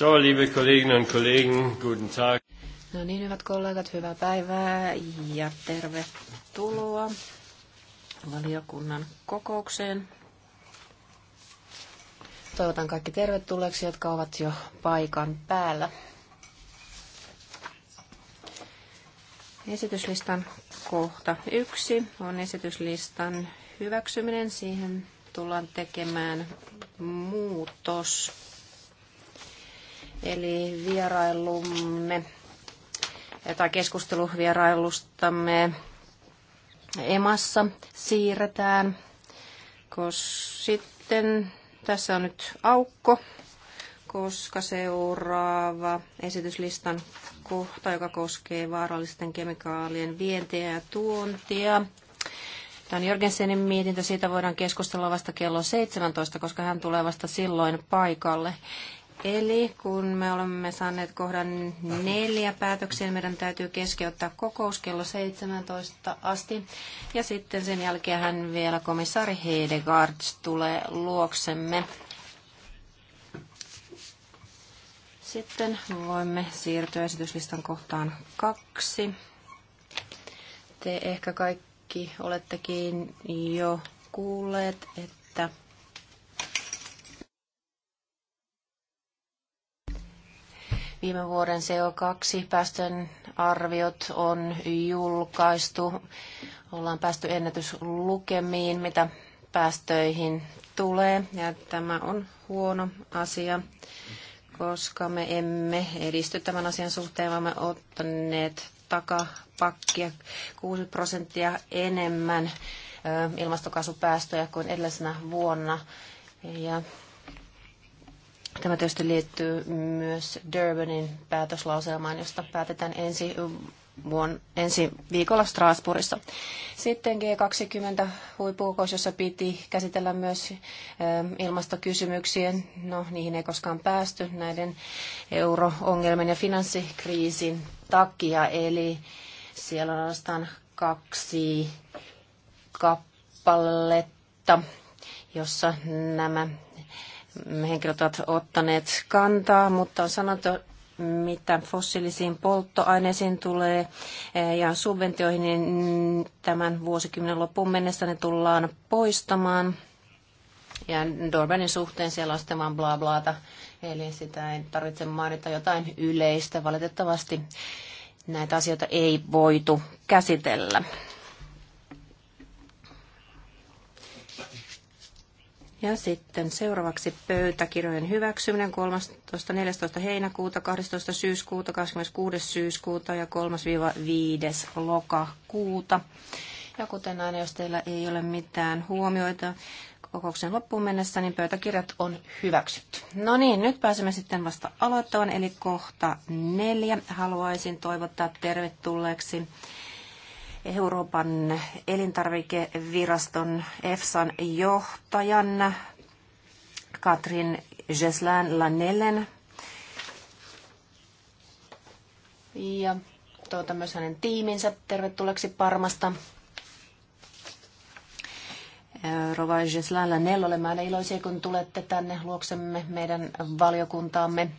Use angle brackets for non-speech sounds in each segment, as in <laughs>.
So, liebe Kolleginnen und Kollegen, guten Tag. No niin, hyvät kollegat, hyvää päivää ja tervetuloa valiokunnan kokoukseen. Toivotan kaikki tervetulleeksi, jotka ovat jo paikan päällä. Esityslistan kohta yksi on esityslistan hyväksyminen. Siihen tullaan tekemään muutos. Eli vierailumme tai keskusteluvierailustamme emassa siirretään, koska sitten tässä on nyt aukko, koska seuraava esityslistan kohta, joka koskee vaarallisten kemikaalien vientiä ja tuontia. Tämä on Jörgensenin mietintä, siitä voidaan keskustella vasta kello 17, koska hän tulee vasta silloin paikalle. Eli kun me olemme saaneet kohdan neljä päätöksiä, niin meidän täytyy keskeyttää kokous kello 17 asti. Ja sitten sen jälkeen hän vielä komissaari Hedegaard tulee luoksemme. Sitten voimme siirtyä esityslistan kohtaan kaksi. Te ehkä kaikki olettekin jo kuulleet, että Viime vuoden CO2-päästön arviot on julkaistu. Ollaan päästy ennätyslukemiin, mitä päästöihin tulee. Ja tämä on huono asia, koska me emme edisty tämän asian suhteen, vaan me ottaneet takapakkia 6 prosenttia enemmän ilmastokasvupäästöjä kuin edellisenä vuonna. Ja Tämä tietysti liittyy myös Durbanin päätöslauselmaan, josta päätetään ensi, vuon, ensi viikolla Strasbourgissa. Sitten G20 huippukokous, jossa piti käsitellä myös ilmastokysymyksiä. No, niihin ei koskaan päästy näiden euroongelmien ja finanssikriisin takia. Eli siellä on ainoastaan kaksi kappaletta, jossa nämä henkilöt ovat ottaneet kantaa, mutta on sanottu, mitä fossiilisiin polttoaineisiin tulee eh, ja subventioihin, niin tämän vuosikymmenen loppuun mennessä ne tullaan poistamaan. Ja Dorbanin suhteen siellä on sitten vaan bla blaata, eli sitä ei tarvitse mainita jotain yleistä. Valitettavasti näitä asioita ei voitu käsitellä. Ja sitten seuraavaksi pöytäkirjojen hyväksyminen 13.14. heinäkuuta, 12. syyskuuta, 26. syyskuuta ja 3-5. lokakuuta. Ja kuten aina, jos teillä ei ole mitään huomioita kokouksen loppuun mennessä, niin pöytäkirjat on hyväksytty. No niin, nyt pääsemme sitten vasta aloittamaan, eli kohta neljä. Haluaisin toivottaa tervetulleeksi Euroopan elintarvikeviraston EFSAn johtajan Katrin Jeslän Lanellen. Ja tuota, myös hänen tiiminsä tervetulleeksi Parmasta. Äh, Rova Jeslän Lanell, olemme aina iloisia, kun tulette tänne luoksemme meidän valiokuntaamme.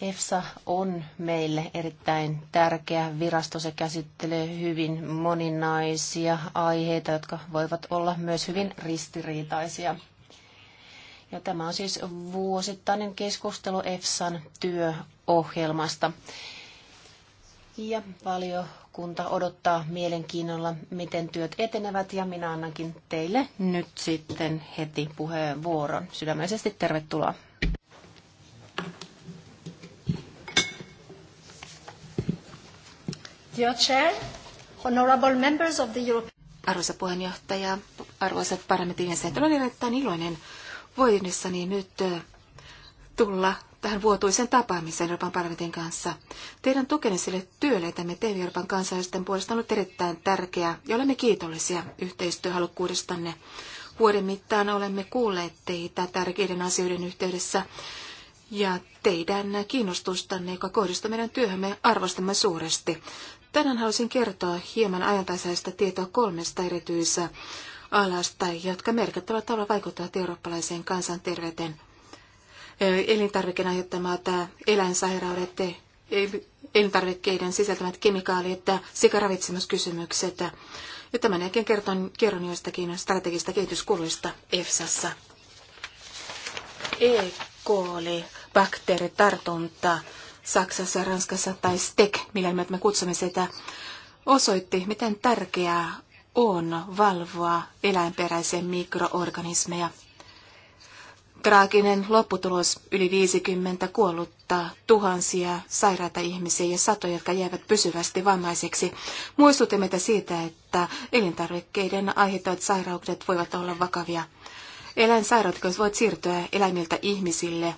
EFSA on meille erittäin tärkeä virasto. Se käsittelee hyvin moninaisia aiheita, jotka voivat olla myös hyvin ristiriitaisia. Ja tämä on siis vuosittainen keskustelu EFSAn työohjelmasta. Ja valiokunta odottaa mielenkiinnolla, miten työt etenevät, ja minä annankin teille nyt sitten heti puheenvuoron. Sydämellisesti tervetuloa. Dear Chair, honorable members of the European... Arvoisa puheenjohtaja, arvoisat parlamentin jäsenet, olen erittäin iloinen voidessani nyt tulla tähän vuotuisen tapaamiseen Euroopan parlamentin kanssa. Teidän tukenne sille työlle, jota me teemme Euroopan kansalaisten puolesta, on ollut erittäin tärkeää ja olemme kiitollisia yhteistyöhalukkuudestanne. Vuoden mittaan olemme kuulleet teitä tärkeiden asioiden yhteydessä ja teidän kiinnostustanne, joka kohdistuu meidän työhömme, arvostamme suuresti. Tänään haluaisin kertoa hieman ajantasaista tietoa kolmesta erityisestä alasta, jotka merkittävällä tavalla vaikuttavat eurooppalaiseen kansanterveyteen. Elintarvikkeen aiheuttamat eläinsairaudet, e, elintarvikkeiden sisältämät kemikaalit sekä ravitsemuskysymykset. Ja tämän jälkeen kerron, kerron joistakin strategista kehityskuluista EFSassa. E. coli bakteeritartunta Saksassa ja Ranskassa, tai STEC, millä me kutsumme sitä, osoitti, miten tärkeää on valvoa eläinperäisiä mikroorganismeja. Traaginen lopputulos yli 50 kuollutta, tuhansia sairaita ihmisiä ja satoja, jotka jäävät pysyvästi vammaiseksi. meitä siitä, että elintarvikkeiden aiheuttavat sairaudet voivat olla vakavia. Eläinsairaudet voivat siirtyä eläimiltä ihmisille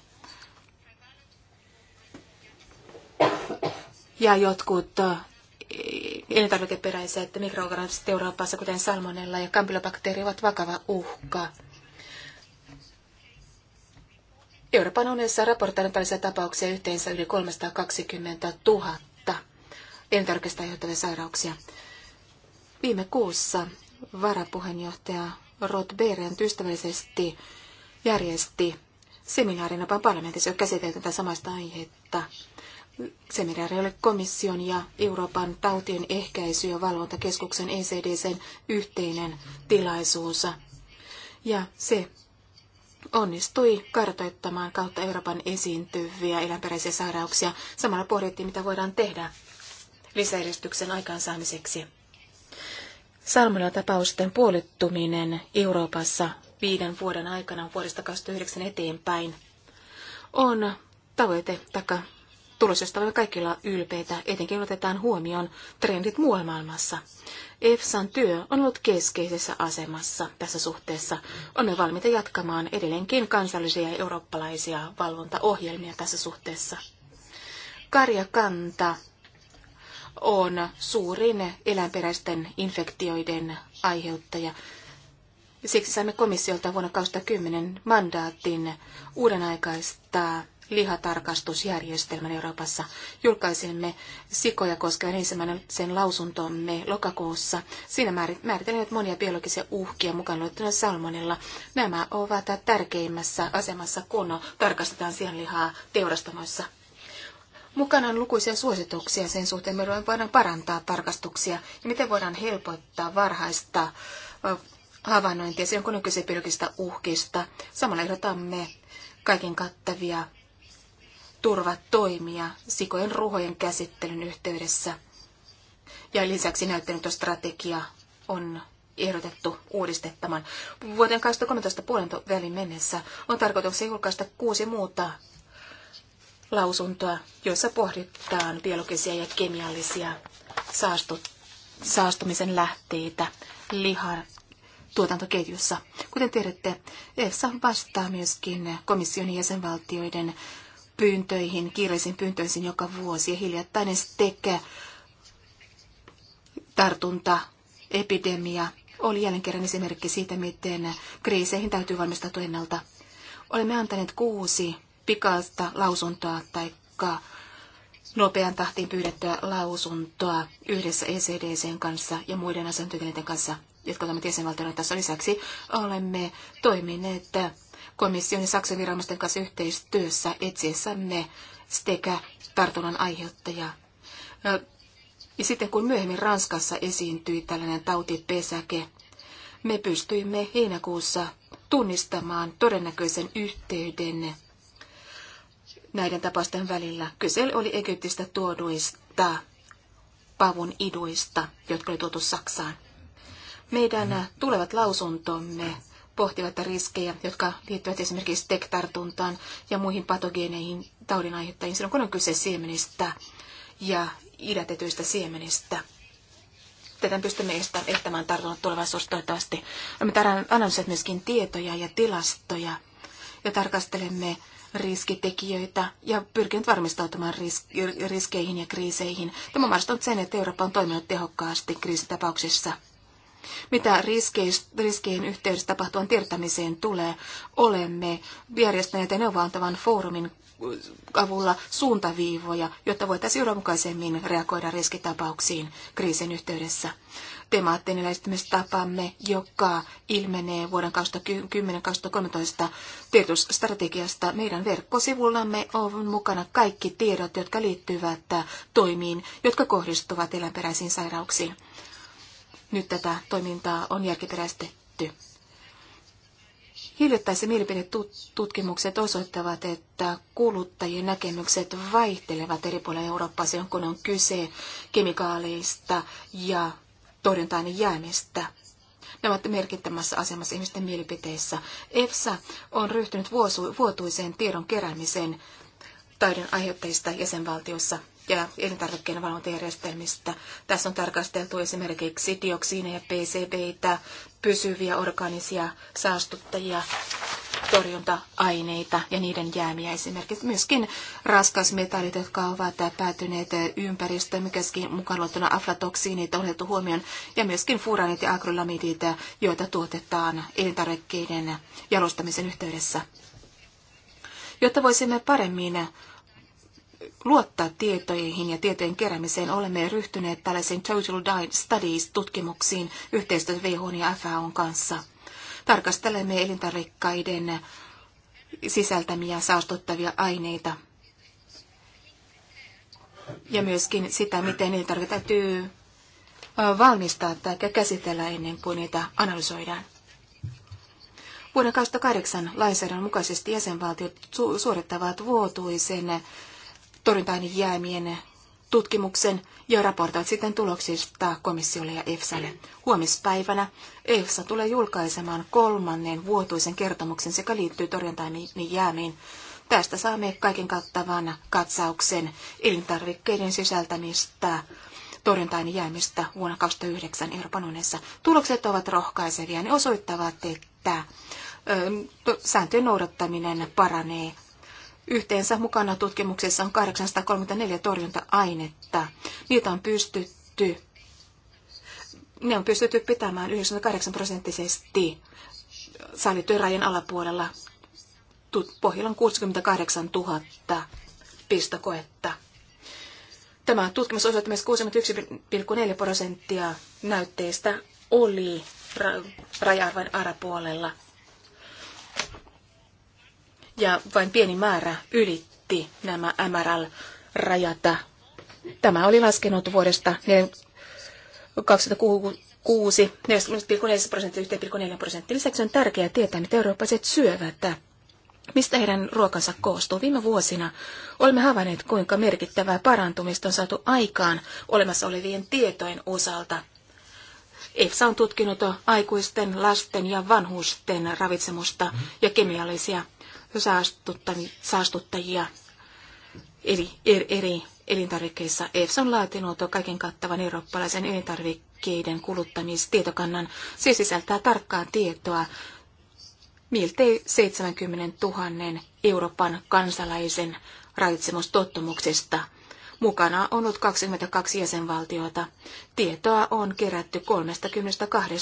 Ja jotkut elintarvikeperäiset mikroorganismit Euroopassa, kuten salmonella ja kampylobakteeri, ovat vakava uhka. Euroopan unionissa raportoidaan tällaisia tapauksia yhteensä yli 320 000 elintarvikeista aiheuttavia sairauksia. Viime kuussa varapuheenjohtaja Rod Berent ystävällisesti järjesti seminaarin Euroopan parlamentissa, joka käsiteltiin tätä samaista aihetta. Seminaari oli komission ja Euroopan tautien ehkäisy- ja valvontakeskuksen ECDCn yhteinen tilaisuus. Ja se onnistui kartoittamaan kautta Euroopan esiintyviä eläinperäisiä sairauksia. Samalla pohdittiin, mitä voidaan tehdä lisäedistyksen aikaansaamiseksi. Salmonella-tapausten puolittuminen Euroopassa viiden vuoden aikana vuodesta 2009 eteenpäin on tavoite taka Tuloksesta olemme kaikilla ylpeitä, etenkin otetaan huomioon trendit muualla maailmassa. EFSAn työ on ollut keskeisessä asemassa tässä suhteessa. Olemme valmiita jatkamaan edelleenkin kansallisia ja eurooppalaisia valvontaohjelmia tässä suhteessa. Karjakanta on suurin eläinperäisten infektioiden aiheuttaja. Siksi saimme komissiolta vuonna 2010 mandaatin uudenaikaistaa lihatarkastusjärjestelmän Euroopassa. Julkaisimme sikoja koskevan ensimmäisen sen lausuntomme lokakuussa. Siinä määritellään monia biologisia uhkia mukaan luettuna salmonella. Nämä ovat tärkeimmässä asemassa, kun tarkastetaan sianlihaa teurastamoissa. Mukana on lukuisia suosituksia sen suhteen, miten voidaan parantaa tarkastuksia ja miten voidaan helpottaa varhaista havainnointia silloin, kun on kyse uhkista. Samalla ehdotamme kaiken kattavia turvatoimia sikojen ruhojen käsittelyn yhteydessä. Ja lisäksi näyttelytöstrategia on ehdotettu uudistettavan. Vuoteen 2013 puolen välin mennessä on tarkoitus julkaista kuusi muuta lausuntoa, joissa pohditaan biologisia ja kemiallisia saastut, saastumisen lähteitä lihan tuotantoketjussa. Kuten tiedätte, EFSA vastaa myöskin komission jäsenvaltioiden pyyntöihin, kiireisiin pyyntöihin joka vuosi ja hiljattainen stekä tartunta, epidemia oli jälleen kerran esimerkki siitä, miten kriiseihin täytyy valmistautua ennalta. Olemme antaneet kuusi pikaista lausuntoa tai nopean tahtiin pyydettyä lausuntoa yhdessä ECDCn kanssa ja muiden asiantuntijoiden kanssa, jotka olemme jäsenvaltioiden tässä lisäksi. Olemme toimineet komission ja Saksan viranomaisten kanssa yhteistyössä etsiessämme sekä tartunnan aiheuttajaa. Ja sitten kun myöhemmin Ranskassa esiintyi tällainen tautipesäke, me pystyimme heinäkuussa tunnistamaan todennäköisen yhteyden näiden tapausten välillä. Kyse oli Egyptistä tuoduista pavun iduista, jotka oli tuotu Saksaan. Meidän mm. tulevat lausuntomme pohtivat riskejä, jotka liittyvät esimerkiksi tektartuntaan ja muihin patogeeneihin taudin aiheuttajiin silloin, kun on kyse siemenistä ja idätetyistä siemenistä. Tätä pystymme estämään tartunnat tulevaisuudessa toivottavasti. Me analysoimme myöskin tietoja ja tilastoja ja tarkastelemme riskitekijöitä ja pyrkinyt varmistautumaan riskeihin ja kriiseihin. Tämä on sen, että Eurooppa on toiminut tehokkaasti kriisitapauksissa. Mitä riskeihin yhteydessä tapahtuvan tiedottamiseen tulee, olemme järjestäneet neuvontavan foorumin avulla suuntaviivoja, jotta voitaisiin johdonmukaisemmin reagoida riskitapauksiin kriisin yhteydessä. Temaattinen lähestymistapamme, joka ilmenee vuoden 2010-2013 tietostrategiasta meidän verkkosivullamme on mukana kaikki tiedot, jotka liittyvät toimiin, jotka kohdistuvat eläinperäisiin sairauksiin nyt tätä toimintaa on järkiperäistetty. Hiljattaisen mielipidetutkimukset osoittavat, että kuluttajien näkemykset vaihtelevat eri puolilla Eurooppaa silloin, kun on kyse kemikaaleista ja torjuntaan jäämistä. Ne ovat merkittämässä asemassa ihmisten mielipiteissä. EFSA on ryhtynyt vuotuiseen tiedon keräämiseen taiden aiheuttajista jäsenvaltiossa ja elintarvikkeiden valvontajärjestelmistä. Tässä on tarkasteltu esimerkiksi dioksiineja, PCBitä, pysyviä organisia saastuttajia, torjunta-aineita ja niiden jäämiä esimerkiksi. Myöskin raskasmetallit, jotka ovat päätyneet ympäristöön, myöskin siis mukaan luettuna aflatoksiineita on otettu huomioon, ja myöskin furanit ja akrylamidit, joita tuotetaan elintarvikkeiden jalostamisen yhteydessä. Jotta voisimme paremmin luottaa tietoihin ja tietojen keräämiseen, olemme ryhtyneet tällaisiin Total Diet Studies-tutkimuksiin yhteistyössä WHO ja FAO kanssa. Tarkastelemme elintarvikkaiden sisältämiä saastuttavia aineita ja myöskin sitä, miten niitä täytyy valmistaa tai käsitellä ennen kuin niitä analysoidaan. Vuoden 2008 lainsäädännön mukaisesti jäsenvaltiot su- suorittavat vuotuisen torjuntaan jäämien tutkimuksen ja raportoit sitten tuloksista komissiolle ja EFSAlle. Huomispäivänä EFSA tulee julkaisemaan kolmannen vuotuisen kertomuksen sekä liittyy torjuntaan jäämiin. Tästä saamme kaiken kattavan katsauksen elintarvikkeiden sisältämistä torjuntaan jäämistä vuonna 2009 Euroopan unionissa. Tulokset ovat rohkaisevia. Ne osoittavat, että sääntöjen noudattaminen paranee Yhteensä mukana tutkimuksessa on 834 torjunta-ainetta. Niitä on pystytty, ne on pystytty pitämään 98 prosenttisesti sallittujen rajan alapuolella. Pohjalla on 68 000 pistokoetta. Tämä tutkimus osoitti myös 61,4 prosenttia näytteistä oli ra- raja-arvojen arapuolella ja vain pieni määrä ylitti nämä mrl rajat Tämä oli laskenut vuodesta 2006 40,4 prosenttia 1,4 prosenttia. Lisäksi on tärkeää tietää, että eurooppalaiset syövät mistä heidän ruokansa koostuu. Viime vuosina olemme havainneet, kuinka merkittävää parantumista on saatu aikaan olemassa olevien tietojen osalta. EFSA on tutkinut aikuisten, lasten ja vanhusten ravitsemusta ja kemiallisia saastuttajia eri, eri, eri elintarvikkeissa. EFSA on laatinut kaiken kattavan eurooppalaisen elintarvikkeiden kuluttamistietokannan. Se sisältää tarkkaa tietoa miltei 70 000 Euroopan kansalaisen ravitsemustottumuksista. Mukana on ollut 22 jäsenvaltiota. Tietoa on kerätty 32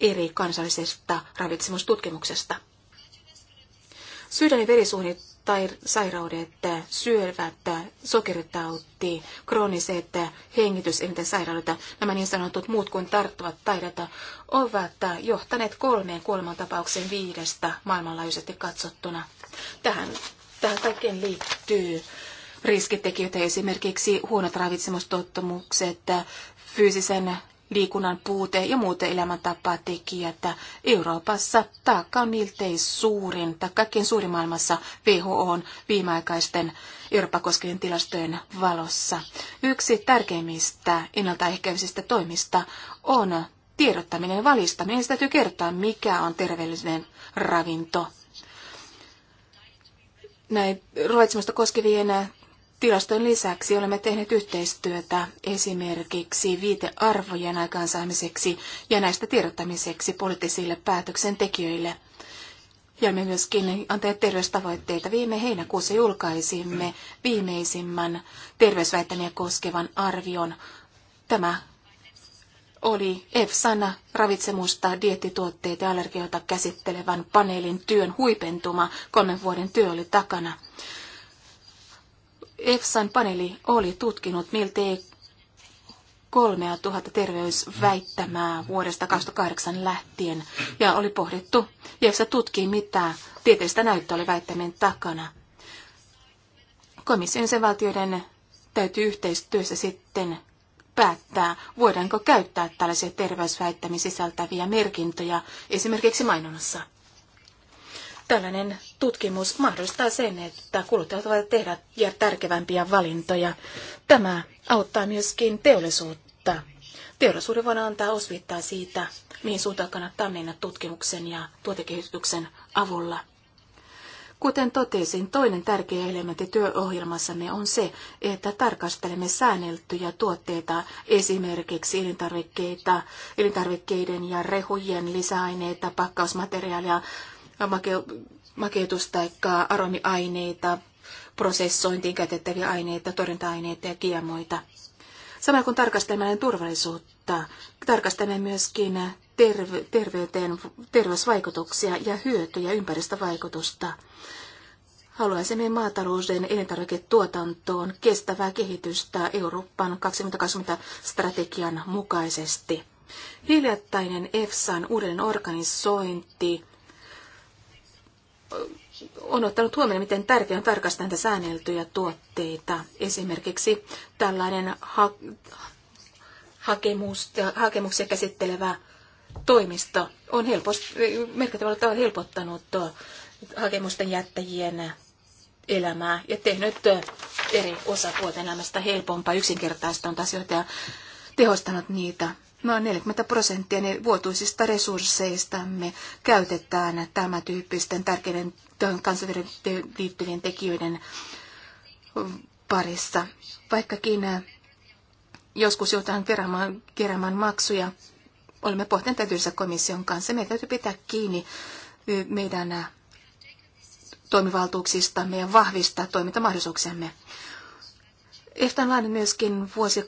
eri kansallisesta ravitsemustutkimuksesta. Sydän- ja verisuonisairaudet, syövät, sokeritauti, krooniset hengityselinten sairaudet, nämä niin sanotut muut kuin tarttuvat taidot, ovat johtaneet kolmeen kuolemantapaukseen viidestä maailmanlaajuisesti katsottuna. Tähän, tähän kaikkeen liittyy riskitekijöitä, esimerkiksi huonot ravitsemustottumukset, fyysisen liikunnan puute ja muuten että Euroopassa taakka on miltei suurin, tai kaikkein suurin maailmassa WHO on viimeaikaisten Eurooppa koskevien tilastojen valossa. Yksi tärkeimmistä ennaltaehkäisistä toimista on tiedottaminen ja valistaminen. Sitä täytyy kertoa, mikä on terveellinen ravinto näin ruotsimasta koskevien Tilastojen lisäksi olemme tehneet yhteistyötä esimerkiksi viitearvojen aikaansaamiseksi ja näistä tiedottamiseksi poliittisille päätöksentekijöille. Ja me myöskin antajat terveystavoitteita. Viime heinäkuussa julkaisimme viimeisimmän terveysväittämiä koskevan arvion. Tämä oli EFSAN ravitsemusta, diettituotteita ja allergioita käsittelevän paneelin työn huipentuma. Kolmen vuoden työ oli takana. EFSAn paneeli oli tutkinut miltei 3000 terveysväittämää vuodesta 2008 lähtien ja oli pohdittu. EFSA tutki, mitä tieteellistä näyttöä oli väittämien takana. Komission sen valtioiden täytyy yhteistyössä sitten päättää, voidaanko käyttää tällaisia terveysväittämiä sisältäviä merkintöjä esimerkiksi mainonnassa. Tällainen tutkimus mahdollistaa sen, että kuluttajat voivat tehdä ja tärkevämpiä valintoja. Tämä auttaa myöskin teollisuutta. Teollisuuden voidaan antaa osvittaa siitä, mihin suuntaan kannattaa mennä tutkimuksen ja tuotekehityksen avulla. Kuten totesin, toinen tärkeä elementti työohjelmassamme on se, että tarkastelemme säänneltyjä tuotteita, esimerkiksi elintarvikkeita, elintarvikkeiden ja rehujen lisäaineita, pakkausmateriaalia, make- makeutus- tai aromiaineita, prosessointiin käytettäviä aineita, torjunta-aineita ja kiemoita. Samalla kun tarkastelemme turvallisuutta, tarkastelemme myöskin terve- terveyteen, terveysvaikutuksia ja hyötyjä ympäristövaikutusta. Haluaisimme maatalouden elintarviketuotantoon kestävää kehitystä Euroopan 2020-strategian mukaisesti. Hiljattainen EFSAn uuden organisointi on ottanut huomioon, miten tärkeää on tarkastaa näitä säänneltyjä tuotteita. Esimerkiksi tällainen ha- hakemus, äh, hakemuksia käsittelevä toimisto on helposti, merkittävällä tavalla helpottanut äh, hakemusten jättäjien elämää ja tehnyt äh, eri osapuolten elämästä helpompaa, yksinkertaistanut asioita ja tehostanut niitä noin 40 prosenttia niin vuotuisista resursseistamme käytetään tämä tyyppisten tärkeiden kansanterveyteen liittyvien tekijöiden parissa. Vaikkakin äh, joskus joudutaan keräämään, keräämään maksuja, olemme pohtineet täytyisessä komission kanssa. Meidän täytyy pitää kiinni meidän äh, toimivaltuuksistamme ja vahvistaa toimintamahdollisuuksiamme. EFTAn laina myöskin vuosi 2012-2016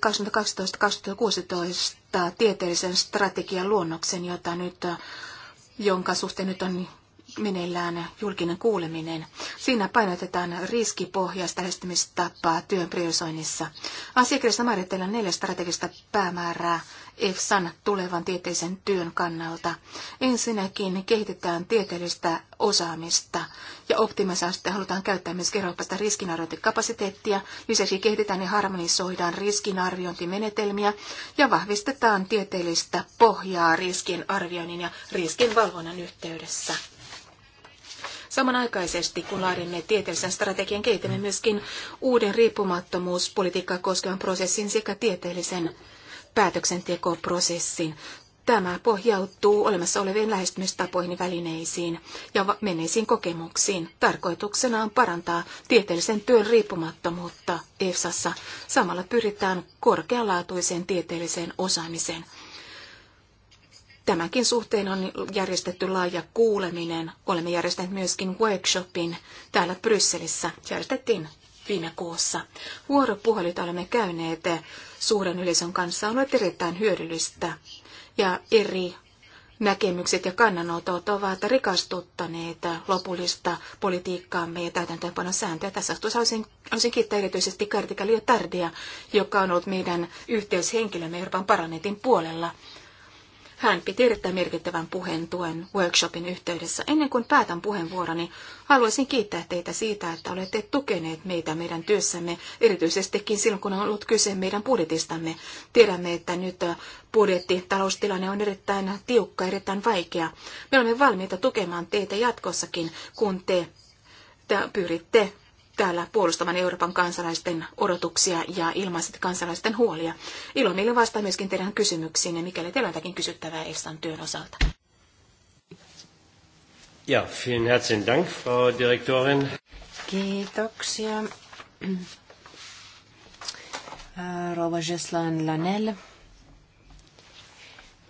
tieteellisen strategian luonnoksen, jota nyt, jonka suhteen nyt on meneillään julkinen kuuleminen. Siinä painotetaan riskipohjaista lähestymistapaa työn priorisoinnissa. Asiakirjassa määritellään neljä strategista päämäärää EFSAn tulevan tieteellisen työn kannalta. Ensinnäkin kehitetään tieteellistä osaamista ja optimisaasti halutaan käyttää myös kerroppaista riskinarviointikapasiteettia. Lisäksi kehitetään ja harmonisoidaan riskinarviointimenetelmiä ja vahvistetaan tieteellistä pohjaa arvioinnin ja riskinvalvonnan yhteydessä. Samanaikaisesti, kun laadimme tieteellisen strategian, kehitämme myöskin uuden riippumattomuuspolitiikkaa koskevan prosessin sekä tieteellisen päätöksentekoprosessin. Tämä pohjautuu olemassa oleviin lähestymistapoihin välineisiin ja menneisiin kokemuksiin. Tarkoituksena on parantaa tieteellisen työn riippumattomuutta EFSassa. Samalla pyritään korkealaatuiseen tieteelliseen osaamiseen. Tämänkin suhteen on järjestetty laaja kuuleminen. Olemme järjestäneet myöskin workshopin täällä Brysselissä. Järjestettiin viime kuussa. Vuoropuhelut olemme käyneet suuren yleisön kanssa on ollut erittäin hyödyllistä ja eri näkemykset ja kannanotot ovat rikastuttaneet lopullista politiikkaamme ja täytäntöönpanon sääntöjä. Tässä suhteessa olisin, olisin kiittää erityisesti Kartika Liotardia, joka on ollut meidän yhteyshenkilömme Euroopan parlamentin puolella. Hän piti erittäin merkittävän puheen tuen workshopin yhteydessä. Ennen kuin päätän puheenvuoroni, haluaisin kiittää teitä siitä, että olette tukeneet meitä meidän työssämme, erityisestikin silloin, kun on ollut kyse meidän budjetistamme. Tiedämme, että nyt äh, budjetti, taloustilanne on erittäin tiukka, erittäin vaikea. Me olemme valmiita tukemaan teitä jatkossakin, kun te pyritte täällä puolustamaan Euroopan kansalaisten odotuksia ja ilmaiset kansalaisten huolia. meille vastaa myöskin teidän kysymyksiin ja mikäli teillä on jotakin kysyttävää Essan työn osalta. Ja, vielen herzlichen Dank, Frau Direktorin. Kiitoksia. Äh, Rova Jeslan Lanel.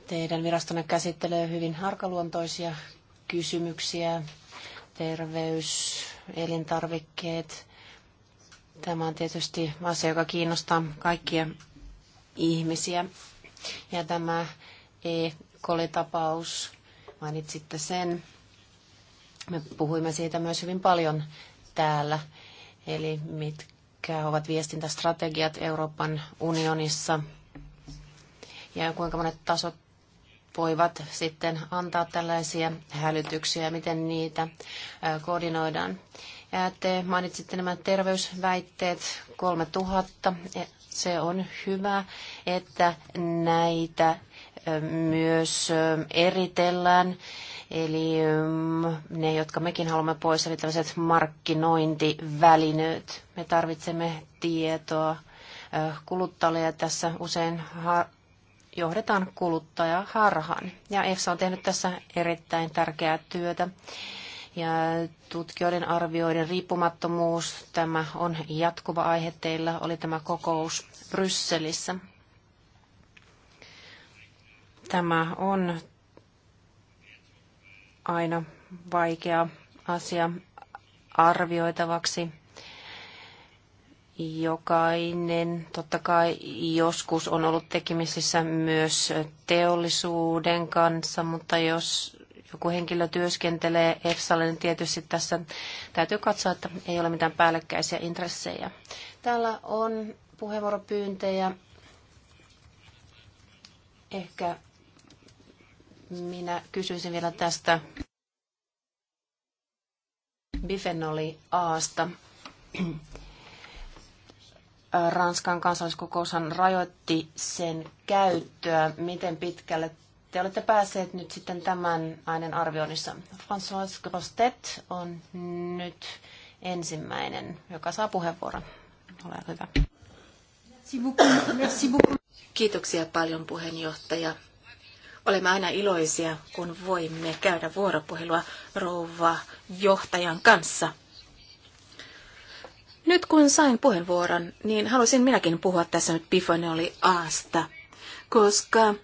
Teidän virastonne käsittelee hyvin harkaluontoisia kysymyksiä, terveys, elintarvikkeet. Tämä on tietysti asia, joka kiinnostaa kaikkia ihmisiä. Ja tämä E-kolitapaus, mainitsitte sen. Me puhuimme siitä myös hyvin paljon täällä. Eli mitkä ovat viestintästrategiat Euroopan unionissa ja kuinka monet tasot voivat sitten antaa tällaisia hälytyksiä, miten niitä koordinoidaan. Te mainitsitte nämä terveysväitteet 3000. Se on hyvä, että näitä myös eritellään. Eli ne, jotka mekin haluamme pois, eli tällaiset markkinointivälineet. Me tarvitsemme tietoa kuluttajia tässä usein johdetaan kuluttaja harhaan. Ja EFSA on tehnyt tässä erittäin tärkeää työtä. Ja tutkijoiden arvioiden riippumattomuus, tämä on jatkuva aihe. Teillä oli tämä kokous Brysselissä. Tämä on aina vaikea asia arvioitavaksi Jokainen totta kai joskus on ollut tekemisissä myös teollisuuden kanssa, mutta jos joku henkilö työskentelee EFSAlle, niin tietysti tässä täytyy katsoa, että ei ole mitään päällekkäisiä intressejä. Täällä on puheenvuoropyyntejä. Ehkä minä kysyisin vielä tästä bifenoli Aasta. Ranskan kansalliskokoushan rajoitti sen käyttöä. Miten pitkälle te olette päässeet nyt sitten tämän aineen arvioinnissa? François Grostet on nyt ensimmäinen, joka saa puheenvuoron. Ole hyvä. Kiitoksia paljon puheenjohtaja. Olemme aina iloisia, kun voimme käydä vuoropuhelua rouva johtajan kanssa – nyt kun sain puheenvuoron, niin halusin minäkin puhua tässä nyt Bifonioli Aasta, koska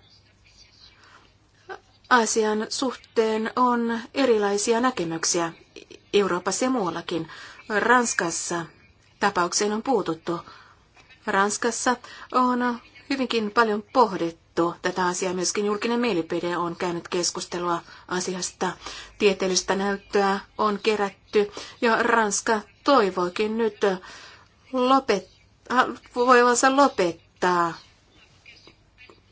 asian suhteen on erilaisia näkemyksiä Euroopassa ja muuallakin. Ranskassa tapaukseen on puututtu. Ranskassa on hyvinkin paljon pohdittu tätä asiaa. Myöskin julkinen mielipide on käynyt keskustelua asiasta. Tieteellistä näyttöä on kerätty ja Ranska toivoakin nyt lopettaa, äh, voivansa lopettaa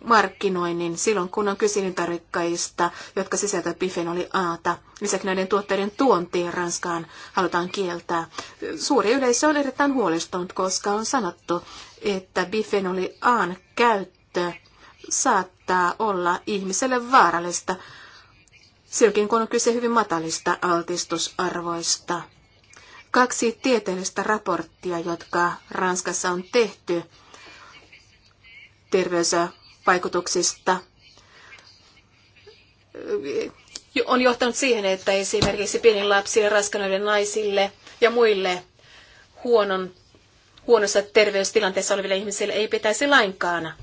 markkinoinnin silloin, kun on kysylintarvikkaista, jotka sisältävät bifenoli Ata. Lisäksi näiden tuotteiden tuonti Ranskaan halutaan kieltää. Suuri yleisö on erittäin huolestunut, koska on sanottu, että bifenoli Aan käyttö saattaa olla ihmiselle vaarallista, silloin kun on kyse hyvin matalista altistusarvoista. Kaksi tieteellistä raporttia, jotka Ranskassa on tehty terveysvaikutuksista, on johtanut siihen, että esimerkiksi pienin lapsille, raskanoiden naisille ja muille huonon, huonossa terveystilanteessa oleville ihmisille ei pitäisi lainkaan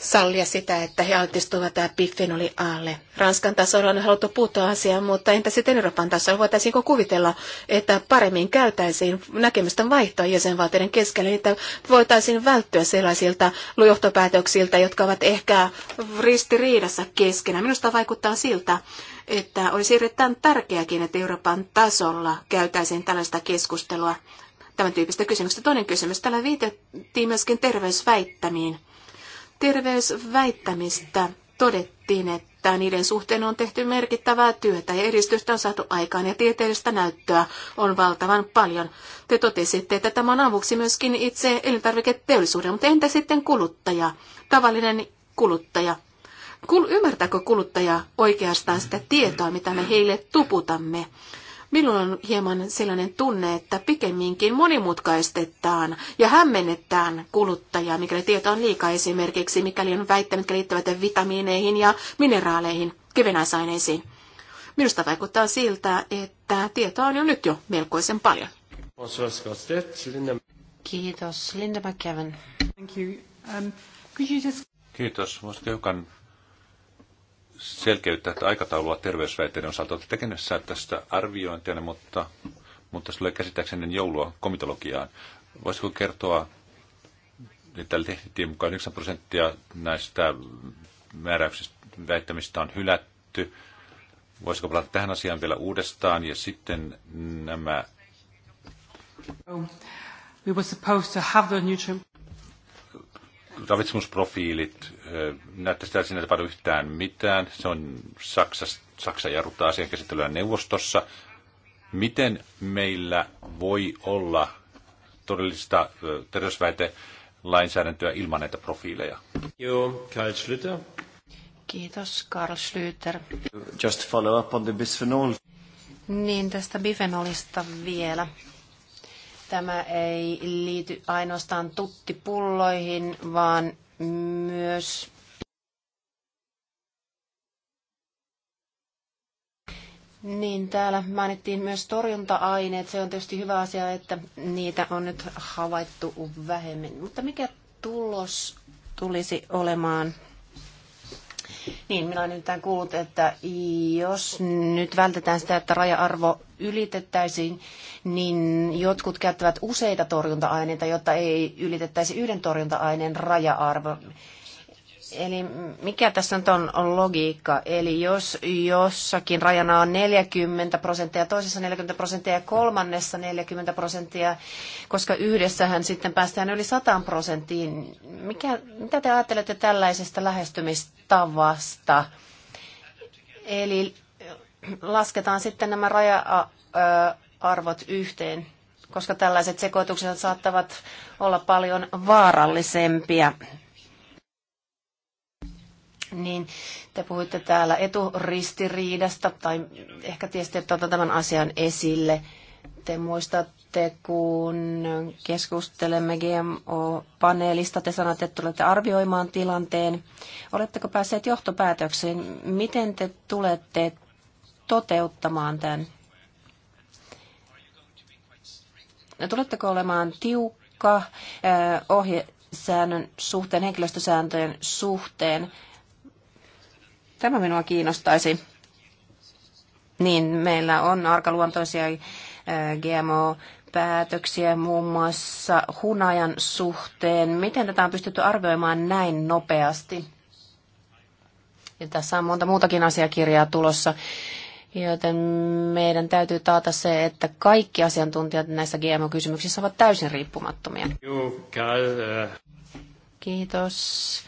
sallia sitä, että he altistuvat tämä biffenoli alle. Ranskan tasolla on haluttu puuttua asiaan, mutta entä sitten Euroopan tasolla? Voitaisiinko kuvitella, että paremmin käytäisiin näkemysten vaihtoa jäsenvaltioiden keskellä, että voitaisiin välttyä sellaisilta johtopäätöksiltä, jotka ovat ehkä ristiriidassa keskenään. Minusta vaikuttaa siltä, että olisi erittäin tärkeäkin, että Euroopan tasolla käytäisiin tällaista keskustelua tämän tyyppistä kysymystä. Toinen kysymys, täällä viitettiin myöskin terveysväittämiin terveysväittämistä todettiin, että niiden suhteen on tehty merkittävää työtä ja edistystä on saatu aikaan ja tieteellistä näyttöä on valtavan paljon. Te totesitte, että tämä on avuksi myöskin itse elintarviketeollisuuden, mutta entä sitten kuluttaja, tavallinen kuluttaja? Kul- ymmärtääkö kuluttaja oikeastaan sitä tietoa, mitä me heille tuputamme? Minulla on hieman sellainen tunne, että pikemminkin monimutkaistetaan ja hämmennetään kuluttajaa, mikäli tieto on liikaa esimerkiksi, mikäli on väittämät, mitkä liittyvät vitamiineihin ja mineraaleihin, kivenäisaineisiin. Minusta vaikuttaa siltä, että tietoa on jo nyt jo melkoisen paljon. Kiitos. Linda McKevin. Thank Kiitos. Um, Kiitos. Voisitko hiukan selkeyttää että aikataulua terveysväitteiden osalta. Olette tekemässä tästä arviointia, mutta, mutta se tulee käsittääkseni joulua komitologiaan. Voisiko kertoa, että niin tällä tehtiin mukaan 9 prosenttia näistä määräyksistä väittämistä on hylätty. Voisiko palata tähän asiaan vielä uudestaan ja sitten nämä... We were supposed to have the nutrient ravitsemusprofiilit, näyttäisi täällä sinne paljon yhtään mitään. Se on Saksa, Saksa jarruttaa asian käsittelyä neuvostossa. Miten meillä voi olla todellista terveysväitelainsäädäntöä ilman näitä profiileja? Joo, Karl Schlüter. Kiitos, Karl Schlüter. Just follow up on the bisphenol. Niin, tästä bifenolista vielä. Tämä ei liity ainoastaan tuttipulloihin, vaan myös Niin, täällä mainittiin myös torjunta-aineet. Se on tietysti hyvä asia, että niitä on nyt havaittu vähemmän. Mutta mikä tulos tulisi olemaan niin, minä olen nimittäin kuullut, että jos nyt vältetään sitä, että raja-arvo ylitettäisiin, niin jotkut käyttävät useita torjunta-aineita, jotta ei ylitettäisi yhden torjunta-aineen raja-arvo. Eli mikä tässä nyt on, on logiikka? Eli jos jossakin rajana on 40 prosenttia, toisessa 40 prosenttia ja kolmannessa 40 prosenttia, koska yhdessähän sitten päästään yli 100 prosenttiin. Mikä, mitä te ajattelette tällaisesta lähestymistavasta? Eli lasketaan sitten nämä raja-arvot yhteen, koska tällaiset sekoitukset saattavat olla paljon vaarallisempia niin te puhuitte täällä eturistiriidasta, tai ehkä tiesitte tuota tämän asian esille. Te muistatte, kun keskustelemme GMO-paneelista, te sanotte, että tulette arvioimaan tilanteen. Oletteko päässeet johtopäätökseen? Miten te tulette toteuttamaan tämän? Tuletteko olemaan tiukka ohjesäännön suhteen, henkilöstösääntöjen suhteen? Tämä minua kiinnostaisi. Niin, meillä on arkaluontoisia äh, GMO-päätöksiä muun muassa hunajan suhteen. Miten tätä on pystytty arvioimaan näin nopeasti? Ja tässä on monta muutakin asiakirjaa tulossa, joten meidän täytyy taata se, että kaikki asiantuntijat näissä GMO-kysymyksissä ovat täysin riippumattomia. Äh. Kiitos,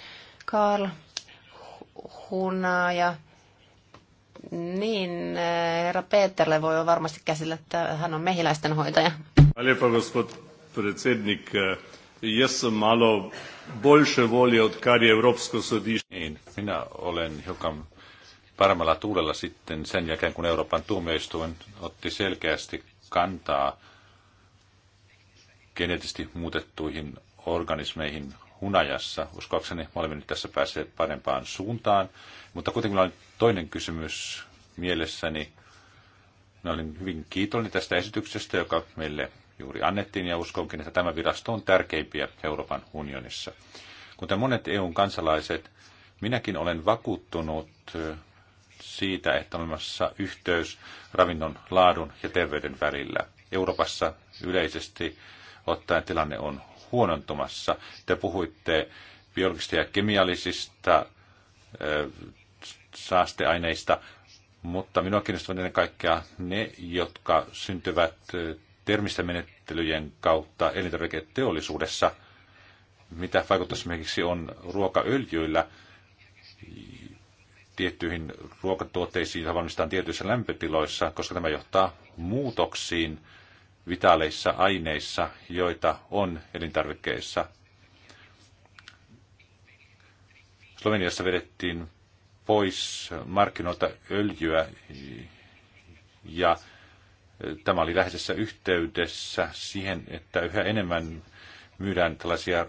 Karl hunaa ja niin, eh, herra Peterle voi jo varmasti käsillä, että hän on mehiläisten hoitaja. Alepa, gospod predsednik. Eh, jäs sem malo bolše volje, od kari Evropsko Niin, minä olen hiukan paremmalla tuulella sitten sen jälkeen, kun Euroopan tuomioistuin otti selkeästi kantaa geneettisesti muutettuihin organismeihin hunajassa. Uskoakseni me olemme nyt tässä päässeet parempaan suuntaan. Mutta kuitenkin minulla on toinen kysymys mielessäni. Mä olin hyvin kiitollinen tästä esityksestä, joka meille juuri annettiin, ja uskonkin, että tämä virasto on tärkeimpiä Euroopan unionissa. Kuten monet EUn kansalaiset, minäkin olen vakuuttunut siitä, että on olemassa yhteys ravinnon laadun ja terveyden välillä. Euroopassa yleisesti ottaen tilanne on huonontumassa. Te puhuitte biologisista ja kemiallisista saasteaineista, mutta minua kiinnostavat ennen kaikkea ne, jotka syntyvät termistä menettelyjen kautta elintarviketeollisuudessa, mitä vaikutus esimerkiksi on ruokaöljyillä tiettyihin ruokatuotteisiin, joita valmistetaan tietyissä lämpötiloissa, koska tämä johtaa muutoksiin – vitaaleissa aineissa, joita on elintarvikkeissa. Sloveniassa vedettiin pois markkinoilta öljyä ja tämä oli läheisessä yhteydessä siihen, että yhä enemmän myydään tällaisia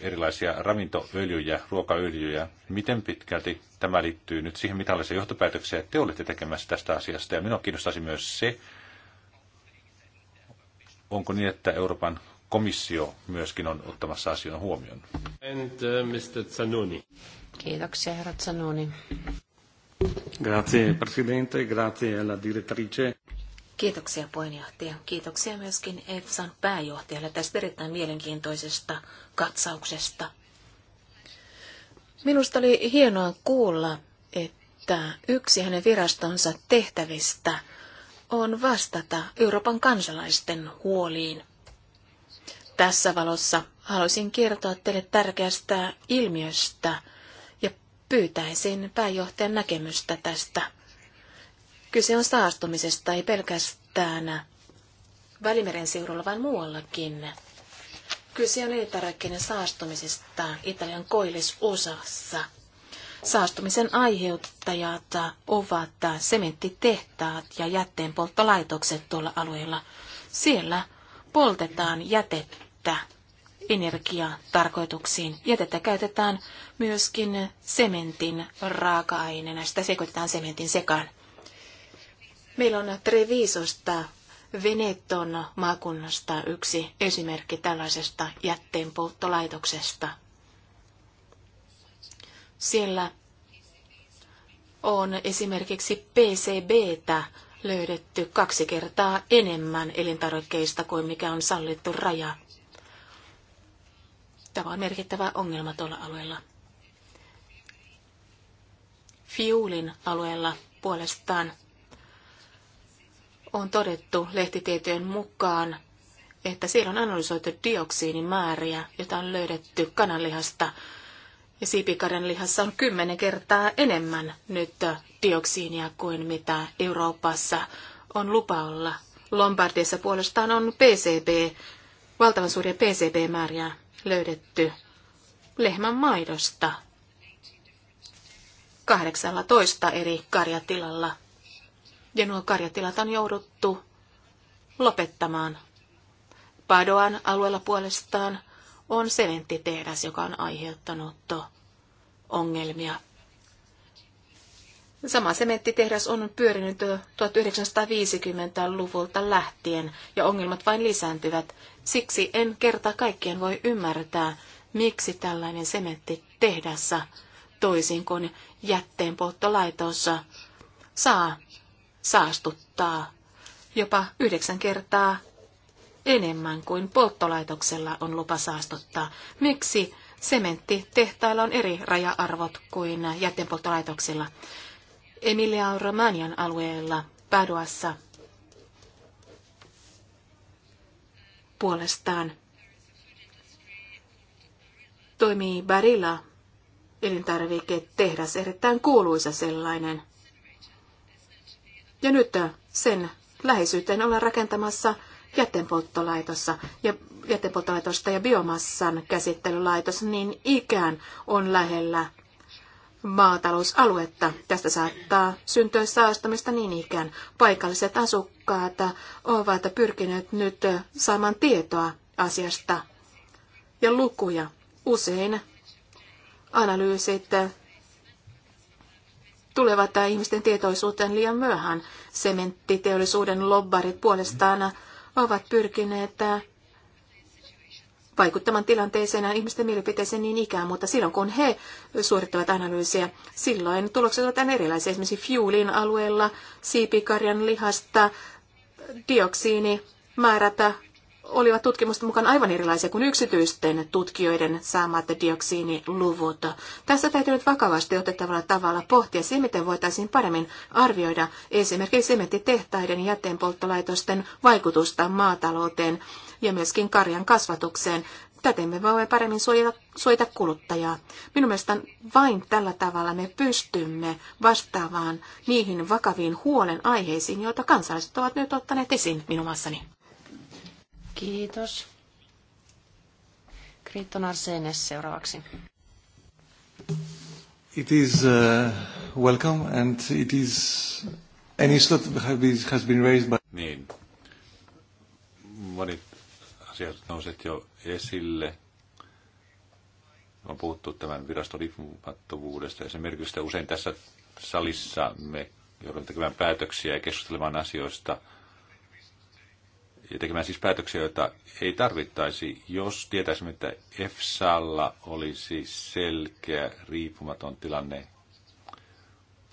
erilaisia ravintoöljyjä, ruokaöljyjä. Miten pitkälti tämä liittyy nyt siihen, mitä johtopäätöksiä te olette tekemässä tästä asiasta? Ja minua kiinnostaisi myös se, onko niin, että Euroopan komissio myöskin on ottamassa asian huomioon? And uh, Mr. Zanoni. Kiitoksia, herra Zanoni. Grazie, presidente. Grazie alla direttrice. Kiitoksia puheenjohtaja. Kiitoksia myöskin EFSAn pääjohtajalle tästä erittäin mielenkiintoisesta katsauksesta. Minusta oli hienoa kuulla, että yksi hänen virastonsa tehtävistä – on vastata Euroopan kansalaisten huoliin. Tässä valossa haluaisin kertoa teille tärkeästä ilmiöstä ja pyytäisin pääjohtajan näkemystä tästä. Kyse on saastumisesta, ei pelkästään Välimeren seudulla, vaan muuallakin. Kyse on elintarvikkeiden saastumisesta Italian koillisosassa – Saastumisen aiheuttajat ovat sementtitehtaat ja jätteenpolttolaitokset tuolla alueella. Siellä poltetaan jätettä energiatarkoituksiin. Jätettä käytetään myöskin sementin raaka-aineena. Sitä sekoitetaan sementin sekaan. Meillä on Treviisosta Veneton maakunnasta yksi esimerkki tällaisesta jätteenpolttolaitoksesta. Siellä on esimerkiksi PCBtä löydetty kaksi kertaa enemmän elintarvikkeista kuin mikä on sallittu raja. Tämä on merkittävä ongelma tuolla alueella. Fiulin alueella puolestaan on todettu lehtitietojen mukaan, että siellä on analysoitu dioksiinimääriä, jota on löydetty kananlihasta ja siipikarjan lihassa on kymmenen kertaa enemmän nyt dioksiinia kuin mitä Euroopassa on lupa olla. Lombardiassa puolestaan on PCB, valtavan suuria PCB-määriä löydetty lehmän maidosta 18 eri karjatilalla. Ja nuo karjatilat on jouduttu lopettamaan. Padoan alueella puolestaan on sementtitehdas, joka on aiheuttanut ongelmia. Sama sementtitehdas on pyörinyt 1950-luvulta lähtien ja ongelmat vain lisääntyvät. Siksi en kerta kaikkien voi ymmärtää, miksi tällainen sementtitehdas toisin kuin jätteenpolttolaitos, saa saastuttaa jopa yhdeksän kertaa enemmän kuin polttolaitoksella on lupa saastuttaa. Miksi sementtitehtailla on eri raja-arvot kuin jätteenpolttolaitoksilla? Emilia Romanian alueella Paduassa puolestaan toimii Barilla elintarviketehdas, erittäin kuuluisa sellainen. Ja nyt sen läheisyyteen ollaan rakentamassa jätteenpolttolaitossa ja jätteenpolttolaitosta ja biomassan käsittelylaitos niin ikään on lähellä maatalousaluetta. Tästä saattaa syntyä saastumista niin ikään. Paikalliset asukkaat ovat pyrkineet nyt saamaan tietoa asiasta ja lukuja. Usein analyysit tulevat ihmisten tietoisuuteen liian myöhään. Sementtiteollisuuden lobbarit puolestaan ovat pyrkineet äh, vaikuttamaan tilanteeseen ja ihmisten mielipiteeseen niin ikään, mutta silloin kun he suorittavat analyysiä, silloin tulokset ovat aina erilaisia. Esimerkiksi Fuelin alueella siipikarjan lihasta dioksiini määrätä olivat tutkimusten mukaan aivan erilaisia kuin yksityisten tutkijoiden saamat dioksiiniluvut. Tässä täytyy nyt vakavasti otettavalla tavalla pohtia se, miten voitaisiin paremmin arvioida esimerkiksi sementtitehtaiden ja jätteenpolttolaitosten vaikutusta maatalouteen ja myöskin karjan kasvatukseen. Täten me voimme paremmin suojata, suojata kuluttajaa. Minun mielestäni vain tällä tavalla me pystymme vastaamaan niihin vakaviin huolen aiheisiin, joita kansalaiset ovat nyt ottaneet esiin minun maassani. Kiitos. Kriitton Arsenes seuraavaksi. It is uh, welcome and it is an issue has been raised by... Niin. Monit asiat nouset jo esille. On puhuttu tämän viraston riippumattomuudesta ja sen merkitystä. Usein tässä salissa me joudumme tekemään päätöksiä ja keskustelemaan asioista – ja tekemään siis päätöksiä, joita ei tarvittaisi, jos tietäisimme, että EFSAlla olisi selkeä riippumaton tilanne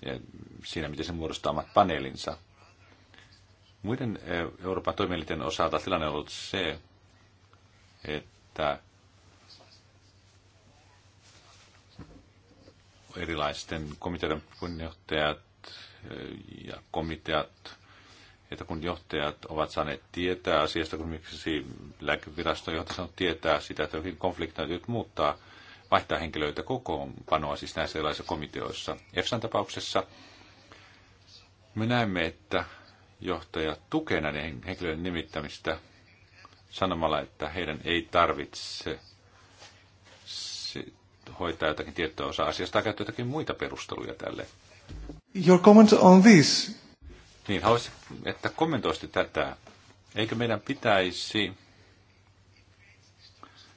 ja siinä, miten se muodostaa omat paneelinsa. Muiden eh, Euroopan toimielinten osalta tilanne on ollut se, että erilaisten komiteoiden puheenjohtajat eh, ja komiteat että kun johtajat ovat saaneet tietää asiasta, kun miksi lääkeviraston johtaja saanut tietää sitä, että jokin konflikti täytyy muuttaa, vaihtaa henkilöitä kokoonpanoa siis näissä erilaisissa komiteoissa. EFSAn tapauksessa me näemme, että johtaja tukee näiden henkilöiden nimittämistä sanomalla, että heidän ei tarvitse hoitaa jotakin tiettyä osa asiasta tai käyttää jotakin muita perusteluja tälle. Your comment on this niin, haluaisin, että kommentoisitte tätä. Eikö meidän pitäisi...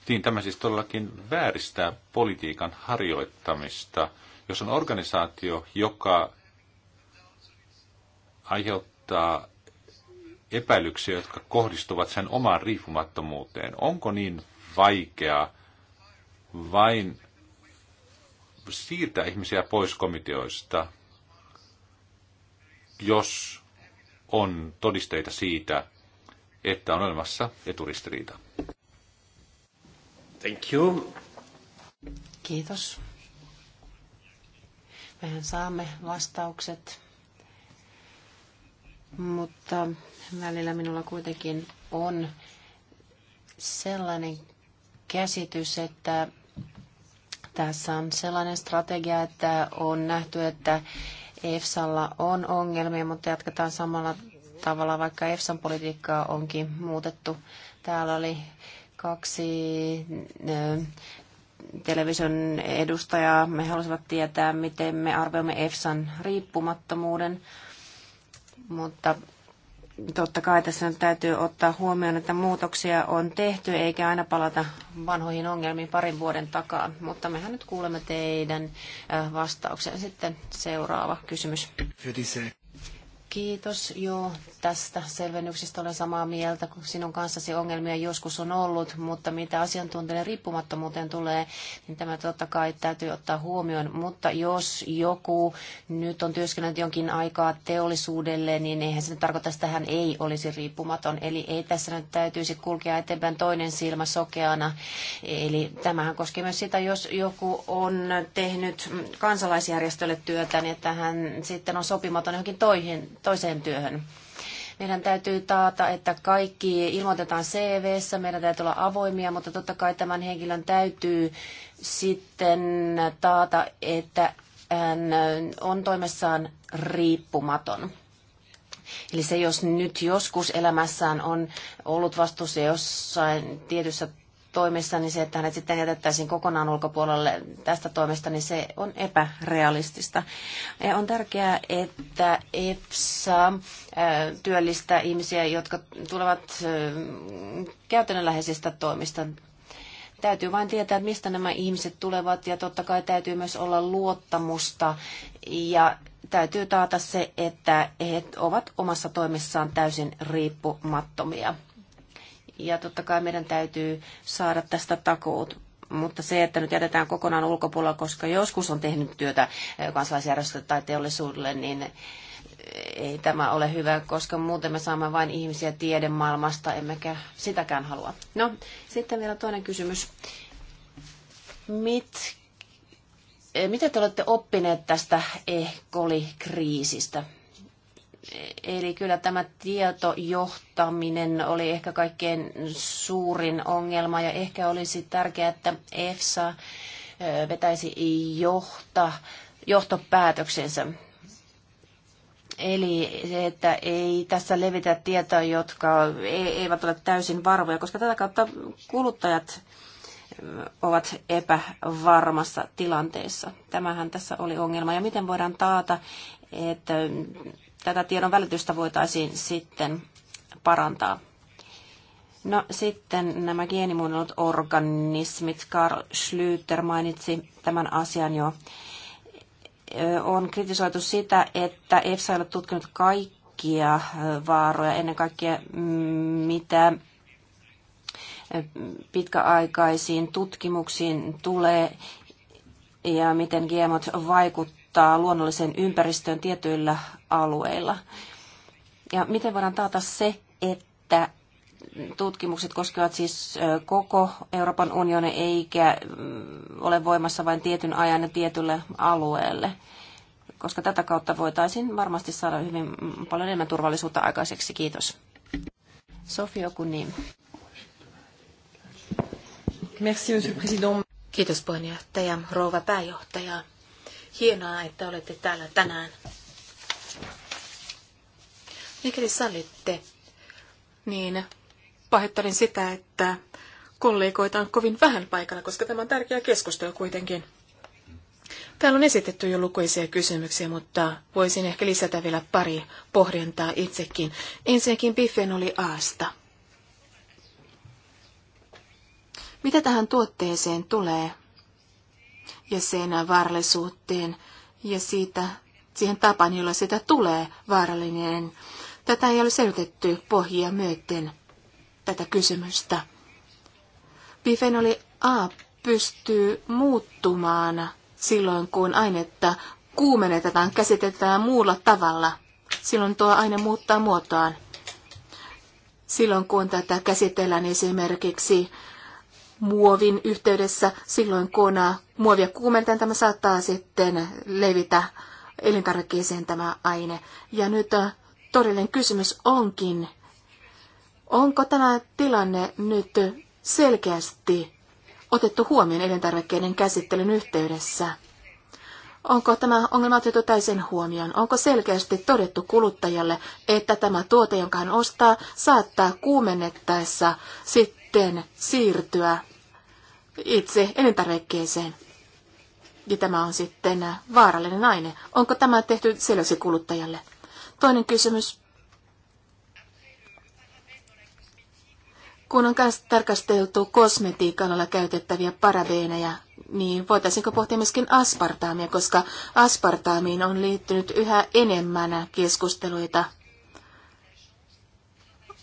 Niin, tämä siis todellakin vääristää politiikan harjoittamista. Jos on organisaatio, joka aiheuttaa epäilyksiä, jotka kohdistuvat sen omaan riippumattomuuteen. Onko niin vaikea vain siirtää ihmisiä pois komiteoista, jos on todisteita siitä, että on olemassa eturistiriita. Thank you. Kiitos. Mehän saamme vastaukset, mutta välillä minulla kuitenkin on sellainen käsitys, että tässä on sellainen strategia, että on nähty, että EFSalla on ongelmia, mutta jatketaan samalla tavalla, vaikka EFSAn politiikkaa onkin muutettu. Täällä oli kaksi television edustajaa. Me halusivat tietää, miten me arvioimme EFSAn riippumattomuuden, mutta totta kai tässä nyt täytyy ottaa huomioon, että muutoksia on tehty, eikä aina palata vanhoihin ongelmiin parin vuoden takaa. Mutta mehän nyt kuulemme teidän äh, vastauksen. Sitten seuraava kysymys. Kiitos. Joo, tästä selvennyksestä olen samaa mieltä, kun sinun kanssasi ongelmia joskus on ollut, mutta mitä asiantuntijan riippumattomuuteen tulee, niin tämä totta kai täytyy ottaa huomioon. Mutta jos joku nyt on työskennellyt jonkin aikaa teollisuudelle, niin eihän se tarkoita, että hän ei olisi riippumaton. Eli ei tässä nyt täytyisi kulkea eteenpäin toinen silmä sokeana. Eli tämähän koskee myös sitä, jos joku on tehnyt kansalaisjärjestölle työtä, niin että hän sitten on sopimaton johonkin toihin toiseen työhön. Meidän täytyy taata, että kaikki ilmoitetaan cv meidän täytyy olla avoimia, mutta totta kai tämän henkilön täytyy sitten taata, että hän on toimessaan riippumaton. Eli se, jos nyt joskus elämässään on ollut vastuussa jossain tietyssä toimissa, niin se, että hänet sitten jätettäisiin kokonaan ulkopuolelle tästä toimesta, niin se on epärealistista. Ja on tärkeää, että EPSA äh, työllistää ihmisiä, jotka tulevat äh, käytännönläheisistä toimista. Täytyy vain tietää, mistä nämä ihmiset tulevat ja totta kai täytyy myös olla luottamusta ja täytyy taata se, että he ovat omassa toimissaan täysin riippumattomia. Ja totta kai meidän täytyy saada tästä takuut. Mutta se, että nyt jätetään kokonaan ulkopuolella, koska joskus on tehnyt työtä eh, kansalaisjärjestölle tai teollisuudelle, niin eh, ei tämä ole hyvä, koska muuten me saamme vain ihmisiä tiedemaailmasta, emmekä sitäkään halua. No, sitten vielä toinen kysymys. Mit, eh, mitä te olette oppineet tästä e kriisistä Eli kyllä tämä tietojohtaminen oli ehkä kaikkein suurin ongelma ja ehkä olisi tärkeää, että EFSA vetäisi johta, johtopäätöksensä. Eli se, että ei tässä levitä tietoa, jotka e-, eivät ole täysin varvoja, koska tätä kautta kuluttajat ovat epävarmassa tilanteessa. Tämähän tässä oli ongelma. Ja miten voidaan taata, että tätä tiedon välitystä voitaisiin sitten parantaa. No sitten nämä geenimuunnellut organismit, Karl Schlüter mainitsi tämän asian jo. On kritisoitu sitä, että EFSA ei ole tutkinut kaikkia vaaroja, ennen kaikkea mitä pitkäaikaisiin tutkimuksiin tulee ja miten GMOt vaikuttavat vaikuttaa luonnolliseen ympäristöön tietyillä alueilla. Ja miten voidaan taata se, että tutkimukset koskevat siis koko Euroopan unionin eikä mm, ole voimassa vain tietyn ajan ja tietylle alueelle, koska tätä kautta voitaisiin varmasti saada hyvin mm, paljon enemmän turvallisuutta aikaiseksi. Kiitos. Sofia Kunim. Merci, monsieur le président. Kiitos puheenjohtaja, rouva pääjohtaja. Hienoa, että olette täällä tänään. Mikäli sallitte, niin pahoittelen sitä, että kollegoita on kovin vähän paikalla, koska tämä on tärkeä keskustelu kuitenkin. Täällä on esitetty jo lukuisia kysymyksiä, mutta voisin ehkä lisätä vielä pari pohdintaa itsekin. Ensinnäkin oli Aasta. Mitä tähän tuotteeseen tulee? ja seinän vaarallisuuteen ja siitä, siihen tapaan, jolla sitä tulee vaarallinen. Tätä ei ole selvitetty pohjia myöten, tätä kysymystä. Bifenoli A pystyy muuttumaan silloin, kun ainetta kuumenetetaan, käsitetään muulla tavalla. Silloin tuo aine muuttaa muotoaan. Silloin kun tätä käsitellään esimerkiksi muovin yhteydessä silloin, kun äh, muovia kuumentaa, tämä saattaa sitten levitä elintarvikkeeseen tämä aine. Ja nyt äh, todellinen kysymys onkin, onko tämä tilanne nyt selkeästi otettu huomioon elintarvikkeiden käsittelyn yhteydessä? Onko tämä ongelma otettu täysin huomioon? Onko selkeästi todettu kuluttajalle, että tämä tuote, jonka hän ostaa, saattaa kuumennettaessa sitten siirtyä itse elintarvikkeeseen. Ja tämä on sitten vaarallinen aine. Onko tämä tehty selväksi kuluttajalle? Toinen kysymys. Kun on tarkasteltu kosmetiikalla käytettäviä parabeeneja, niin voitaisiinko pohtia myöskin aspartaamia, koska aspartaamiin on liittynyt yhä enemmän keskusteluita.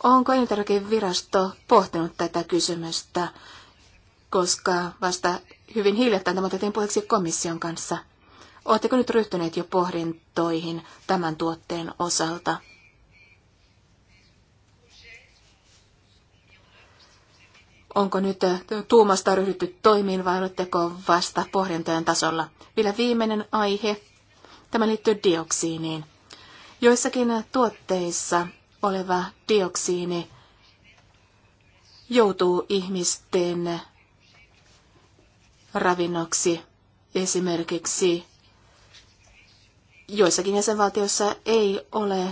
Onko elintarvikevirasto pohtinut tätä kysymystä? koska vasta hyvin hiljattain tämä otettiin puheeksi komission kanssa. Oletteko nyt ryhtyneet jo pohdintoihin tämän tuotteen osalta? Onko nyt äh, tuumasta ryhdytty toimiin vai oletteko vasta pohdintojen tasolla? Vielä viimeinen aihe. Tämä liittyy dioksiiniin. Joissakin tuotteissa oleva dioksiini joutuu ihmisten ravinnoksi. Esimerkiksi joissakin jäsenvaltioissa ei ole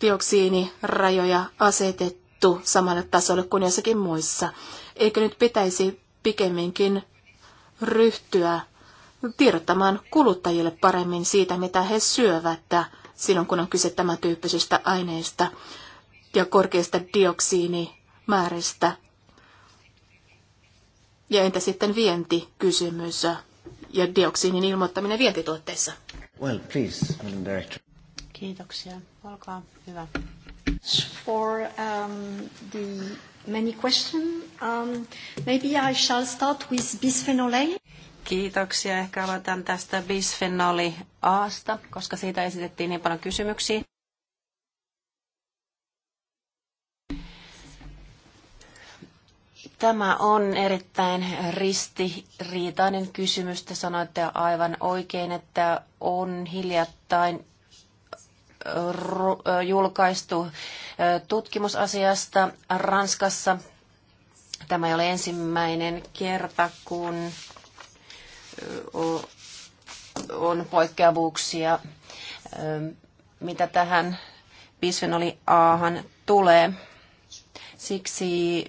dioksiinirajoja asetettu samalle tasolle kuin jossakin muissa. Eikö nyt pitäisi pikemminkin ryhtyä tiedottamaan kuluttajille paremmin siitä, mitä he syövät silloin, kun on kyse tämän tyyppisistä aineista ja korkeista dioksiinimääristä ja entä sitten vientikysymys ja dioksiinin ilmoittaminen vientituotteissa? Well, please, Madam Director. Kiitoksia. Olkaa hyvä. For um, the many questions, um, maybe I shall start with bisphenol A. Kiitoksia. Ehkä aloitan tästä bisfenoli Asta, koska siitä esitettiin niin paljon kysymyksiä. Tämä on erittäin ristiriitainen kysymys. Te sanoitte aivan oikein, että on hiljattain julkaistu tutkimusasiasta Ranskassa. Tämä ei ole ensimmäinen kerta, kun on poikkeavuuksia, mitä tähän bisfenoli A tulee. Siksi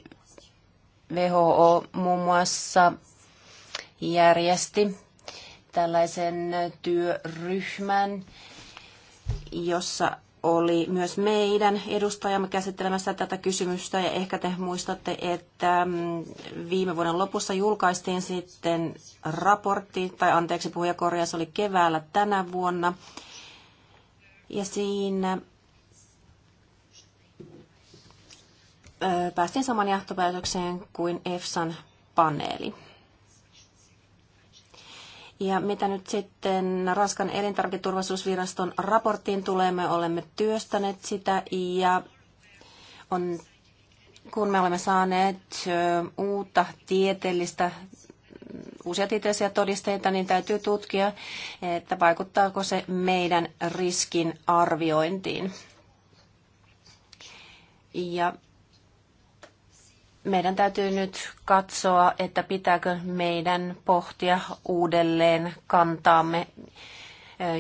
WHO muun muassa järjesti tällaisen työryhmän, jossa oli myös meidän edustajamme käsittelemässä tätä kysymystä. Ja ehkä te muistatte, että mm, viime vuoden lopussa julkaistiin sitten raportti, tai anteeksi puhujakorjaus oli keväällä tänä vuonna. Ja siinä päästiin saman johtopäätökseen kuin EFSAn paneeli. Ja mitä nyt sitten Ranskan elintarviketurvallisuusviraston raporttiin tulee, me olemme työstäneet sitä ja on, kun me olemme saaneet uutta tieteellistä uusia tieteellisiä todisteita, niin täytyy tutkia, että vaikuttaako se meidän riskin arviointiin. Ja meidän täytyy nyt katsoa, että pitääkö meidän pohtia uudelleen kantaamme,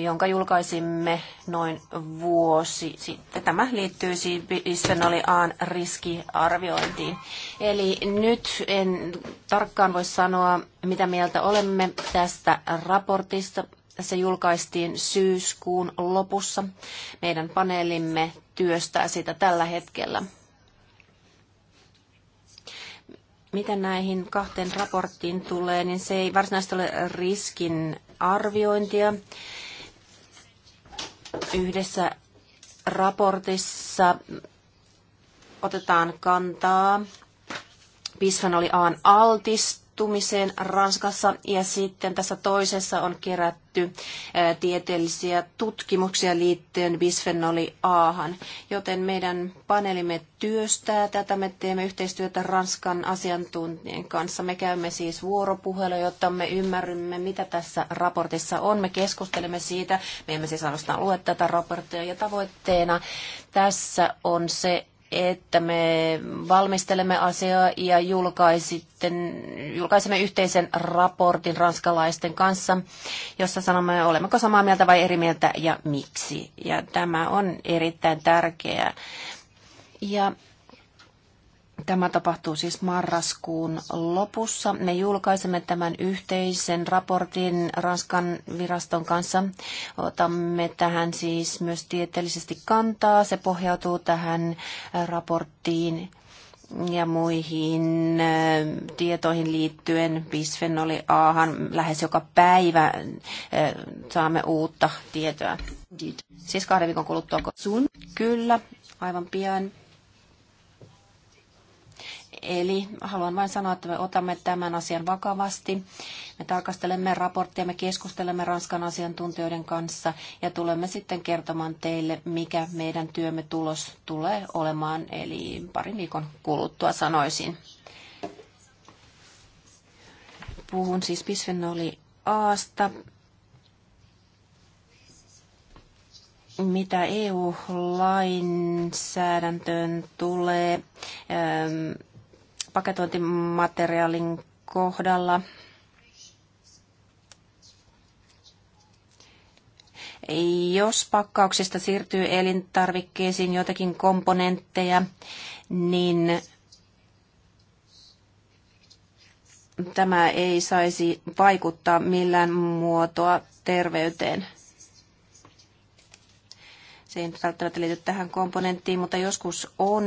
jonka julkaisimme noin vuosi sitten. Tämä liittyy siis oli Aan riskiarviointiin. Eli nyt en tarkkaan voi sanoa, mitä mieltä olemme tästä raportista. Se julkaistiin syyskuun lopussa. Meidän paneelimme työstää sitä tällä hetkellä. Mitä näihin kahteen raporttiin tulee, niin se ei varsinaisesti ole riskin arviointia. Yhdessä raportissa otetaan kantaa bisfenoli A altistumiseen osallistumiseen Ranskassa ja sitten tässä toisessa on kerätty tieteellisiä tutkimuksia liittyen bisfenoli Ahan. Joten meidän paneelimme työstää tätä. Me teemme yhteistyötä Ranskan asiantuntijan kanssa. Me käymme siis vuoropuhelua, jotta me ymmärrymme, mitä tässä raportissa on. Me keskustelemme siitä. Me emme siis ainoastaan lue tätä raporttia ja tavoitteena tässä on se, että me valmistelemme asiaa ja julkaisemme yhteisen raportin ranskalaisten kanssa, jossa sanomme, olemmeko samaa mieltä vai eri mieltä ja miksi. Ja tämä on erittäin tärkeää. Ja Tämä tapahtuu siis marraskuun lopussa. Me julkaisemme tämän yhteisen raportin Ranskan viraston kanssa. Otamme tähän siis myös tieteellisesti kantaa. Se pohjautuu tähän raporttiin ja muihin äh, tietoihin liittyen bisfenoli Ahan lähes joka päivä äh, saamme uutta tietoa. Siis kahden viikon kuluttua sun. Kyllä, aivan pian. Eli haluan vain sanoa, että me otamme tämän asian vakavasti. Me tarkastelemme raporttia, me keskustelemme Ranskan asiantuntijoiden kanssa ja tulemme sitten kertomaan teille, mikä meidän työmme tulos tulee olemaan, eli parin viikon kuluttua sanoisin. Puhun siis bisfenoli Aasta. mitä EU-lainsäädäntöön tulee, paketointimateriaalin kohdalla. Jos pakkauksista siirtyy elintarvikkeisiin jotakin komponentteja, niin tämä ei saisi vaikuttaa millään muotoa terveyteen. Se ei välttämättä liity tähän komponenttiin, mutta joskus on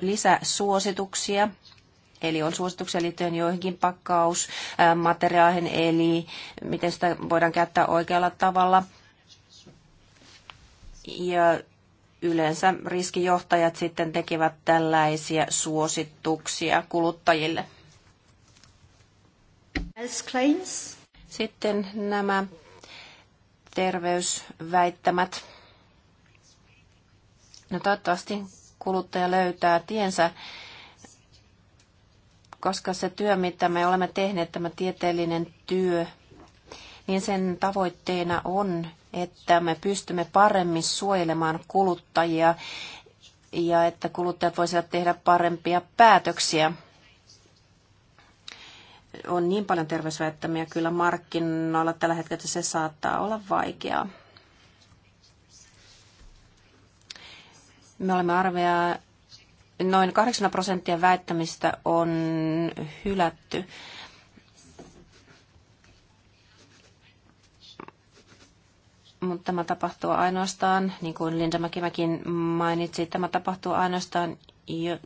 lisäsuosituksia – Eli on suosituksia liittyen joihinkin pakkausmateriaaleihin, eli miten sitä voidaan käyttää oikealla tavalla. Ja yleensä riskijohtajat sitten tekevät tällaisia suosituksia kuluttajille. Sitten nämä terveysväittämät. No toivottavasti kuluttaja löytää tiensä koska se työ, mitä me olemme tehneet, tämä tieteellinen työ, niin sen tavoitteena on, että me pystymme paremmin suojelemaan kuluttajia ja että kuluttajat voisivat tehdä parempia päätöksiä. On niin paljon terveysväittämiä kyllä markkinoilla tällä hetkellä, että se saattaa olla vaikeaa. Me olemme arvia, noin 8 prosenttia väittämistä on hylätty. Mutta tämä tapahtuu ainoastaan, niin kuin Linda Mäkimäkin mainitsi, tämä tapahtuu ainoastaan,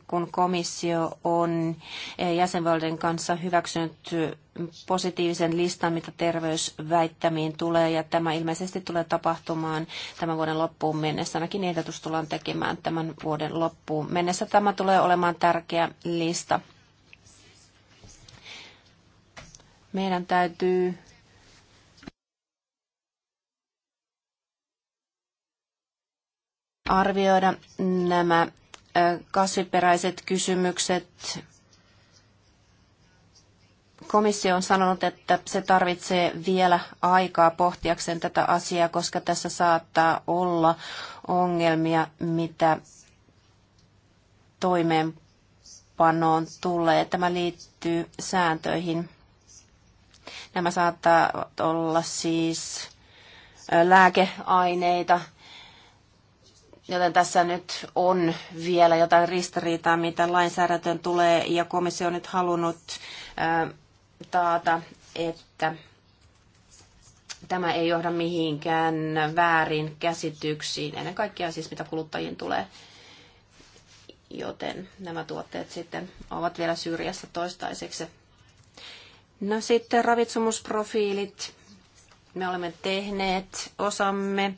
kun komissio on eh, jäsenvaltioiden kanssa hyväksynyt positiivisen listan, mitä terveysväittämiin tulee, ja tämä ilmeisesti tulee tapahtumaan tämän vuoden loppuun mennessä. Ainakin ehdotus tullaan tekemään tämän vuoden loppuun mennessä. Tämä tulee olemaan tärkeä lista. Meidän täytyy arvioida nämä kasviperäiset kysymykset. Komissio on sanonut, että se tarvitsee vielä aikaa pohtiakseen tätä asiaa, koska tässä saattaa olla ongelmia, mitä toimeenpanoon tulee. Tämä liittyy sääntöihin. Nämä saattaa olla siis lääkeaineita, Joten tässä nyt on vielä jotain ristiriitaa, mitä lainsäädäntöön tulee, ja komissio on nyt halunnut taata, että tämä ei johda mihinkään väärin käsityksiin, ennen kaikkea siis mitä kuluttajien tulee. Joten nämä tuotteet sitten ovat vielä syrjässä toistaiseksi. No sitten ravitsemusprofiilit. Me olemme tehneet osamme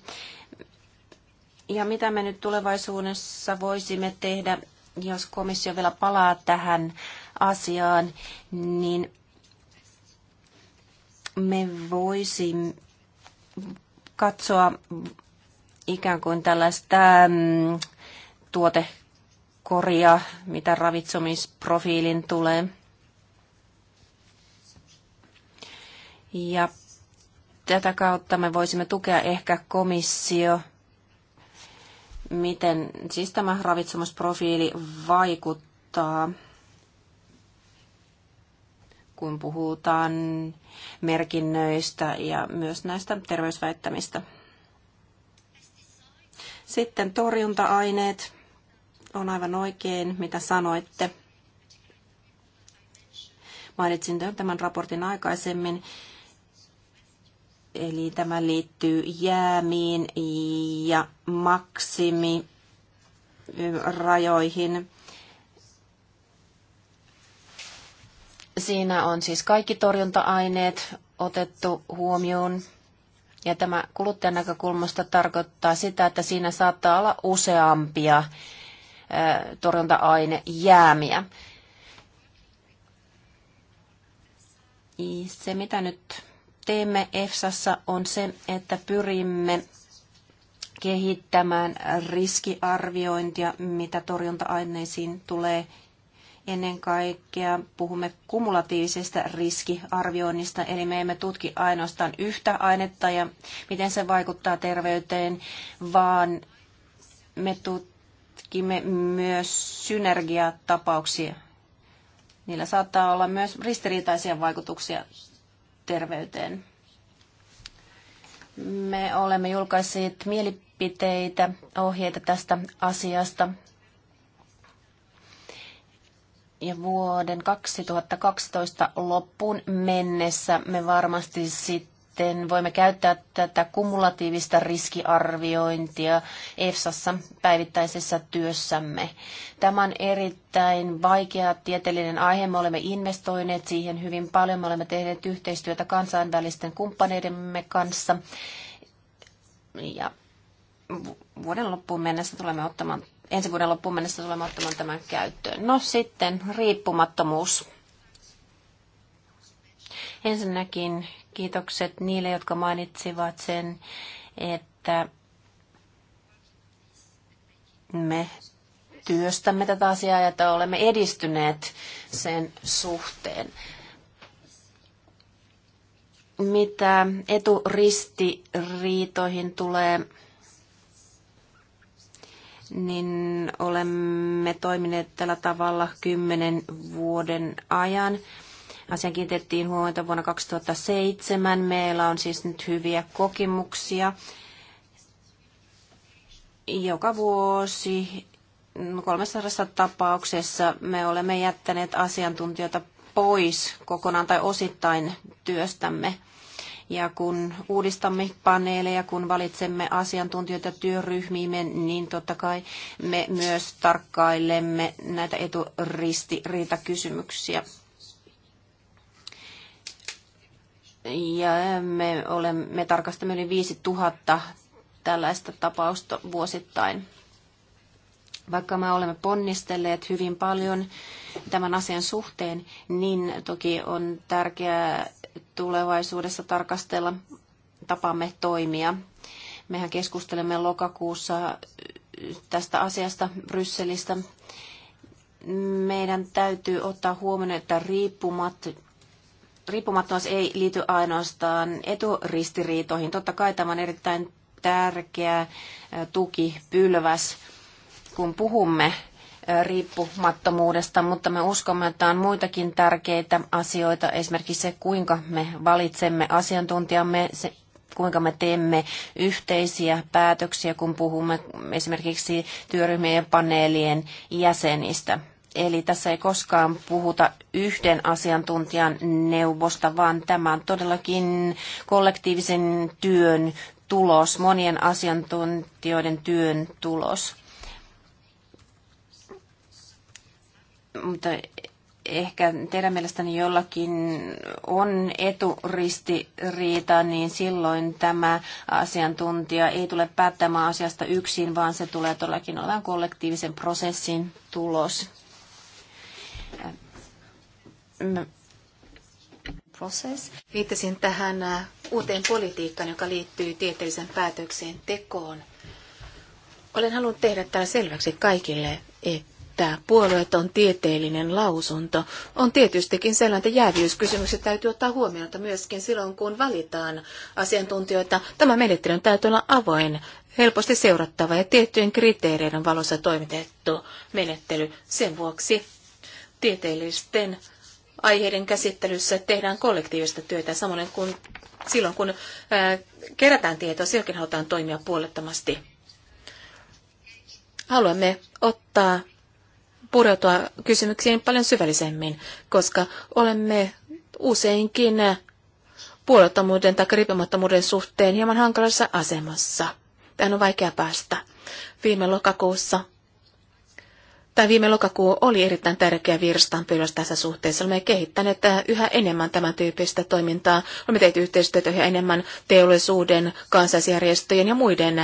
ja mitä me nyt tulevaisuudessa voisimme tehdä, jos komissio vielä palaa tähän asiaan, niin me voisimme katsoa ikään kuin tällaista mm, tuotekoria, mitä ravitsemisprofiilin tulee. Ja tätä kautta me voisimme tukea ehkä komissio miten siis tämä ravitsemusprofiili vaikuttaa, kun puhutaan merkinnöistä ja myös näistä terveysväittämistä. Sitten torjunta-aineet. On aivan oikein, mitä sanoitte. Mainitsin tämän raportin aikaisemmin Eli tämä liittyy jäämiin ja maksimirajoihin. Siinä on siis kaikki torjunta-aineet otettu huomioon. Ja tämä kuluttajan näkökulmasta tarkoittaa sitä, että siinä saattaa olla useampia torjunta-ainejäämiä. Se, mitä nyt teemme EFSassa on se, että pyrimme kehittämään riskiarviointia, mitä torjunta-aineisiin tulee. Ennen kaikkea puhumme kumulatiivisesta riskiarvioinnista, eli me emme tutki ainoastaan yhtä ainetta ja miten se vaikuttaa terveyteen, vaan me tutkimme myös synergiatapauksia. Niillä saattaa olla myös ristiriitaisia vaikutuksia terveyteen. Me olemme julkaisseet mielipiteitä, ohjeita tästä asiasta. Ja vuoden 2012 loppuun mennessä me varmasti sitten sitten voimme käyttää tätä kumulatiivista riskiarviointia EFSassa päivittäisessä työssämme. Tämä on erittäin vaikea tieteellinen aihe. Me olemme investoineet siihen hyvin paljon. Me olemme tehneet yhteistyötä kansainvälisten kumppaneidemme kanssa. Ja vuoden loppuun mennessä tulemme ottamaan, ensi vuoden loppuun mennessä tulemme ottamaan tämän käyttöön. No sitten riippumattomuus. Ensinnäkin Kiitokset niille, jotka mainitsivat sen, että me työstämme tätä asiaa ja että olemme edistyneet sen suhteen. Mitä eturistiriitoihin tulee, niin olemme toimineet tällä tavalla kymmenen vuoden ajan. Asian kiinnitettiin huomiota vuonna 2007. Meillä on siis nyt hyviä kokemuksia. Joka vuosi 300 tapauksessa me olemme jättäneet asiantuntijoita pois kokonaan tai osittain työstämme. Ja kun uudistamme paneeleja, kun valitsemme asiantuntijoita työryhmiimme, niin totta kai me myös tarkkailemme näitä eturistiriitakysymyksiä. ja me, olemme, me tarkastamme yli 5000 tällaista tapausta vuosittain. Vaikka me olemme ponnistelleet hyvin paljon tämän asian suhteen, niin toki on tärkeää tulevaisuudessa tarkastella tapamme toimia. Mehän keskustelemme lokakuussa tästä asiasta Brysselistä. Meidän täytyy ottaa huomioon, että riippumat, riippumattomuus ei liity ainoastaan eturistiriitoihin. Totta kai tämä on erittäin tärkeä tukipylväs, kun puhumme riippumattomuudesta, mutta me uskomme, että on muitakin tärkeitä asioita, esimerkiksi se, kuinka me valitsemme asiantuntijamme, se, kuinka me teemme yhteisiä päätöksiä, kun puhumme esimerkiksi työryhmien ja paneelien jäsenistä. Eli tässä ei koskaan puhuta yhden asiantuntijan neuvosta, vaan tämä on todellakin kollektiivisen työn tulos, monien asiantuntijoiden työn tulos. Mutta ehkä teidän mielestäni jollakin on eturistiriita, niin silloin tämä asiantuntija ei tule päättämään asiasta yksin, vaan se tulee todellakin olemaan kollektiivisen prosessin tulos process. Viittasin tähän äh, uuteen politiikkaan, joka liittyy tieteellisen päätökseen tekoon. Olen halunnut tehdä täällä selväksi kaikille, että puolueeton tieteellinen lausunto on tietystikin sellainen, että jääviyskysymykset täytyy ottaa huomioon, että myöskin silloin, kun valitaan asiantuntijoita, tämä menettely täytyy olla avoin, helposti seurattava ja tiettyjen kriteereiden valossa toimitettu menettely. Sen vuoksi tieteellisten aiheiden käsittelyssä tehdään kollektiivista työtä, samoin kuin silloin, kun ää, kerätään tietoa, silloin halutaan toimia puolettomasti. Haluamme ottaa pureutua kysymyksiin paljon syvällisemmin, koska olemme useinkin puolettomuuden tai riippumattomuuden suhteen hieman hankalassa asemassa. Tähän on vaikea päästä. Viime lokakuussa Tämä viime lokakuu oli erittäin tärkeä virstanpylväs tässä suhteessa. Olemme kehittäneet äh, yhä enemmän tämän tyyppistä toimintaa. Olemme tehneet yhteistyötä yhä enemmän teollisuuden, kansallisjärjestöjen ja muiden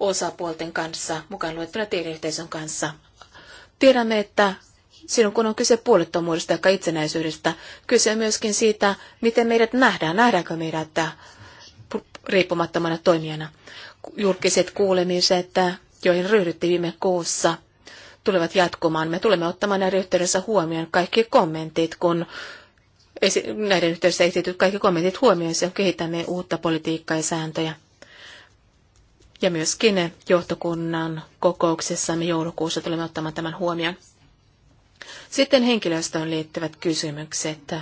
osapuolten kanssa, mukaan luettuna tiedeyhteisön kanssa. Tiedämme, että silloin kun on kyse puolettomuudesta ja itsenäisyydestä, kyse on myöskin siitä, miten meidät nähdään, nähdäänkö meidät äh, riippumattomana toimijana. Julkiset kuulemiset, äh, joihin ryhdyttiin viime kuussa, tulevat jatkumaan. Me tulemme ottamaan näiden yhteydessä huomioon kaikki kommentit, kun esi- näiden yhteydessä esityt kaikki kommentit huomioon ja kehitämme uutta politiikkaa ja sääntöjä. Ja myöskin johtokunnan me joulukuussa tulemme ottamaan tämän huomioon. Sitten henkilöstöön liittyvät kysymykset.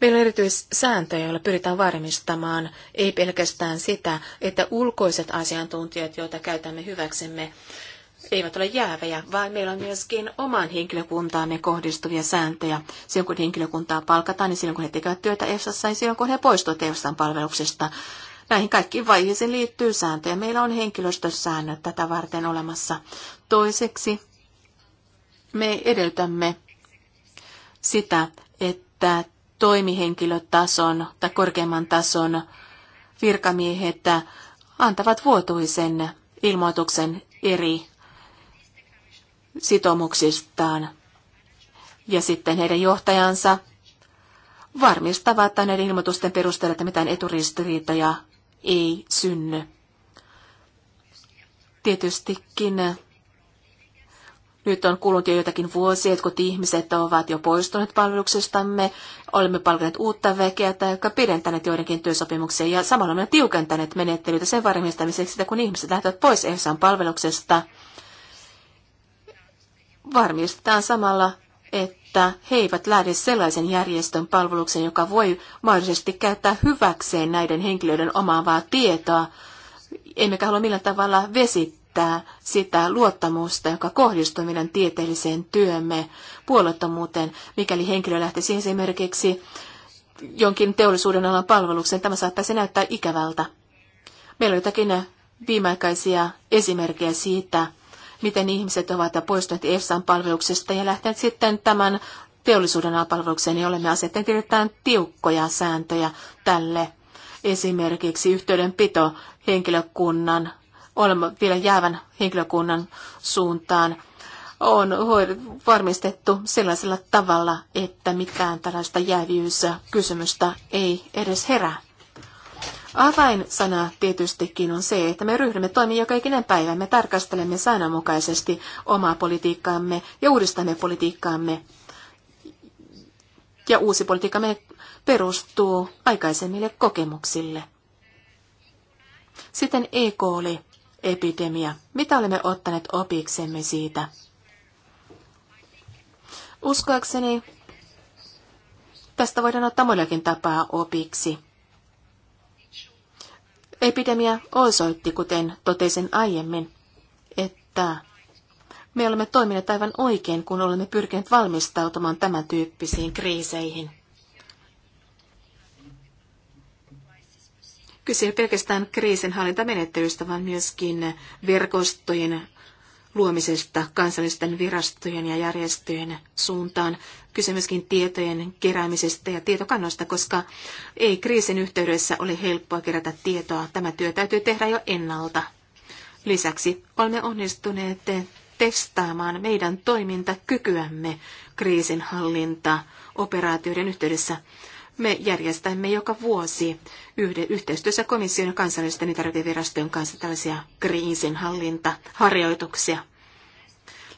Meillä on erityissääntöjä, joilla pyritään varmistamaan ei pelkästään sitä, että ulkoiset asiantuntijat, joita käytämme hyväksemme, eivät ole jäävejä, vaan meillä on myöskin omaan henkilökuntaamme kohdistuvia sääntöjä. Silloin kun henkilökuntaa palkataan, niin silloin kun he tekevät työtä EFSassa, niin silloin kun he poistuvat EFSan palveluksesta. Näihin kaikkiin vaiheisiin liittyy sääntöjä. Meillä on henkilöstösäännöt tätä varten olemassa. Toiseksi me edellytämme sitä, että toimihenkilötason tai korkeamman tason virkamiehet antavat vuotuisen ilmoituksen eri sitoumuksistaan. Ja sitten heidän johtajansa varmistavat tänne ilmoitusten perusteella, että mitään eturistiriitoja ei synny. Tietystikin nyt on kulunut jo jotakin vuosia, kun ihmiset ovat jo poistuneet palveluksestamme, olemme palkanneet uutta väkeä tai pidentäneet joidenkin työsopimuksia ja samalla olemme tiukentaneet menettelyitä sen varmistamiseksi, että kun ihmiset lähtevät pois EFSAn palveluksesta, varmistetaan samalla, että he eivät lähde sellaisen järjestön palveluksen, joka voi mahdollisesti käyttää hyväkseen näiden henkilöiden omaavaa tietoa, emmekä halua millään tavalla vesittää sitä luottamusta, joka kohdistuu meidän tieteelliseen työmme puolettomuuteen, mikäli henkilö lähtisi esimerkiksi jonkin teollisuuden alan palvelukseen. Tämä saattaisi näyttää ikävältä. Meillä on jotakin viimeaikaisia esimerkkejä siitä, miten ihmiset ovat poistuneet EFSAn palveluksesta ja lähteneet sitten tämän teollisuuden palvelukseen, niin olemme asettaneet erittäin tiukkoja sääntöjä tälle. Esimerkiksi yhteydenpito henkilökunnan, olemme vielä jäävän henkilökunnan suuntaan, on varmistettu sellaisella tavalla, että mitään tällaista jäävyyskysymystä ei edes herää. Avain sana tietystikin on se, että me ryhdymme toimimaan joka ikinen päivä. Me tarkastelemme säännönmukaisesti omaa politiikkaamme ja uudistamme politiikkaamme. Ja uusi politiikkamme perustuu aikaisemmille kokemuksille. Sitten E. coli epidemia. Mitä olemme ottaneet opiksemme siitä? Uskoakseni tästä voidaan ottaa monellakin tapaa opiksi. Epidemia osoitti, kuten totesin aiemmin, että me olemme toimineet aivan oikein, kun olemme pyrkineet valmistautumaan tämän tyyppisiin kriiseihin. Kyse ei pelkästään kriisinhallintamenettelystä, vaan myöskin verkostojen luomisesta kansallisten virastojen ja järjestöjen suuntaan. Kyse myöskin tietojen keräämisestä ja tietokannoista, koska ei kriisin yhteydessä ole helppoa kerätä tietoa. Tämä työ täytyy tehdä jo ennalta. Lisäksi olemme onnistuneet testaamaan meidän toimintakykyämme kriisinhallinta operaatioiden yhteydessä me järjestämme joka vuosi yhde, yhteistyössä komission ja kansallisten elintarvikevirastojen kanssa tällaisia kriisinhallintaharjoituksia.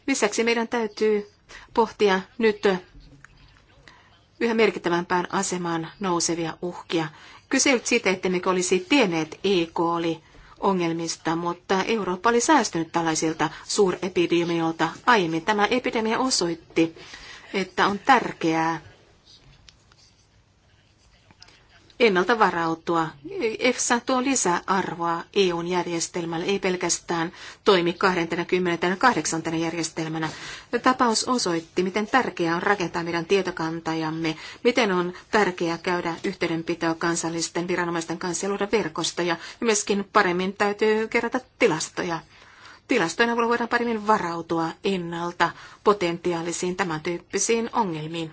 Lisäksi meidän täytyy pohtia nyt yhä merkittävämpään asemaan nousevia uhkia. Kyse ei siitä, että me olisi tienneet EK oli ongelmista, mutta Eurooppa oli säästynyt tällaisilta suurepidemioilta aiemmin. Tämä epidemia osoitti, että on tärkeää ennalta varautua. EFSA tuo lisäarvoa EUn järjestelmälle, ei pelkästään toimi 28. järjestelmänä. Tapaus osoitti, miten tärkeää on rakentaa meidän tietokantajamme, miten on tärkeää käydä yhteydenpitoa kansallisten viranomaisten kanssa ja luoda verkostoja, ja myöskin paremmin täytyy kerätä tilastoja. Tilastojen avulla voidaan paremmin varautua ennalta potentiaalisiin tämän tyyppisiin ongelmiin.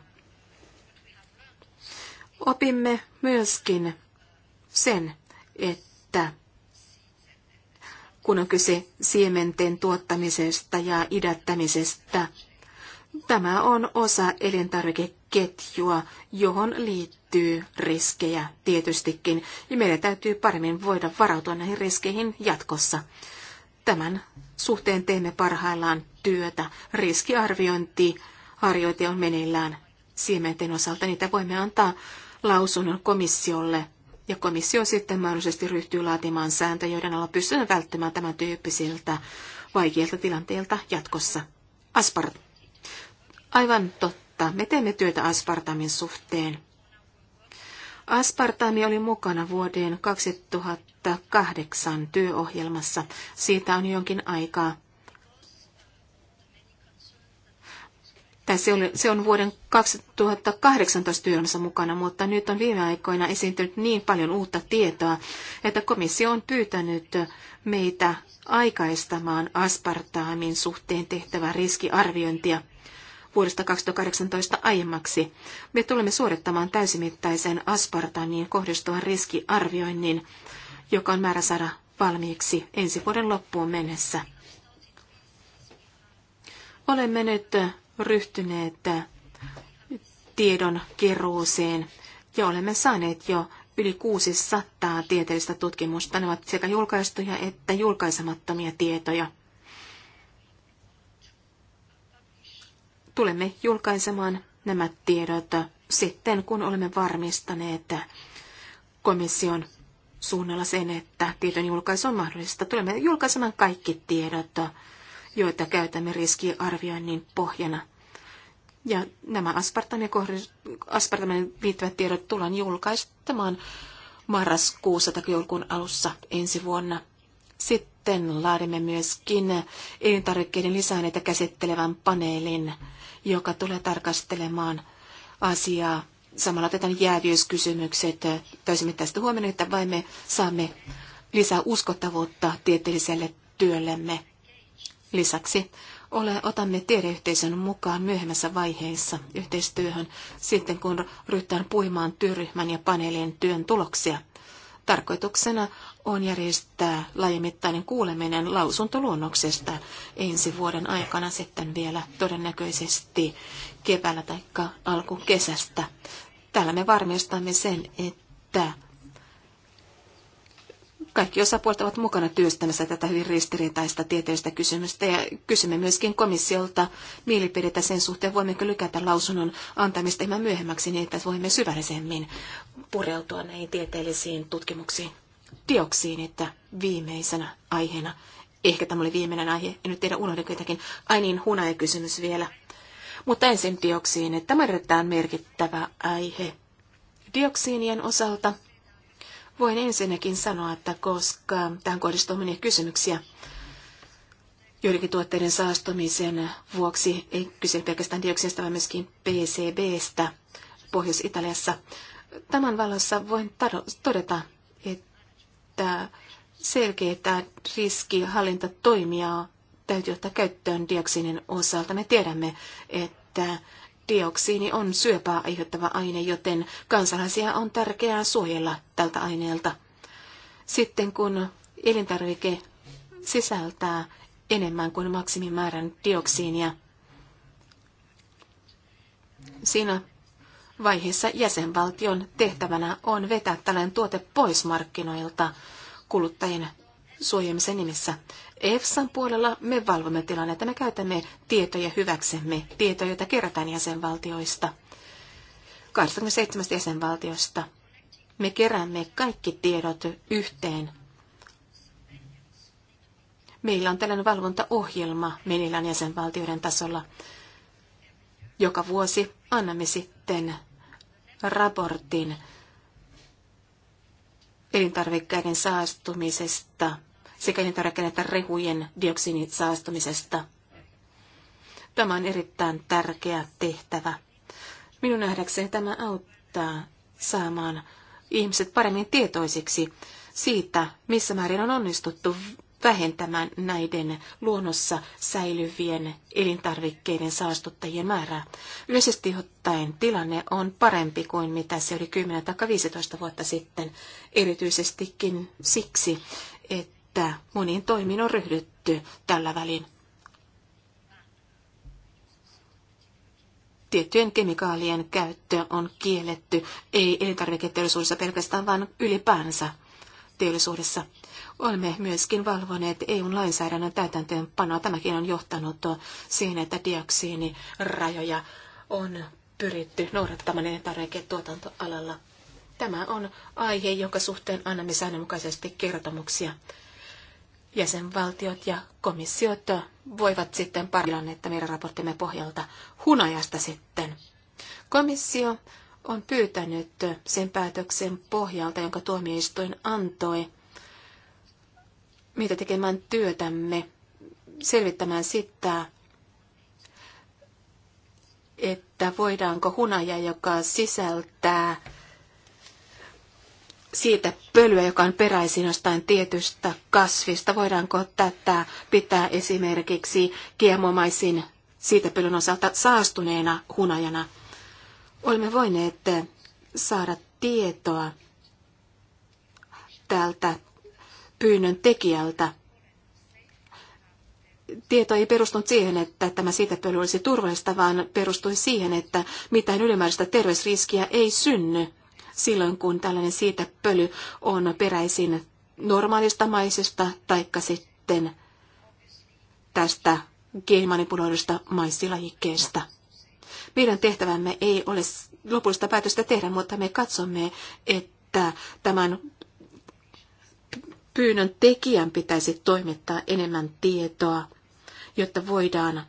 Opimme myöskin sen, että kun on kyse siementen tuottamisesta ja idättämisestä, tämä on osa elintarvikeketjua, johon liittyy riskejä tietystikin, ja meidän täytyy paremmin voida varautua näihin riskeihin jatkossa. Tämän suhteen teemme parhaillaan työtä. Riskiarviointi on meneillään siementen osalta. Niitä voimme antaa lausunnon komissiolle ja komissio sitten mahdollisesti ryhtyy laatimaan sääntöjä, joiden alla pystytään välttämään tämän tyyppisiltä vaikeilta tilanteilta jatkossa. Aspart. Aivan totta, me teemme työtä aspartamin suhteen. Aspartami oli mukana vuoden 2008 työohjelmassa. Siitä on jonkin aikaa. tai se, oli, se on vuoden 2018 työnsä mukana, mutta nyt on viime aikoina esiintynyt niin paljon uutta tietoa, että komissio on pyytänyt meitä aikaistamaan aspartaamin suhteen tehtävää riskiarviointia vuodesta 2018 aiemmaksi. Me tulemme suorittamaan täysimittaisen aspartaamiin kohdistuvan riskiarvioinnin, joka on määrä saada valmiiksi ensi vuoden loppuun mennessä. Olemme nyt ryhtyneet tiedon keruuseen ja olemme saaneet jo yli 600 tieteellistä tutkimusta. Ne ovat sekä julkaistuja että julkaisemattomia tietoja. Tulemme julkaisemaan nämä tiedot sitten, kun olemme varmistaneet komission suunnalla sen, että tiedon julkaisu on mahdollista. Tulemme julkaisemaan kaikki tiedot joita käytämme riskiarvioinnin pohjana. Ja nämä aspartamin, liittyvät tiedot tullaan julkaistamaan marraskuussa tai joulukuun alussa ensi vuonna. Sitten laadimme myöskin elintarvikkeiden lisäaineita käsittelevän paneelin, joka tulee tarkastelemaan asiaa. Samalla otetaan jäävyyskysymykset täysimittaisesti huomioon, että vain me saamme lisää uskottavuutta tieteelliselle työllemme. Lisäksi ole, otamme tiedeyhteisön mukaan myöhemmässä vaiheessa yhteistyöhön sitten, kun ryhtään puimaan työryhmän ja paneelien työn tuloksia. Tarkoituksena on järjestää laajemittainen kuuleminen lausuntoluonnoksesta ensi vuoden aikana sitten vielä todennäköisesti keväällä tai alkukesästä. Tällä me varmistamme sen, että kaikki osapuolet ovat mukana työstämässä tätä hyvin ristiriitaista tieteellistä kysymystä ja kysymme myöskin komissiolta mielipidettä sen suhteen, voimmeko lykätä lausunnon antamista ihan myöhemmäksi niin, että voimme syvällisemmin pureutua näihin tieteellisiin tutkimuksiin. että viimeisenä aiheena. Ehkä tämä oli viimeinen aihe, en nyt tiedä unohdin kuitenkin, Ai niin, kysymys vielä. Mutta ensin dioksiinit. Tämä on merkittävä aihe. Dioksiinien osalta Voin ensinnäkin sanoa, että koska tähän kohdistuu monia kysymyksiä, joidenkin tuotteiden saastumisen vuoksi ei kyse pelkästään dioksista, vaan myöskin PCBstä Pohjois-Italiassa. Tämän valossa voin todeta, että selkeitä riskihallintatoimia täytyy ottaa käyttöön dioksinin osalta. Me tiedämme, että Dioksiini on syöpää aiheuttava aine, joten kansalaisia on tärkeää suojella tältä aineelta. Sitten kun elintarvike sisältää enemmän kuin maksimimäärän dioksiinia, siinä vaiheessa jäsenvaltion tehtävänä on vetää tällainen tuote pois markkinoilta kuluttajien suojelmisen nimissä. EFSAn puolella me valvomme tilannetta, me käytämme tietoja hyväksemme, tietoja, joita kerätään jäsenvaltioista, 27 jäsenvaltiosta. Me keräämme kaikki tiedot yhteen. Meillä on tällainen valvontaohjelma meneillään jäsenvaltioiden tasolla. Joka vuosi annamme sitten raportin elintarvikkeiden saastumisesta – sekä elintarvikkeiden että rehujen saastumisesta. Tämä on erittäin tärkeä tehtävä. Minun nähdäkseni tämä auttaa saamaan ihmiset paremmin tietoisiksi siitä, missä määrin on onnistuttu vähentämään näiden luonnossa säilyvien elintarvikkeiden saastuttajien määrää. Yleisesti ottaen tilanne on parempi kuin mitä se oli 10 tai 15 vuotta sitten, erityisestikin siksi, että että moniin toimiin on ryhdytty tällä välin. Tiettyjen kemikaalien käyttö on kielletty, ei elintarviketeollisuudessa pelkästään, vaan ylipäänsä teollisuudessa. Olemme myöskin valvoneet EUn lainsäädännön täytäntöönpanoa. Tämäkin on johtanut siihen, että dioksiinirajoja on pyritty noudattamaan elintarviketuotantoalalla. Tämä on aihe, jonka suhteen annamme säännönmukaisesti kertomuksia jäsenvaltiot ja komissiot voivat sitten että meidän raporttimme pohjalta hunajasta sitten. Komissio on pyytänyt sen päätöksen pohjalta, jonka tuomioistuin antoi, mitä tekemään työtämme, selvittämään sitä, että voidaanko hunaja, joka sisältää siitä pölyä, joka on peräisin jostain tietystä kasvista. Voidaanko tätä pitää esimerkiksi kiemomaisin siitä pölyn osalta saastuneena hunajana? Olemme voineet saada tietoa tältä pyynnön tekijältä. Tieto ei perustunut siihen, että tämä pöly olisi turvallista, vaan perustui siihen, että mitään ylimääräistä terveysriskiä ei synny silloin, kun tällainen siitepöly on peräisin normaalista maisesta tai sitten tästä geenimanipuloidusta maissilajikkeesta. Meidän tehtävämme ei ole lopullista päätöstä tehdä, mutta me katsomme, että tämän pyynnön tekijän pitäisi toimittaa enemmän tietoa, jotta voidaan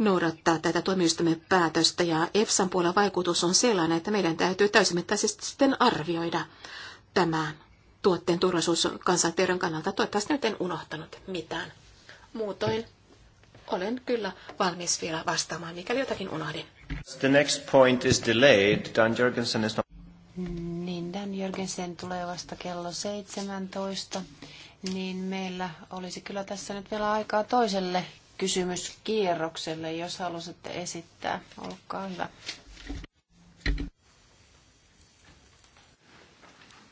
noudattaa tätä tuomioistuimen päätöstä ja EFSAn puolella vaikutus on sellainen, että meidän täytyy täysimittaisesti sitten arvioida Tämä tuotteen turvallisuus kansanterveyden kannalta. Toivottavasti nyt en unohtanut mitään. Muutoin olen kyllä valmis vielä vastaamaan, mikäli jotakin unohdin. The next point is delayed. Dan Jörgensen is not... Niin, Dan Jörgensen tulee vasta kello 17, niin meillä olisi kyllä tässä nyt vielä aikaa toiselle kysymyskierrokselle, jos halusitte esittää. Olkaa hyvä.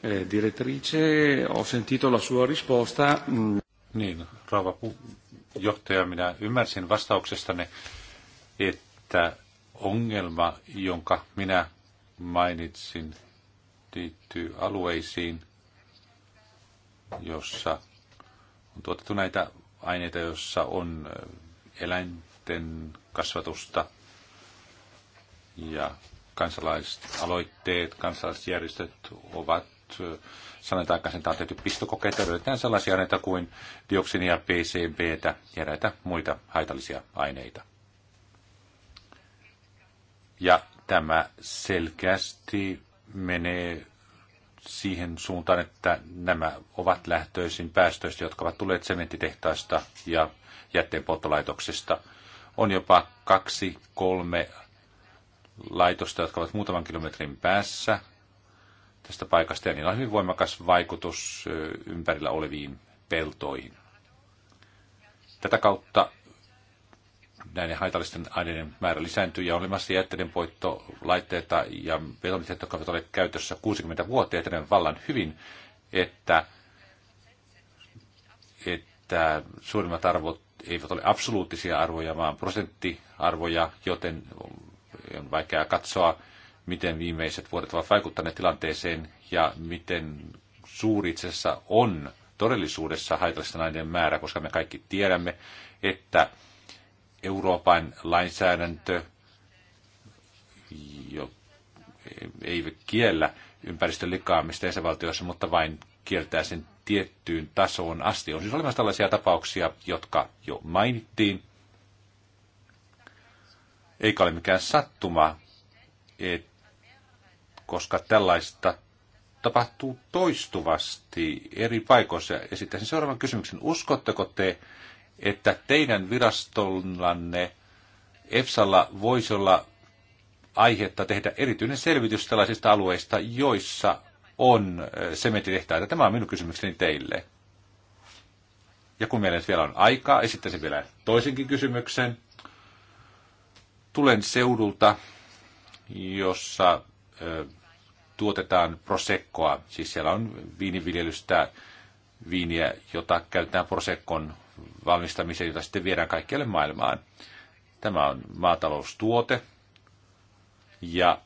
Eh, direttrice, ho sentito la sua risposta. Mm. Niin, rouva johtaja, minä ymmärsin vastauksestanne, että ongelma, jonka minä mainitsin, liittyy alueisiin, jossa on tuotettu näitä aineita, joissa on eläinten kasvatusta ja kansalaisaloitteet, kansalaisjärjestöt ovat sanotaan aikaisemmin, että on tehty pistokokeita, löydetään sellaisia aineita kuin dioksinia, PCBtä ja näitä muita haitallisia aineita. Ja tämä selkeästi menee siihen suuntaan, että nämä ovat lähtöisin päästöistä, jotka ovat tulleet sementitehtaista ja jätteenpolttolaitoksista. On jopa kaksi, kolme laitosta, jotka ovat muutaman kilometrin päässä tästä paikasta, ja niillä on hyvin voimakas vaikutus ympärillä oleviin peltoihin. Tätä kautta näiden haitallisten aineiden määrä lisääntyy ja on olemassa poittolaitteita ja betoniteet, jotka ovat olleet käytössä 60 vuotta ja tämän vallan hyvin, että, että suurimmat arvot eivät ole absoluuttisia arvoja, vaan prosenttiarvoja, joten on vaikea katsoa, miten viimeiset vuodet ovat vaikuttaneet tilanteeseen ja miten suuri itse asiassa on todellisuudessa haitallisten aineiden määrä, koska me kaikki tiedämme, että Euroopan lainsäädäntö jo ei kiellä ympäristön likaamista jäsenvaltioissa, mutta vain kieltää sen tiettyyn tasoon asti. On siis olemassa tällaisia tapauksia, jotka jo mainittiin. Eikä ole mikään sattuma, et, koska tällaista tapahtuu toistuvasti eri paikoissa. Esittäisin seuraavan kysymyksen. Uskotteko te, että teidän virastollanne EFSalla voisi olla aihetta tehdä erityinen selvitys tällaisista alueista, joissa on äh, sementitehtaita. Tämä on minun kysymykseni teille. Ja kun meillä vielä on aikaa, esittäisin vielä toisenkin kysymyksen. Tulen seudulta, jossa ö, äh, tuotetaan prosekkoa. Siis siellä on viiniviljelystä viiniä, jota käytetään prosekkon valmistamiseen, jota sitten viedään kaikkialle maailmaan. Tämä on maataloustuote ja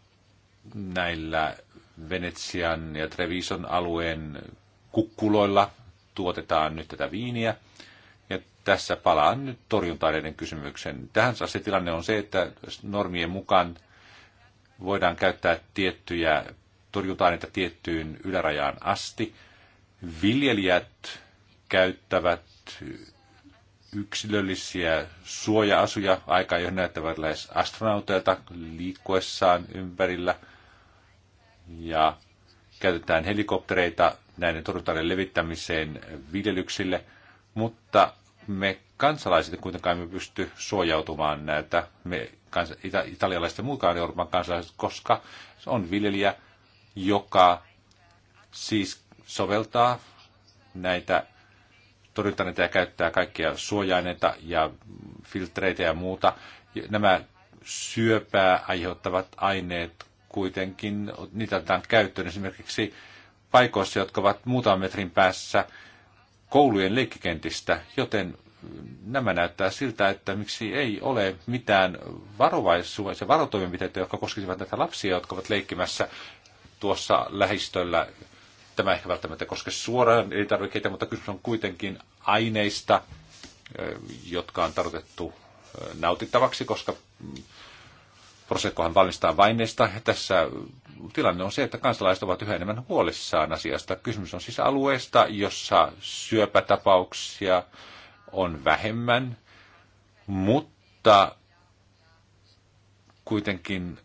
näillä Venetsian ja Trevison alueen kukkuloilla tuotetaan nyt tätä viiniä. Ja tässä palaan nyt torjunta kysymyksen. kysymykseen. Tähän se tilanne on se, että normien mukaan voidaan käyttää tiettyjä torjunta tiettyyn ylärajaan asti. Viljelijät käyttävät yksilöllisiä suoja-asuja, aika johon näyttävät lähes astronauteilta liikkuessaan ympärillä. Ja käytetään helikoptereita näiden torjuntaiden levittämiseen viljelyksille, mutta me kansalaiset kuitenkaan emme pysty suojautumaan näitä, me ita- italialaiset ja muutkaan Euroopan kansalaiset, koska se on viljelijä, joka siis soveltaa näitä torjuntaneita ja käyttää kaikkia suojaineita ja filtreitä ja muuta. Nämä syöpää aiheuttavat aineet kuitenkin, niitä otetaan käyttöön esimerkiksi paikoissa, jotka ovat muutaman metrin päässä koulujen leikkikentistä, joten nämä näyttää siltä, että miksi ei ole mitään varovaisuus- ja varotoimenpiteitä, jotka koskisivat näitä lapsia, jotka ovat leikkimässä tuossa lähistöllä Tämä ehkä välttämättä koske suoraan elintarvikkeita, mutta kysymys on kuitenkin aineista, jotka on tarkoitettu nautittavaksi, koska mm, Proseccohan valmistaa vaineista. Tässä tilanne on se, että kansalaiset ovat yhä enemmän huolissaan asiasta. Kysymys on siis alueesta, jossa syöpätapauksia on vähemmän, mutta kuitenkin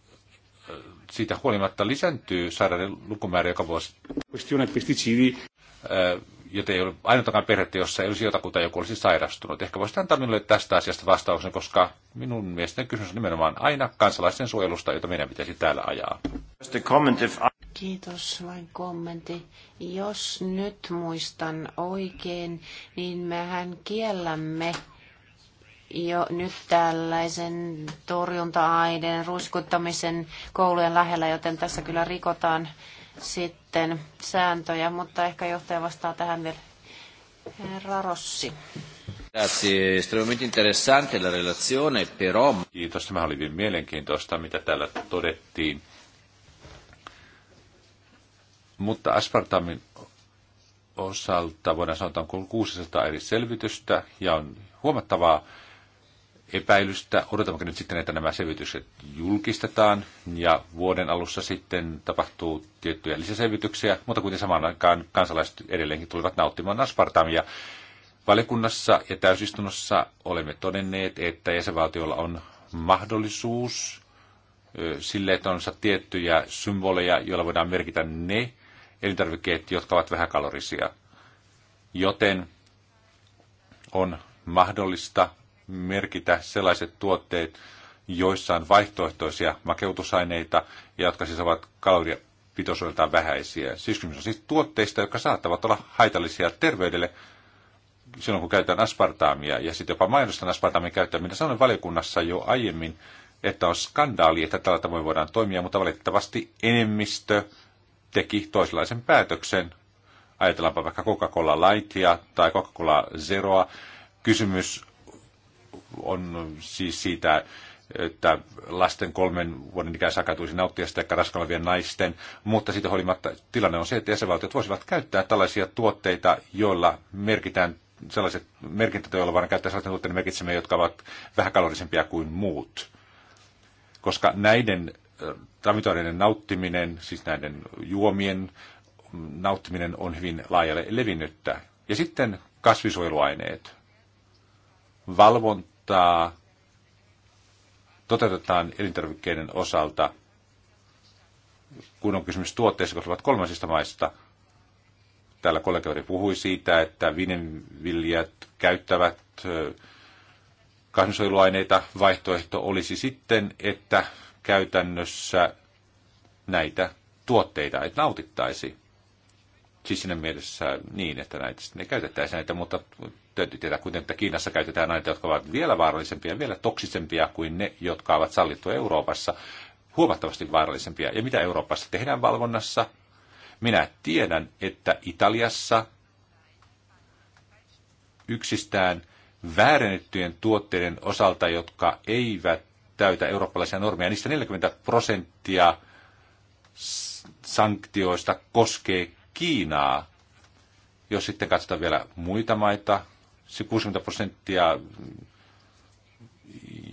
siitä huolimatta lisääntyy sairauden lukumäärä joka vuosi. Joten ei ole ainoatakaan perhettä, jossa ei olisi jotakuta, joku olisi sairastunut. Ehkä voisit antaa minulle tästä asiasta vastauksen, koska minun mielestäni kysymys on nimenomaan aina kansalaisten suojelusta, jota meidän pitäisi täällä ajaa. Kiitos, vain kommentti. Jos nyt muistan oikein, niin mehän kiellämme jo nyt tällaisen torjunta-aineen ruiskuttamisen koulujen lähellä, joten tässä kyllä rikotaan sitten sääntöjä, mutta ehkä johtaja vastaa tähän vielä. Herra Rossi. Grazie, estremamente interessante la relazione, però... Kiitos, tämä oli hyvin mielenkiintoista, mitä täällä todettiin. Mutta aspartamin osalta voidaan sanoa, että on 600 eri selvitystä ja on huomattavaa epäilystä. Odotammeko nyt sitten, että nämä selvitykset julkistetaan ja vuoden alussa sitten tapahtuu tiettyjä lisäselvityksiä, mutta kuitenkin samaan aikaan kansalaiset edelleenkin tulivat nauttimaan aspartamia. Valiokunnassa ja täysistunnossa olemme todenneet, että jäsenvaltiolla on mahdollisuus sille, että on tiettyjä symboleja, joilla voidaan merkitä ne elintarvikkeet, jotka ovat vähäkalorisia. Joten on mahdollista merkitä sellaiset tuotteet, joissa on vaihtoehtoisia makeutusaineita, jotka siis ovat kaloripitoisuudeltaan vähäisiä. Siis kysymys on siis tuotteista, jotka saattavat olla haitallisia terveydelle silloin, kun käytetään aspartaamia ja sitten jopa mainostan aspartaamin käyttöä. mitä sanoin valiokunnassa jo aiemmin, että on skandaali, että tällä tavoin voidaan toimia, mutta valitettavasti enemmistö teki toisenlaisen päätöksen. Ajatellaanpa vaikka Coca-Cola Lightia tai Coca-Cola Zeroa. Kysymys on siis siitä, että lasten kolmen vuoden ikäisä saakka tulisi nauttia sitä ehkä olevien naisten, mutta siitä huolimatta tilanne on se, että jäsenvaltiot voisivat käyttää tällaisia tuotteita, joilla merkitään sellaiset merkintät, joilla voidaan käyttää sellaisia tuotteita merkitsemme, jotka ovat vähän kalorisempia kuin muut. Koska näiden äh, ravintoaineiden nauttiminen, siis näiden juomien nauttiminen on hyvin laajalle levinnyttä. Ja sitten kasvisuojeluaineet. Valvonta ottaa, toteutetaan elintarvikkeiden osalta, kun on kysymys tuotteista, jotka ovat kolmansista maista. Täällä kollegoiden puhui siitä, että viljat käyttävät kasvinsuojeluaineita. Vaihtoehto olisi sitten, että käytännössä näitä tuotteita että nautittaisi. Siis siinä mielessä niin, että näitä ne käytettäisiin näitä, mutta täytyy tietää kuitenkin, että Kiinassa käytetään näitä, jotka ovat vielä vaarallisempia, vielä toksisempia kuin ne, jotka ovat sallittu Euroopassa, huomattavasti vaarallisempia. Ja mitä Euroopassa tehdään valvonnassa? Minä tiedän, että Italiassa yksistään väärennettyjen tuotteiden osalta, jotka eivät täytä eurooppalaisia normeja, niistä 40 prosenttia sanktioista koskee Kiinaa. Jos sitten katsotaan vielä muita maita, se 60 prosenttia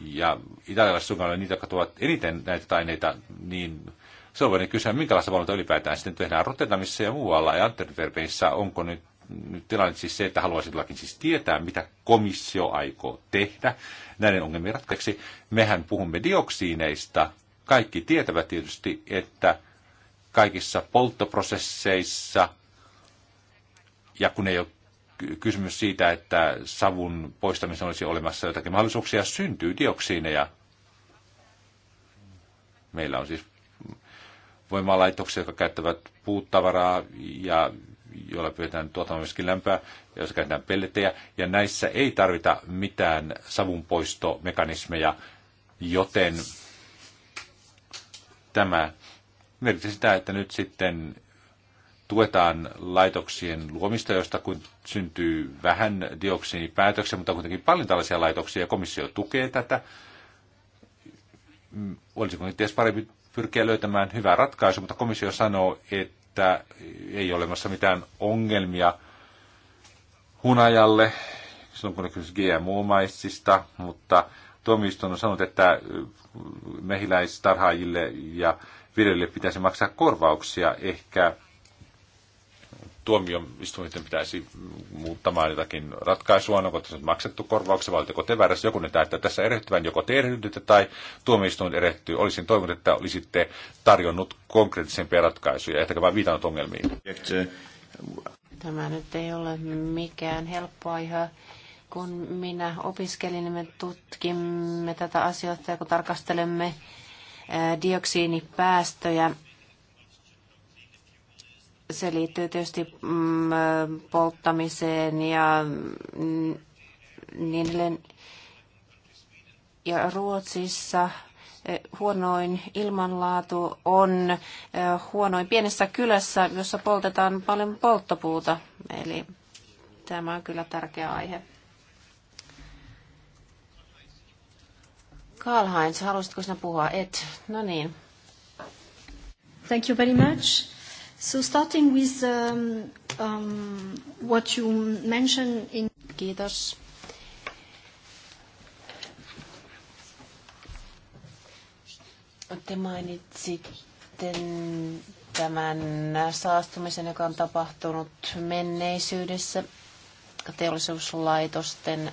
ja italialaiset on niitä, jotka tuovat eniten näitä aineita, niin se on voinut kysyä, minkälaista valvontaa ylipäätään sitten tehdään Rotterdamissa ja muualla ja Antwerpenissä. Onko nyt, nyt tilanne siis se, että haluaisin siis tietää, mitä komissio aikoo tehdä näiden ongelmien ratkaiseksi. Mehän puhumme dioksiineista. Kaikki tietävät tietysti, että kaikissa polttoprosesseissa. Ja kun ei ole kysymys siitä, että savun poistamisen olisi olemassa jotakin mahdollisuuksia, syntyy dioksiineja. Meillä on siis voimalaitoksia, jotka käyttävät puuttavaraa ja joilla pyydetään tuottamaan myöskin lämpöä, jos käytetään pellettejä Ja näissä ei tarvita mitään savunpoistomekanismeja, joten tämä merkitsi sitä, että nyt sitten tuetaan laitoksien luomista, josta kun syntyy vähän dioksiinipäätöksiä, mutta kuitenkin paljon tällaisia laitoksia, ja komissio tukee tätä. Mm, olisiko nyt parempi pyrkiä löytämään hyvää ratkaisua, mutta komissio sanoo, että ei ole olemassa mitään ongelmia hunajalle, silloin kun on kysymys GMO-maissista, mutta tuomioistuin on sanonut, että mehiläistarhaajille ja viljelijöille pitäisi maksaa korvauksia. Ehkä tuomioistuinten pitäisi muuttamaan jotakin ratkaisua, no, onko tässä maksettu korvauksia vai oletteko te väärässä. Joku näyttää, että tässä erehtyvän joko te erehdytte tai tuomioistuin erehtyy. Olisin toivonut, että olisitte tarjonnut konkreettisempia ratkaisuja, ehkä vain viitannut ongelmiin. Tämä nyt ei ole mikään helppo aihe. Kun minä opiskelin, niin me tutkimme tätä asiaa ja kun tarkastelemme dioksiinipäästöjä. Se liittyy tietysti mm, polttamiseen ja mm, niin edelleen. Ja Ruotsissa huonoin ilmanlaatu on huonoin pienessä kylässä, jossa poltetaan paljon polttopuuta. Eli tämä on kyllä tärkeä aihe. Karl-Heinz, haluaisitko sinä puhua? Et. No niin. Thank you very much. So starting with um, um, what you mentioned in... Kiitos. Te mainitsitte tämän saastumisen, joka on tapahtunut menneisyydessä teollisuuslaitosten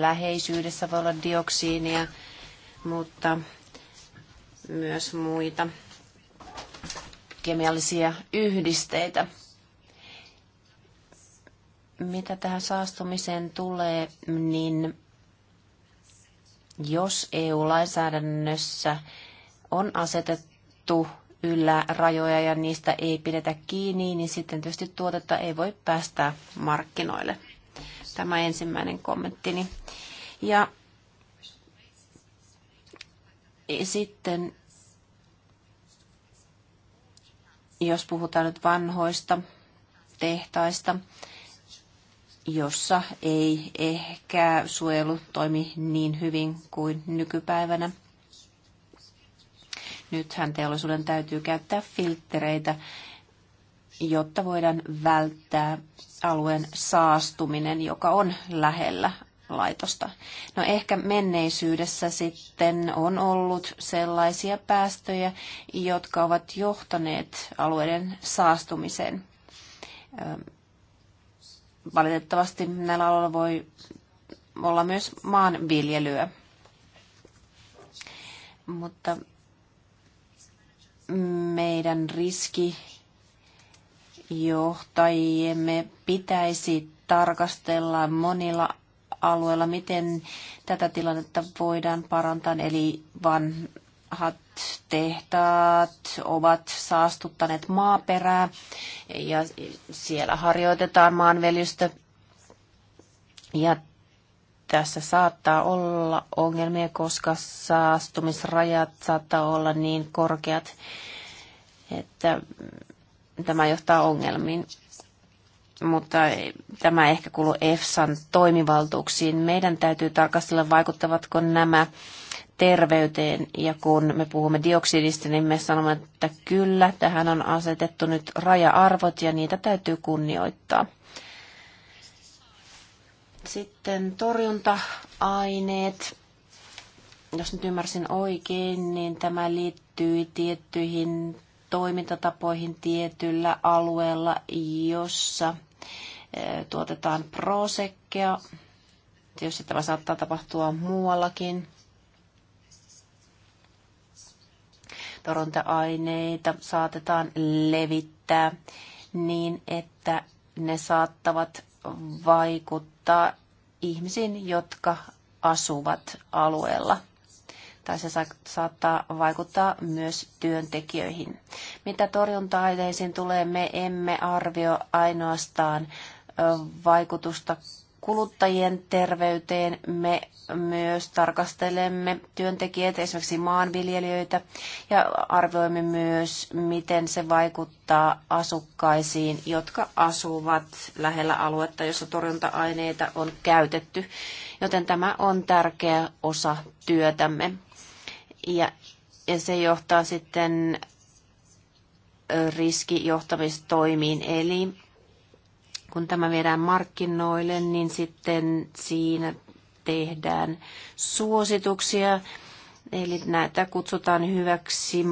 läheisyydessä voi olla dioksiinia mutta myös muita kemiallisia yhdisteitä. Mitä tähän saastumiseen tulee, niin jos EU-lainsäädännössä on asetettu ylärajoja ja niistä ei pidetä kiinni, niin sitten tietysti tuotetta ei voi päästää markkinoille. Tämä ensimmäinen kommenttini. Ja sitten jos puhutaan nyt vanhoista tehtaista, jossa ei ehkä suojelu toimi niin hyvin kuin nykypäivänä. Nythän teollisuuden täytyy käyttää filttereitä, jotta voidaan välttää alueen saastuminen, joka on lähellä laitosta. No ehkä menneisyydessä sitten on ollut sellaisia päästöjä, jotka ovat johtaneet alueiden saastumiseen. Valitettavasti näillä aloilla voi olla myös maanviljelyä. Mutta meidän riski johtajiemme pitäisi tarkastella monilla alueella, miten tätä tilannetta voidaan parantaa, eli vanhat tehtaat ovat saastuttaneet maaperää ja siellä harjoitetaan maanveljystä Ja tässä saattaa olla ongelmia, koska saastumisrajat saattaa olla niin korkeat, että tämä johtaa ongelmiin mutta tämä ehkä kuuluu EFSAn toimivaltuuksiin. Meidän täytyy tarkastella, vaikuttavatko nämä terveyteen. Ja kun me puhumme dioksidista, niin me sanomme, että kyllä, tähän on asetettu nyt raja-arvot ja niitä täytyy kunnioittaa. Sitten torjunta-aineet. Jos nyt ymmärsin oikein, niin tämä liittyy tiettyihin toimintatapoihin tietyllä alueella, jossa tuotetaan prosekkeja. Tietysti tämä saattaa tapahtua muuallakin. Toronta-aineita saatetaan levittää niin, että ne saattavat vaikuttaa ihmisiin, jotka asuvat alueella tai se saattaa vaikuttaa myös työntekijöihin. Mitä torjunta-aineisiin tulee, me emme arvio ainoastaan vaikutusta kuluttajien terveyteen. Me myös tarkastelemme työntekijöitä, esimerkiksi maanviljelijöitä, ja arvioimme myös, miten se vaikuttaa asukkaisiin, jotka asuvat lähellä aluetta, jossa torjunta-aineita on käytetty. Joten tämä on tärkeä osa työtämme. Ja, ja se johtaa sitten riskijohtamistoimiin. Eli kun tämä viedään markkinoille, niin sitten siinä tehdään suosituksia. Eli näitä kutsutaan hyväksi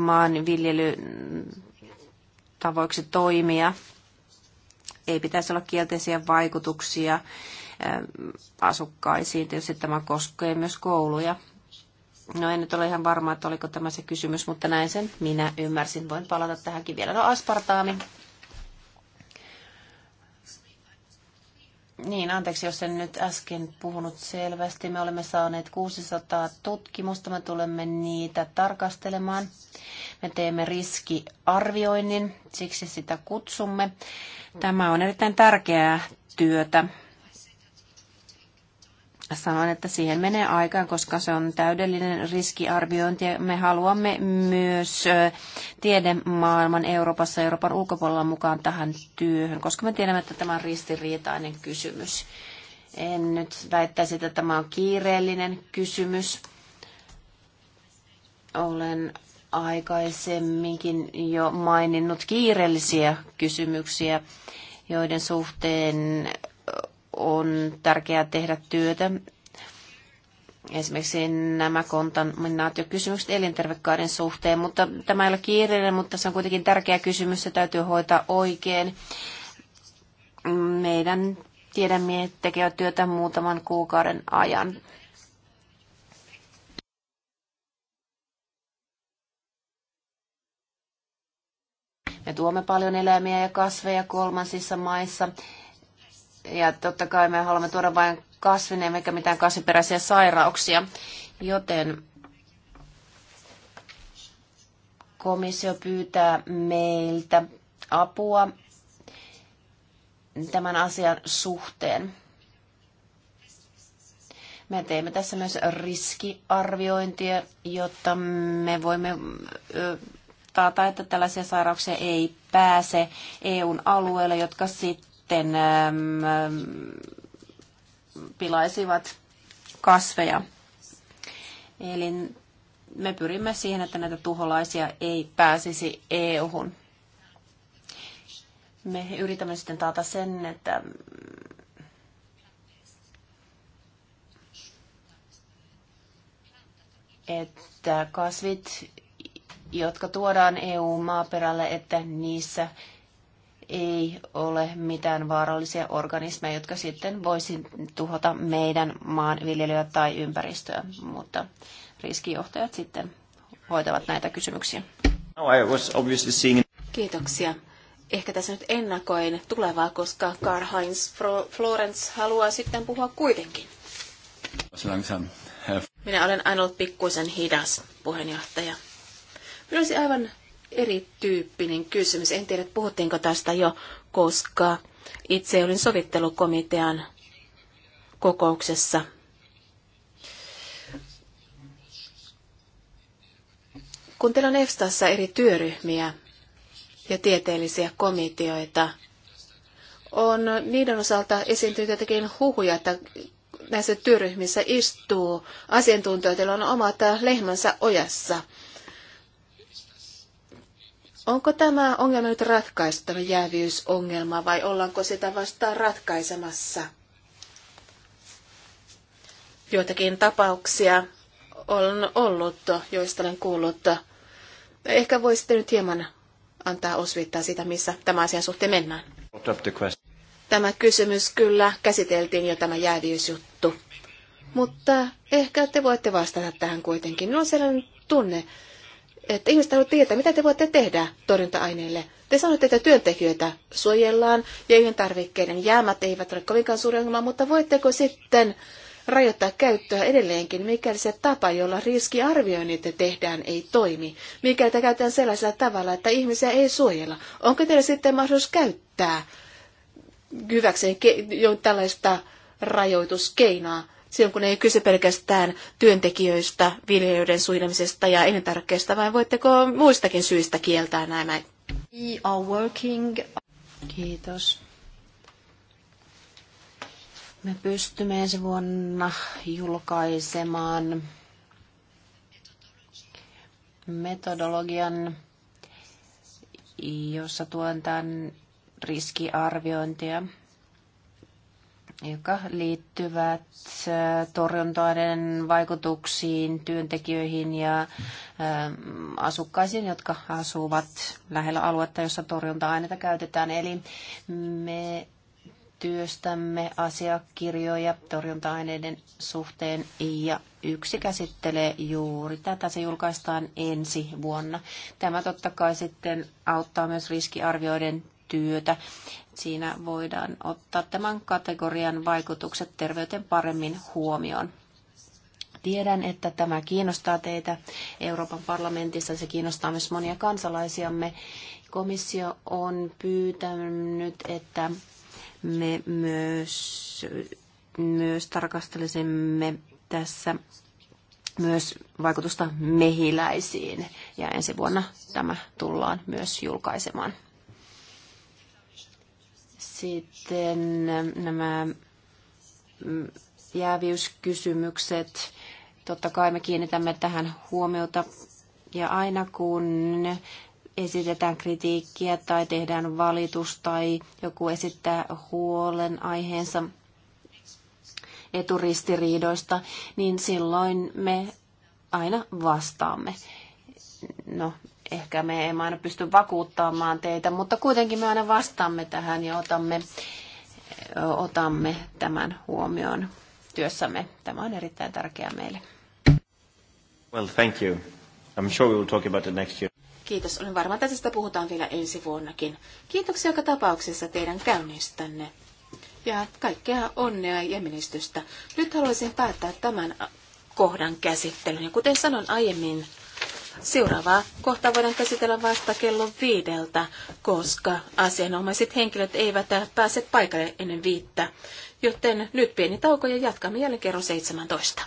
viljelytavoiksi toimia. Ei pitäisi olla kielteisiä vaikutuksia asukkaisiin. Tietysti tämä koskee myös kouluja. No en nyt ole ihan varma, että oliko tämä se kysymys, mutta näin sen minä ymmärsin. Voin palata tähänkin vielä. No aspartaami. Niin, anteeksi, jos en nyt äsken puhunut selvästi. Me olemme saaneet 600 tutkimusta, me tulemme niitä tarkastelemaan. Me teemme riskiarvioinnin, siksi sitä kutsumme. Tämä on erittäin tärkeää työtä. Sanoin, että siihen menee aikaan, koska se on täydellinen riskiarviointi. Me haluamme myös tiedemaailman Euroopassa ja Euroopan ulkopuolella mukaan tähän työhön, koska me tiedämme, että tämä on ristiriitainen kysymys. En nyt väittäisi, että tämä on kiireellinen kysymys. Olen aikaisemminkin jo maininnut kiireellisiä kysymyksiä, joiden suhteen on tärkeää tehdä työtä. Esimerkiksi nämä kontaminaatiokysymykset elintervekaaren suhteen, mutta tämä ei ole kiireinen, mutta se on kuitenkin tärkeä kysymys, se täytyy hoitaa oikein. Meidän tiedemiehet tekevät työtä muutaman kuukauden ajan. Me tuomme paljon eläimiä ja kasveja kolmansissa maissa ja totta kai me haluamme tuoda vain kasvin eikä mitään kasviperäisiä sairauksia, joten komissio pyytää meiltä apua tämän asian suhteen. Me teemme tässä myös riskiarviointia, jotta me voimme taata, että tällaisia sairauksia ei pääse EUn alueelle, jotka sitten sitten ähm, pilaisivat kasveja. Eli me pyrimme siihen, että näitä tuholaisia ei pääsisi EU-hun. Me yritämme sitten taata sen, että mm, että kasvit, jotka tuodaan EU-maaperälle, että niissä ei ole mitään vaarallisia organismeja, jotka sitten voisi tuhota meidän maanviljelyä tai ympäristöä, mutta riskijohtajat sitten hoitavat näitä kysymyksiä. No, Kiitoksia. Ehkä tässä nyt ennakoin tulevaa, koska Karl-Heinz Florence haluaa sitten puhua kuitenkin. Minä olen aina ollut pikkuisen hidas puheenjohtaja. Minä olisin aivan erityyppinen kysymys. En tiedä, puhuttiinko tästä jo, koska itse olin sovittelukomitean kokouksessa. Kun teillä on EFSTassa eri työryhmiä ja tieteellisiä komiteoita, on niiden osalta esiintynyt jotenkin huhuja, että näissä työryhmissä istuu asiantuntijoita, joilla on omat lehmänsä ojassa. Onko tämä ongelma nyt ratkaistava jääviysongelma vai ollaanko sitä vastaan ratkaisemassa? Joitakin tapauksia on ollut, joista olen kuullut. Ehkä voisitte nyt hieman antaa osviittaa sitä, missä tämä asian suhteen mennään. Tämä kysymys kyllä käsiteltiin jo tämä jääviysjuttu. Mutta ehkä te voitte vastata tähän kuitenkin. Minulla on sellainen tunne, että ihmiset haluavat tietää, mitä te voitte tehdä torjunta-aineille. Te sanoitte, että työntekijöitä suojellaan ja yhden tarvikkeiden jäämät eivät ole kovinkaan suuri ongelma, mutta voitteko sitten rajoittaa käyttöä edelleenkin, mikäli se tapa, jolla riskiarvioinnit tehdään, ei toimi? Mikäli te käytetään sellaisella tavalla, että ihmisiä ei suojella? Onko teillä sitten mahdollisuus käyttää hyväkseen tällaista rajoituskeinoa? silloin kun ei kyse pelkästään työntekijöistä, viljelijöiden suojelemisesta ja elintarvikkeista, vai voitteko muistakin syistä kieltää nämä? We are working. Kiitos. Me pystymme ensi vuonna julkaisemaan metodologian, jossa tuon tämän riskiarviointia joka liittyvät torjuntoiden vaikutuksiin työntekijöihin ja asukkaisiin, jotka asuvat lähellä aluetta, jossa torjunta-aineita käytetään. Eli me työstämme asiakirjoja torjunta-aineiden suhteen ja yksi käsittelee juuri tätä. Se julkaistaan ensi vuonna. Tämä totta kai sitten auttaa myös riskiarvioiden työtä siinä voidaan ottaa tämän kategorian vaikutukset terveyteen paremmin huomioon. Tiedän, että tämä kiinnostaa teitä Euroopan parlamentissa, se kiinnostaa myös monia kansalaisiamme. Komissio on pyytänyt, että me myös, myös tarkastelisimme tässä myös vaikutusta mehiläisiin ja ensi vuonna tämä tullaan myös julkaisemaan. Sitten ähm, nämä mm, jääviyskysymykset. Totta kai me kiinnitämme tähän huomiota. Ja aina kun esitetään kritiikkiä tai tehdään valitus tai joku esittää huolen aiheensa eturistiriidoista, niin silloin me aina vastaamme. No, Ehkä me emme aina pysty vakuuttamaan teitä, mutta kuitenkin me aina vastaamme tähän ja otamme, otamme tämän huomioon työssämme. Tämä on erittäin tärkeää meille. Well, thank you. I'm sure we will talk about it next year. Kiitos. Olen varma, että tästä puhutaan vielä ensi vuonnakin. Kiitoksia joka tapauksessa teidän käynnistänne. Ja kaikkea onnea ja menestystä. Nyt haluaisin päättää tämän kohdan käsittelyn. Ja kuten sanon aiemmin, Seuraavaa kohtaa voidaan käsitellä vasta kello viideltä, koska asianomaiset henkilöt eivät pääse paikalle ennen viittä. Joten nyt pieni tauko ja jatkamme jälleen kerran 17.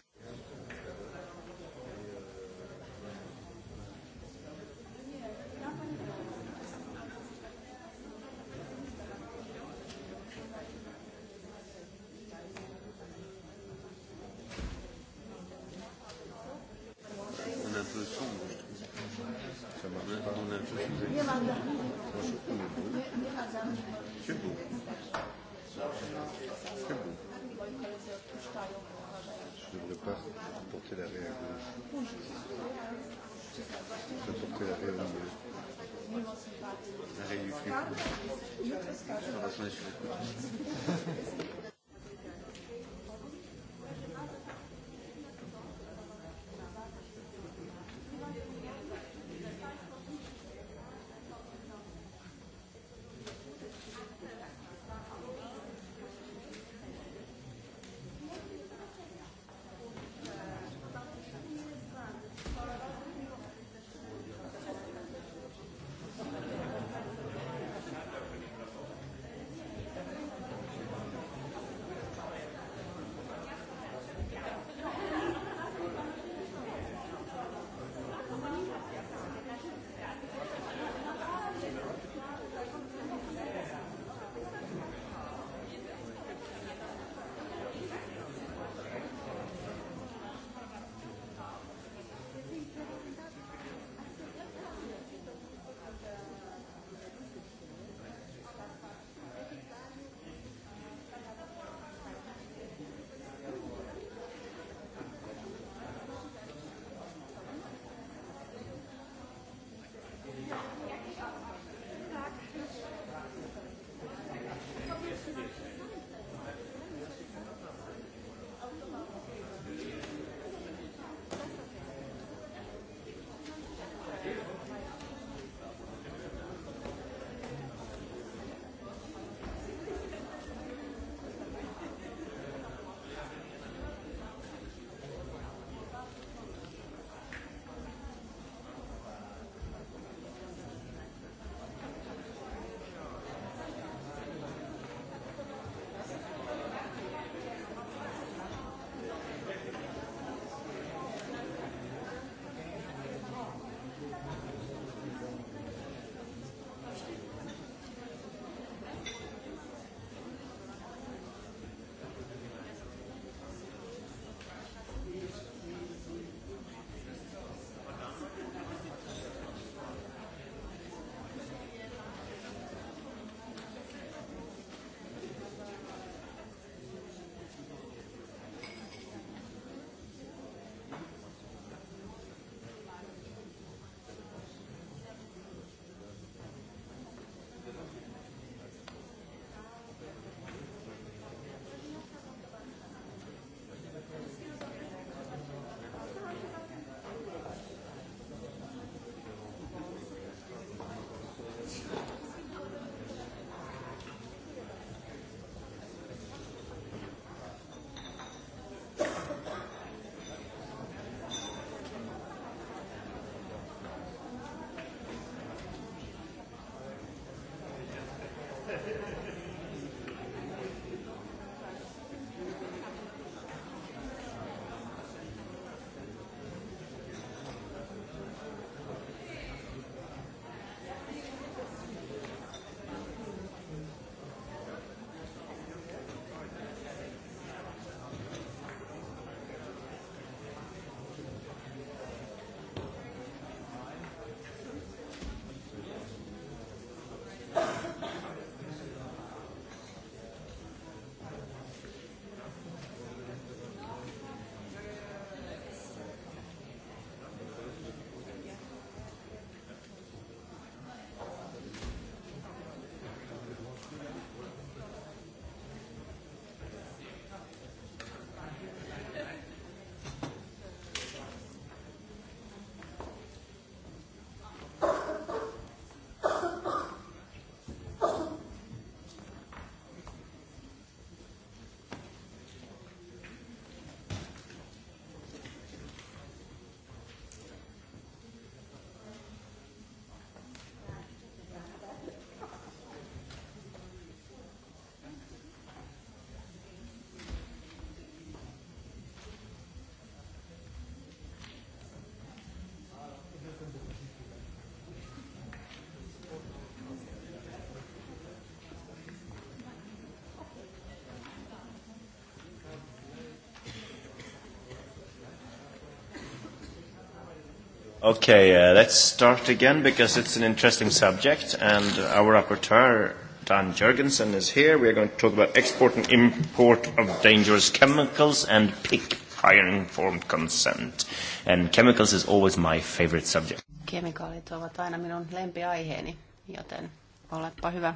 Okay, uh, let's start again because it's an interesting subject, and our rapporteur Dan Jurgensen is here. We are going to talk about export and import of dangerous chemicals and pick prior informed consent. And chemicals is always my favorite subject. Kemikaalit ovat aina minun lempiaiheeni, joten olepa hyvä.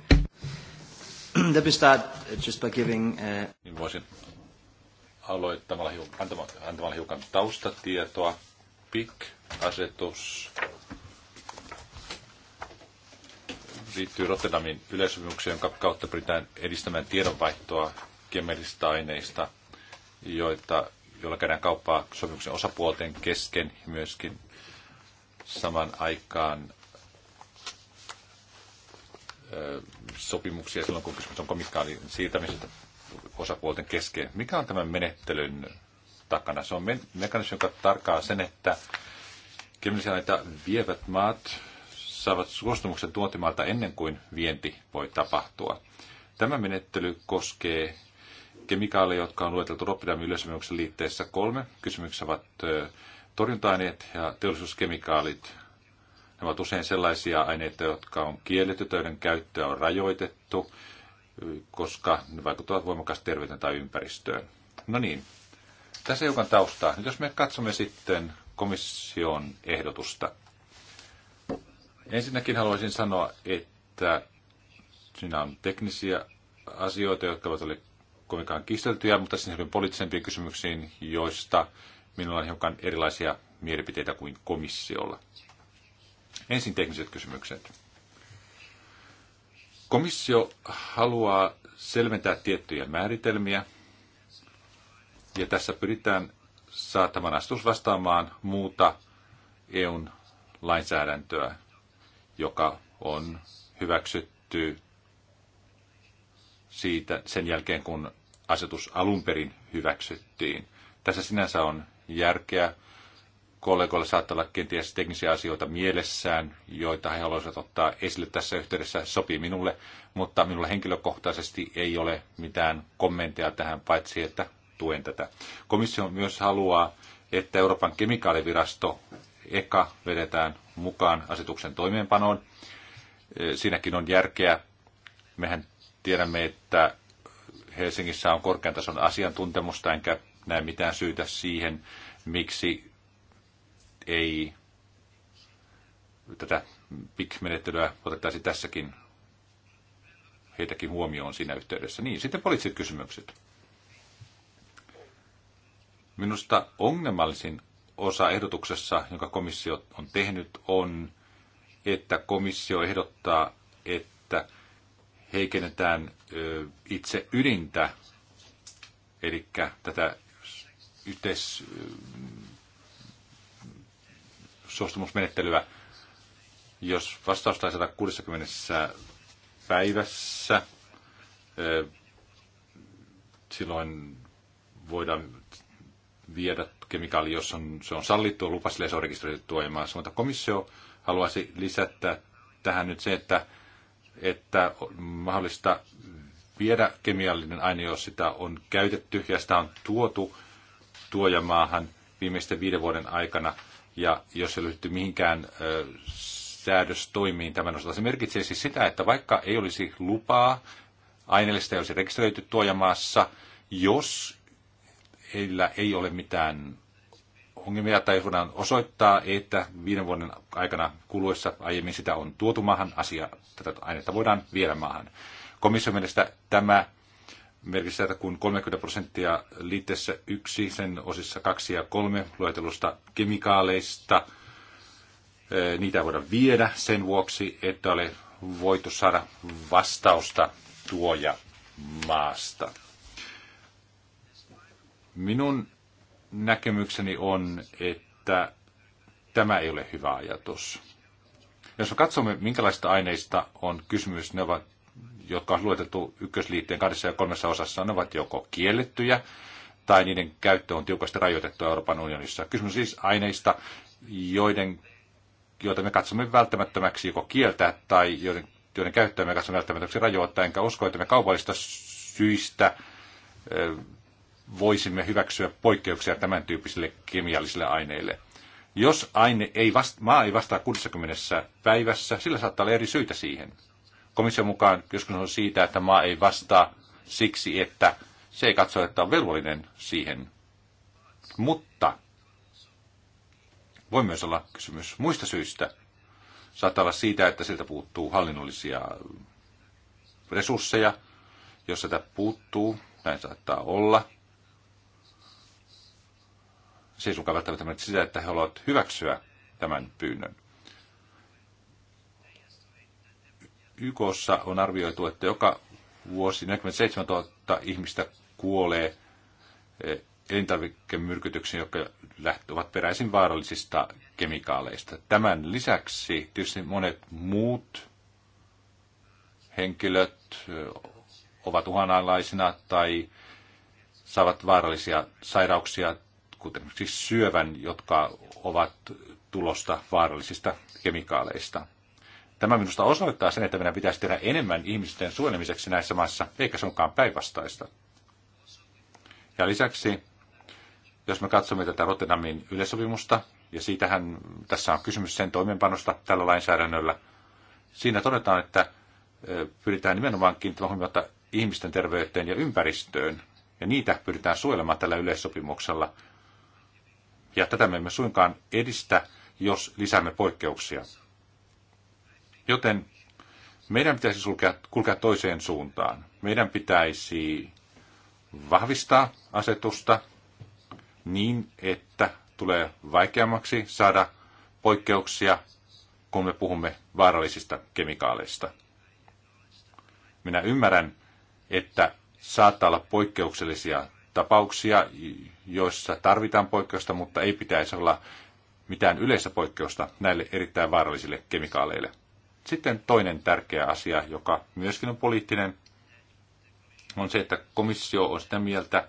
Let me start just by giving... Uh... Niin voisin aloittamalla hiukan, antamalla, antamalla hiukan taustatietoa. PIC asetus liittyy Rotterdamin yleisopimukseen, jonka kautta pyritään edistämään tiedonvaihtoa kemellisistä aineista, joita, joilla käydään kauppaa sopimuksen osapuolten kesken ja myöskin saman aikaan ö, sopimuksia silloin, kun kysymys on komikaalin siirtämisestä osapuolten kesken. Mikä on tämän menettelyn takana? Se on me- mekanismi, joka tarkaa sen, että Kriminalisoineita vievät maat saavat suostumuksen tuontimaalta ennen kuin vienti voi tapahtua. Tämä menettely koskee kemikaaleja, jotka on lueteltu Roppidamin yleisömyyksen liitteessä kolme. Kysymyksessä ovat torjunta-aineet ja teollisuuskemikaalit. Ne ovat usein sellaisia aineita, jotka on kielletty joiden käyttöä on rajoitettu, koska ne vaikuttavat voimakkaasti terveyteen tai ympäristöön. No niin, tässä hiukan taustaa. Nyt jos me katsomme sitten komission ehdotusta. Ensinnäkin haluaisin sanoa, että siinä on teknisiä asioita, jotka ovat olleet kovinkaan kisteltyjä, mutta siinä on poliittisempiin kysymyksiin, joista minulla on hiukan erilaisia mielipiteitä kuin komissiolla. Ensin tekniset kysymykset. Komissio haluaa selventää tiettyjä määritelmiä, ja tässä pyritään saa tämän astus vastaamaan muuta EUn lainsäädäntöä, joka on hyväksytty siitä sen jälkeen, kun asetus alun perin hyväksyttiin. Tässä sinänsä on järkeä. Kollegoilla saattaa olla kenties teknisiä asioita mielessään, joita he haluaisivat ottaa esille tässä yhteydessä. Sopii minulle, mutta minulla henkilökohtaisesti ei ole mitään kommentteja tähän, paitsi että tuen tätä. Komissio myös haluaa, että Euroopan kemikaalivirasto EKA vedetään mukaan asetuksen toimeenpanoon. Eh, siinäkin on järkeä. Mehän tiedämme, että Helsingissä on korkean tason asiantuntemusta, enkä näe mitään syytä siihen, miksi ei tätä PIK-menettelyä otettaisiin tässäkin heitäkin huomioon siinä yhteydessä. Niin, sitten poliittiset kysymykset. Minusta ongelmallisin osa ehdotuksessa, jonka komissio on tehnyt, on, että komissio ehdottaa, että heikennetään itse ydintä, eli tätä yhteissuostumusmenettelyä, suostumusmenettelyä, jos vastausta ei 160 päivässä, silloin voidaan viedä kemikaali, jos on, se on sallittua lupa, sille, se on rekisteröity ja Mutta komissio haluaisi lisätä tähän nyt se, että, että on mahdollista viedä kemiallinen aine, jos sitä on käytetty ja sitä on tuotu tuojamaahan viimeisten viiden vuoden aikana. Ja jos se löytyy mihinkään ö, säädöstoimiin tämän osalta, se merkitsee siis sitä, että vaikka ei olisi lupaa, aineellista ei olisi rekisteröity tuojamaassa, jos heillä ei ole mitään ongelmia tai voidaan osoittaa, että viiden vuoden aikana kuluessa aiemmin sitä on tuotu maahan, asia, tätä ainetta voidaan viedä maahan. Komission mielestä tämä merkitsee, että kun 30 prosenttia liitteessä yksi, sen osissa kaksi ja kolme luetelusta kemikaaleista, e, niitä voidaan viedä sen vuoksi, että ole voitu saada vastausta tuoja maasta. Minun näkemykseni on, että tämä ei ole hyvä ajatus. Jos me katsomme, minkälaista aineista on kysymys, ne ovat, jotka on luetettu ykkösliitteen kahdessa ja kolmessa osassa, ne ovat joko kiellettyjä tai niiden käyttö on tiukasti rajoitettu Euroopan unionissa. Kysymys siis aineista, joiden, joita me katsomme välttämättömäksi joko kieltää tai joiden, joiden käyttöä me katsomme välttämättömäksi rajoittaa, enkä usko, että me kaupallista syistä voisimme hyväksyä poikkeuksia tämän tyyppisille kemiallisille aineille. Jos aine ei vasta, maa ei vastaa 60 päivässä, sillä saattaa olla eri syitä siihen. Komission mukaan joskus on siitä, että maa ei vastaa siksi, että se ei katso, että on velvollinen siihen. Mutta voi myös olla kysymys muista syistä. Saattaa olla siitä, että siltä puuttuu hallinnollisia resursseja, jos sitä puuttuu, näin saattaa olla se ei suinkaan välttämättä sitä, että he haluavat hyväksyä tämän pyynnön. YKssa on arvioitu, että joka vuosi 47 000 ihmistä kuolee eh, elintarvikemyrkytyksiin, jotka ovat peräisin vaarallisista kemikaaleista. Tämän lisäksi tietysti monet muut henkilöt eh, ovat uhanalaisina tai saavat vaarallisia sairauksia kuten siis syövän, jotka ovat tulosta vaarallisista kemikaaleista. Tämä minusta osoittaa sen, että meidän pitäisi tehdä enemmän ihmisten suojelemiseksi näissä maissa, eikä se onkaan päinvastaista. Ja lisäksi, jos me katsomme tätä Rotterdamin yleissopimusta, ja siitähän tässä on kysymys sen toimeenpanosta tällä lainsäädännöllä, siinä todetaan, että pyritään nimenomaan kiinnittämään huomiota ihmisten terveyteen ja ympäristöön, ja niitä pyritään suojelemaan tällä yleissopimuksella – ja tätä me emme suinkaan edistä, jos lisäämme poikkeuksia. Joten meidän pitäisi sulkea, kulkea toiseen suuntaan. Meidän pitäisi vahvistaa asetusta niin, että tulee vaikeammaksi saada poikkeuksia, kun me puhumme vaarallisista kemikaaleista. Minä ymmärrän, että saattaa olla poikkeuksellisia tapauksia, joissa tarvitaan poikkeusta, mutta ei pitäisi olla mitään yleistä poikkeusta näille erittäin vaarallisille kemikaaleille. Sitten toinen tärkeä asia, joka myöskin on poliittinen, on se, että komissio on sitä mieltä,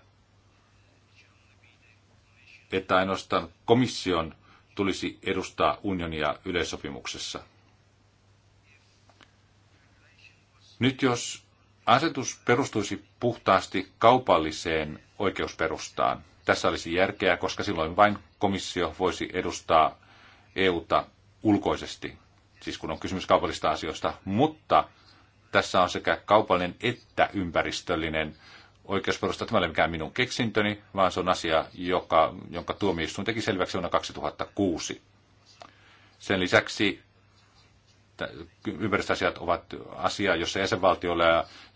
että ainoastaan komission tulisi edustaa unionia yleissopimuksessa. Nyt jos Asetus perustuisi puhtaasti kaupalliseen oikeusperustaan. Tässä olisi järkeä, koska silloin vain komissio voisi edustaa EUta ulkoisesti, siis kun on kysymys kaupallisista asioista, mutta tässä on sekä kaupallinen että ympäristöllinen oikeusperusta. Tämä ei ole mikään minun keksintöni, vaan se on asia, joka, jonka tuomioistuin teki selväksi vuonna 2006. Sen lisäksi ympäristöasiat ovat asia, jossa jäsenvaltioilla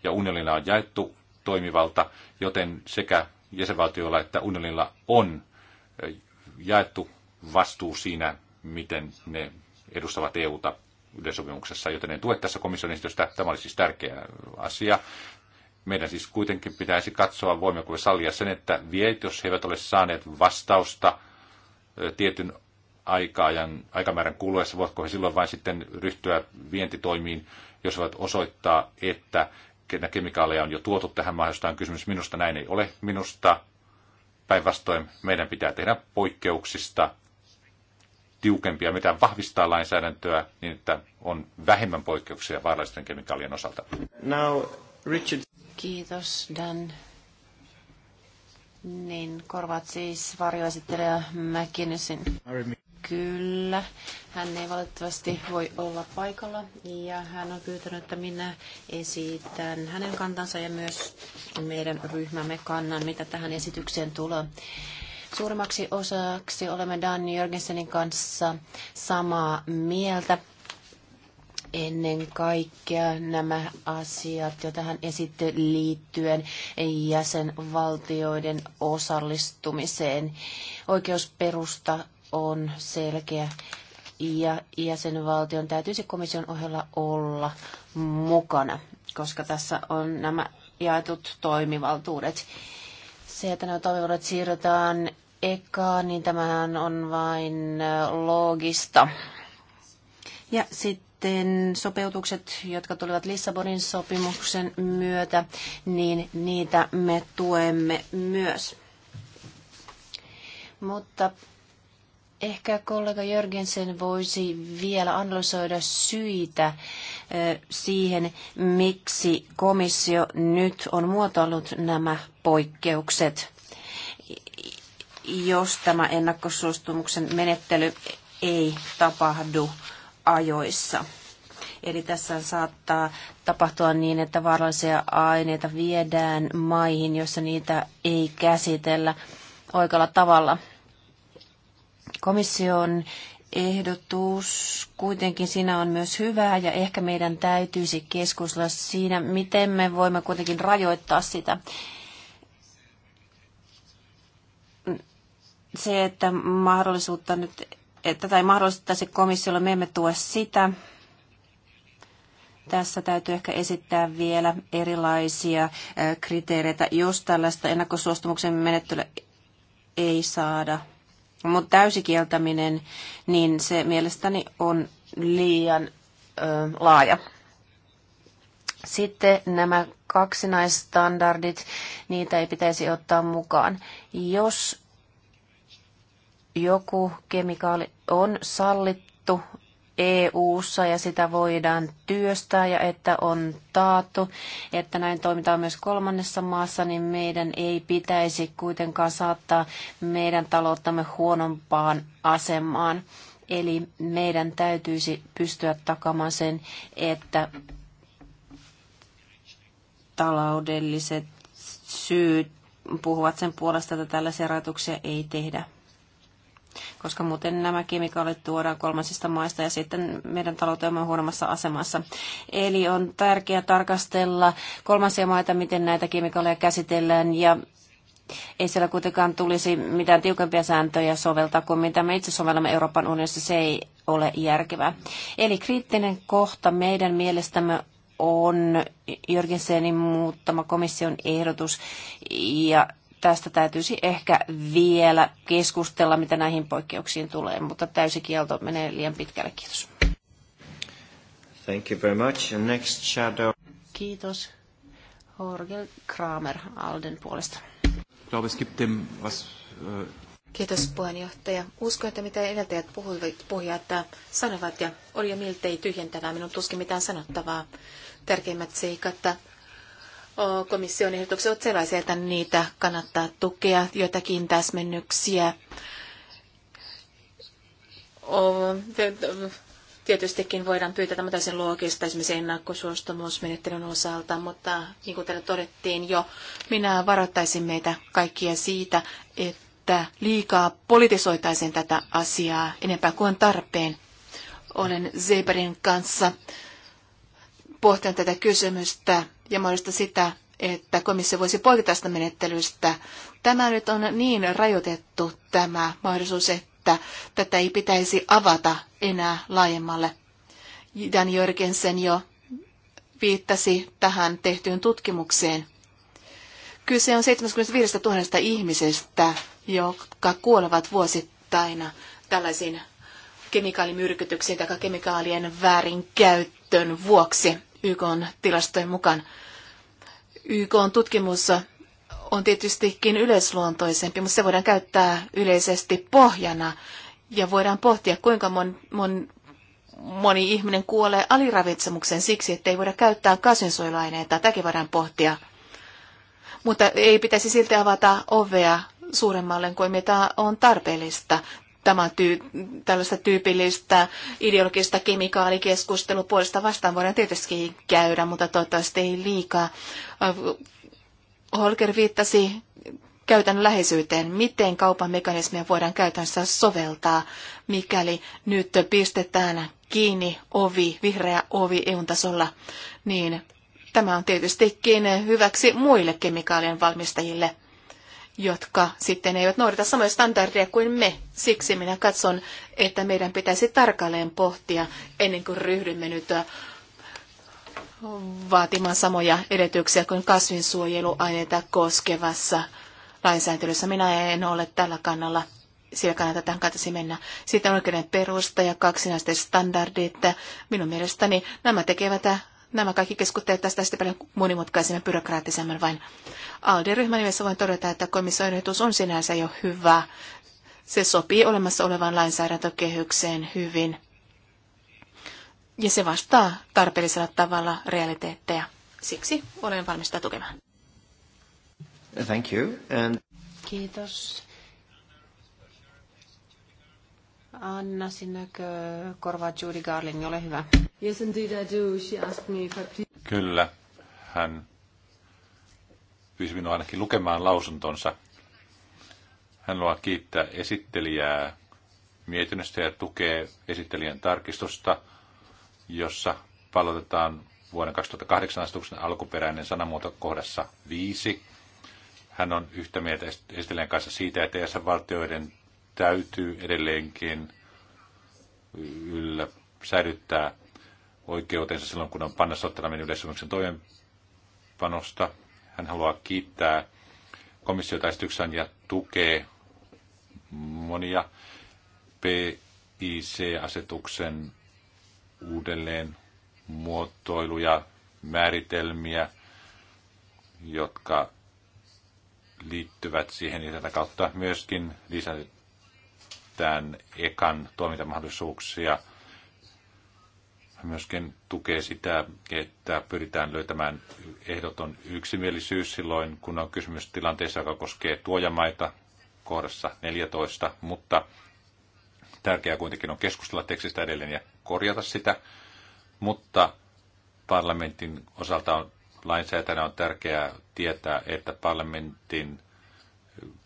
ja unionilla on jaettu toimivalta, joten sekä jäsenvaltioilla että unionilla on jaettu vastuu siinä, miten ne edustavat EUta yleisopimuksessa, joten en tue tässä komission esitystä. Tämä oli siis tärkeä asia. Meidän siis kuitenkin pitäisi katsoa, voimmeko sallia sen, että viet, jos he eivät ole saaneet vastausta tietyn aikaajan, aikamäärän kuluessa, voitko he silloin vain sitten ryhtyä vientitoimiin, jos voit osoittaa, että kemikaaleja on jo tuotu tähän maahan, on kysymys. Minusta näin ei ole. Minusta päinvastoin meidän pitää tehdä poikkeuksista tiukempia, mitä vahvistaa lainsäädäntöä niin, että on vähemmän poikkeuksia vaarallisten kemikaalien osalta. Now, Richard. Kiitos, Dan. Niin, korvat siis varjoesittelijä Mäkinysin. Kyllä, hän ei valitettavasti voi olla paikalla ja hän on pyytänyt, että minä esitän hänen kantansa ja myös meidän ryhmämme kannan, mitä tähän esitykseen tulee. Suurimmaksi osaksi olemme Dan Jörgensenin kanssa samaa mieltä. Ennen kaikkea nämä asiat, joita hän esitte liittyen jäsenvaltioiden osallistumiseen. Oikeusperusta on selkeä ja jäsenvaltion täytyisi komission ohella olla mukana, koska tässä on nämä jaetut toimivaltuudet. Se, että nämä toimivaltuudet siirretään ekaan, niin tämähän on vain loogista. Ja sitten sopeutukset, jotka tulivat Lissabonin sopimuksen myötä, niin niitä me tuemme myös. Mutta Ehkä kollega Jörgensen voisi vielä analysoida syitä siihen, miksi komissio nyt on muotoillut nämä poikkeukset, jos tämä ennakkosuostumuksen menettely ei tapahdu ajoissa. Eli tässä saattaa tapahtua niin, että vaarallisia aineita viedään maihin, joissa niitä ei käsitellä oikealla tavalla – Komission ehdotus kuitenkin siinä on myös hyvää ja ehkä meidän täytyisi keskustella siinä, miten me voimme kuitenkin rajoittaa sitä. Se, että mahdollisuutta nyt, että tai mahdollistaisi komissiolle me emme tue sitä. Tässä täytyy ehkä esittää vielä erilaisia kriteereitä, jos tällaista ennakkosuostumuksen menettelyä ei saada mutta täysikieltäminen, niin se mielestäni on liian ö, laaja. Sitten nämä kaksinaisstandardit, niitä ei pitäisi ottaa mukaan. Jos joku kemikaali on sallittu EU-ssa ja sitä voidaan työstää ja että on taattu, että näin toimitaan myös kolmannessa maassa, niin meidän ei pitäisi kuitenkaan saattaa meidän talouttamme huonompaan asemaan. Eli meidän täytyisi pystyä takamaan sen, että taloudelliset syyt puhuvat sen puolesta, että tällaisia rajoituksia ei tehdä koska muuten nämä kemikaalit tuodaan kolmansista maista ja sitten meidän taloutemme on huonommassa asemassa. Eli on tärkeää tarkastella kolmansia maita, miten näitä kemikaaleja käsitellään ja ei siellä kuitenkaan tulisi mitään tiukempia sääntöjä soveltaa kuin mitä me itse sovellamme Euroopan unionissa. Se ei ole järkevää. Eli kriittinen kohta meidän mielestämme on Jörgensenin muuttama komission ehdotus ja tästä täytyisi ehkä vielä keskustella, mitä näihin poikkeuksiin tulee, mutta täysi kielto menee liian pitkälle. Kiitos. Thank you very much. And next shadow. Kiitos. Jorge Kramer Alden puolesta. Äh, Kiitos puheenjohtaja. Uskon, että mitä edeltäjät puhujat äh, sanovat ja oli jo miltei tyhjentävää. Minun tuskin mitään sanottavaa. Tärkeimmät seikat että. Äh, komission ehdotukset ovat sellaisia, että niitä kannattaa tukea, joitakin täsmennyksiä. Tietystikin voidaan pyytää tämä täysin loogista esimerkiksi ennakkosuostumusmenettelyn osalta, mutta niin kuin täällä todettiin jo, minä varoittaisin meitä kaikkia siitä, että liikaa politisoitaisiin tätä asiaa enempää kuin tarpeen. Olen Zeberin kanssa pohtia tätä kysymystä ja mahdollista sitä, että komissio voisi poiketa tästä menettelystä. Tämä nyt on niin rajoitettu tämä mahdollisuus, että tätä ei pitäisi avata enää laajemmalle. Dan Jörgensen jo viittasi tähän tehtyyn tutkimukseen. Kyse on 75 000 ihmisestä, jotka kuolevat vuosittain tällaisiin kemikaalimyrkytyksiin tai kemikaalien väärinkäyttöön vuoksi. YK on tilastojen mukaan. YK on tutkimus on tietystikin yleisluontoisempi, mutta se voidaan käyttää yleisesti pohjana ja voidaan pohtia, kuinka mon, mon, moni ihminen kuolee aliravitsemuksen siksi, että ei voida käyttää kasvinsuojeluaineita. Tämäkin voidaan pohtia. Mutta ei pitäisi silti avata ovea suuremmalle kuin mitä on tarpeellista tämä tyy, tällaista tyypillistä ideologista kemikaalikeskustelua puolesta vastaan voidaan tietysti käydä, mutta toivottavasti ei liikaa. Äh, Holger viittasi käytännön läheisyyteen, miten kaupan mekanismia voidaan käytännössä soveltaa, mikäli nyt pistetään kiinni ovi, vihreä ovi EUn tasolla, niin tämä on tietystikin hyväksi muille kemikaalien valmistajille jotka sitten eivät noudata samoja standardeja kuin me. Siksi minä katson, että meidän pitäisi tarkalleen pohtia ennen kuin ryhdymme nyt äh, vaatimaan samoja edellytyksiä kuin kasvinsuojeluaineita koskevassa lainsääntelyssä. Minä en ole tällä kannalla sillä kannalta tämän kannattaisi mennä. Sitten oikeuden perusta ja kaksinaisten standardit. Minun mielestäni nämä tekevät Nämä kaikki keskustelevat tästä sitten paljon monimutkaisemmin byrokraattisemman vain. ALDE-ryhmän nimessä voin todeta, että komission ehdotus on sinänsä jo hyvä. Se sopii olemassa olevaan lainsäädäntökehykseen hyvin. Ja se vastaa tarpeellisella tavalla realiteetteja. Siksi olen valmis tukemaan. Thank you. And... Kiitos. Anna Sinnökö, korvaa Judy Garling, ole hyvä. Yes, indeed I do. She asked me if I please... Kyllä, hän pyysi minua ainakin lukemaan lausuntonsa. Hän luo kiittää esittelijää mietinnöstä ja tukee esittelijän tarkistusta, jossa palautetaan vuoden 2008 asetuksen alkuperäinen sanamuoto kohdassa 5. Hän on yhtä mieltä esittelijän kanssa siitä, että jäsenvaltioiden täytyy edelleenkin yllä säilyttää oikeutensa silloin, kun on panna Sottelamin yleissopimuksen toimeenpanosta. Hän haluaa kiittää komissiota esityksen ja tukee monia PIC-asetuksen uudelleen muotoiluja, määritelmiä, jotka liittyvät siihen ja tätä kautta myöskin kehitetään ekan toimintamahdollisuuksia. Hän myöskin tukee sitä, että pyritään löytämään ehdoton yksimielisyys silloin, kun on kysymys tilanteessa, joka koskee tuojamaita kohdassa 14, mutta tärkeää kuitenkin on keskustella tekstistä edelleen ja korjata sitä, mutta parlamentin osalta on, lainsäätäjänä on tärkeää tietää, että parlamentin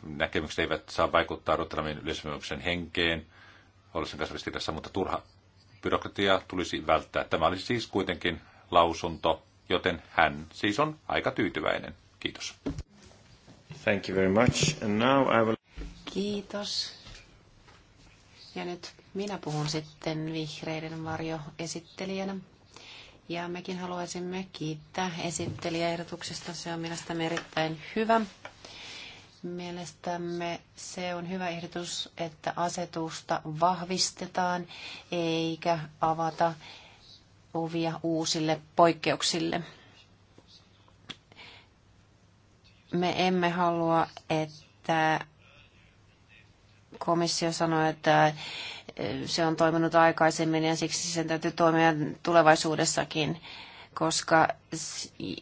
näkemykset eivät saa vaikuttaa Rotterdamin yleissopimuksen henkeen, ollessa kansainvälisessä mutta turha byrokratia tulisi välttää. Tämä oli siis kuitenkin lausunto, joten hän siis on aika tyytyväinen. Kiitos. Thank you very much. And now I will... Kiitos. Ja nyt minä puhun sitten vihreiden varjoesittelijänä. Ja mekin haluaisimme kiittää esittelijäehdotuksesta. Se on mielestäni erittäin hyvä. Mielestämme se on hyvä ehdotus, että asetusta vahvistetaan eikä avata ovia uusille poikkeuksille. Me emme halua, että komissio sanoi, että eh, se on toiminut aikaisemmin ja siksi sen täytyy toimia tulevaisuudessakin koska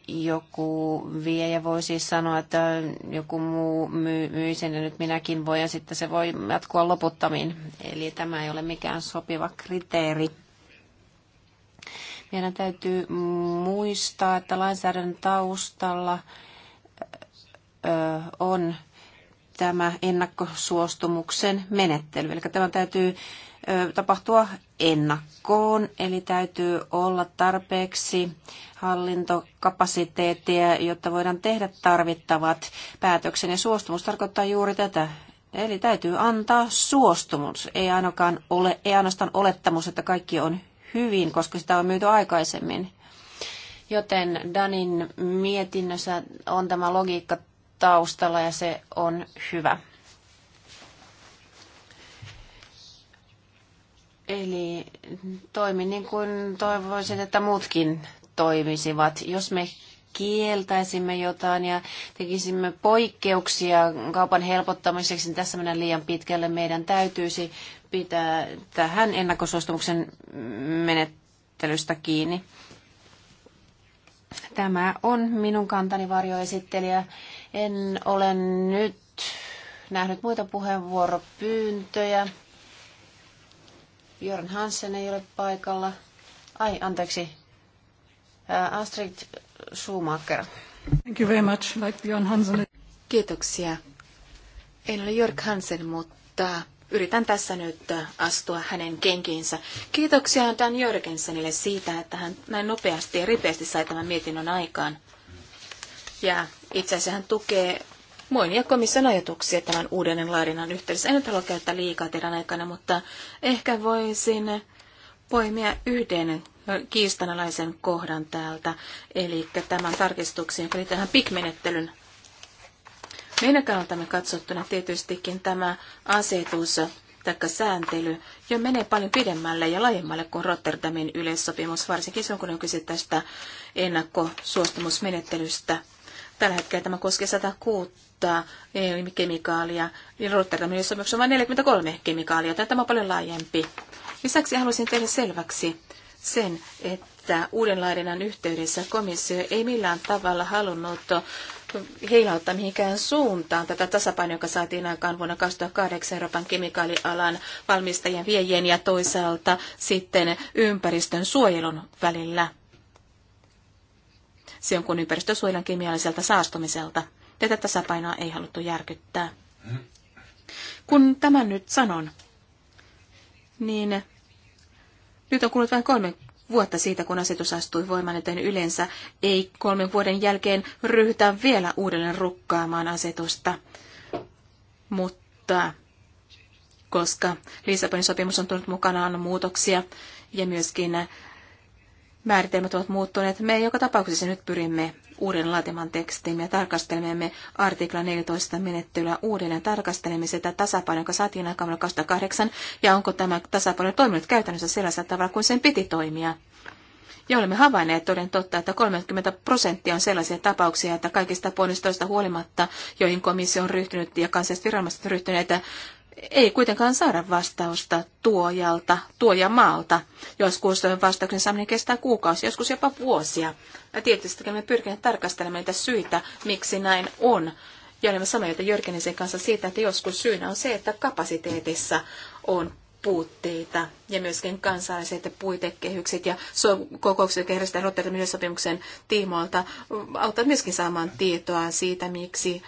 joku viejä voi siis sanoa, että joku muu myy, myy sen ja nyt minäkin voi ja sitten se voi jatkua loputtomiin. Eli tämä ei ole mikään sopiva kriteeri. Meidän täytyy muistaa, että lainsäädännön taustalla on tämä ennakkosuostumuksen menettely. Eli tämä täytyy tapahtua ennakkoon, eli täytyy olla tarpeeksi hallintokapasiteettia, jotta voidaan tehdä tarvittavat päätöksen. Ja suostumus tarkoittaa juuri tätä. Eli täytyy antaa suostumus, ei, ainakaan ole, ei ainoastaan olettamus, että kaikki on hyvin, koska sitä on myyty aikaisemmin. Joten Danin mietinnössä on tämä logiikka taustalla ja se on hyvä. Eli toimi niin kuin toivoisin, että muutkin toimisivat. Jos me kieltäisimme jotain ja tekisimme poikkeuksia kaupan helpottamiseksi, niin tässä mennään liian pitkälle. Meidän täytyisi pitää tähän ennakkosuostumuksen menettelystä kiinni. Tämä on minun kantani varjoesittelijä. En ole nyt nähnyt muita puheenvuoropyyntöjä. Björn Hansen ei ole paikalla. Ai, anteeksi. Astrid Schumacher. Thank you very much, like Björn Hansen. Kiitoksia. En ole Jörg Hansen, mutta yritän tässä nyt astua hänen kenkiinsä. Kiitoksia Dan Jörgensenille siitä, että hän näin nopeasti ja ripeästi sai tämän mietinnön aikaan. Ja itse asiassa hän tukee ja komission ajatuksia tämän uuden laadinnan yhteydessä. En nyt halua käyttää liikaa teidän aikana, mutta ehkä voisin poimia yhden kiistanalaisen kohdan täältä, eli tämän tarkistuksen, eli tähän pikmenettelyn meidän kannaltamme katsottuna tietystikin tämä asetus tai sääntely jo menee paljon pidemmälle ja laajemmalle kuin Rotterdamin yleissopimus, varsinkin on, kun on kyse tästä ennakkosuostumusmenettelystä. Tällä hetkellä tämä koskee 106 kemikaalia. Rotterdamin sopimuksessa on vain 43 kemikaalia, tämä on paljon laajempi. Lisäksi haluaisin tehdä selväksi sen, että uudenlaadinnan yhteydessä komissio ei millään tavalla halunnut heilauttaa mihinkään suuntaan tätä tasapainoa, joka saatiin aikaan vuonna 2008 Euroopan kemikaalialan valmistajien viejien ja toisaalta sitten ympäristön suojelun välillä on kuin ympäristösuojelun kemialliselta saastumiselta. Tätä tasapainoa ei haluttu järkyttää. Kun tämän nyt sanon, niin nyt on kulunut vain kolme vuotta siitä, kun asetus astui voimaan, joten yleensä ei kolmen vuoden jälkeen ryhdytä vielä uudelleen rukkaamaan asetusta. Mutta koska Lissabonin sopimus on tullut mukanaan muutoksia ja myöskin määritelmät ovat muuttuneet. Me joka tapauksessa nyt pyrimme uuden laatiman tekstin ja tarkastelemme artikla 14 menettelyä uudelleen. Tarkastelemme sitä tasapainoa, joka saatiin aikaan 2008, ja onko tämä tasapaino toiminut käytännössä sellaisella tavalla kuin sen piti toimia. Ja olemme havainneet toden totta, että 30 prosenttia on sellaisia tapauksia, että kaikista ponnistoista huolimatta, joihin komissio on ryhtynyt ja kansalliset viranomaiset ryhtyneet, ei kuitenkaan saada vastausta tuojalta, tuojamaalta. Joskus vastauksen saaminen kestää kuukausi, joskus jopa vuosia. Ja tietysti me pyrkimme tarkastelemaan niitä syitä, miksi näin on. Ja olemme samaa mieltä Jörgenisen kanssa siitä, että joskus syynä on se, että kapasiteetissa on puutteita ja myöskin kansalliset puitekehykset ja so- kokoukset, jotka järjestetään Rotterdamin sopimuksen tiimoilta, auttavat myöskin saamaan tietoa siitä, miksi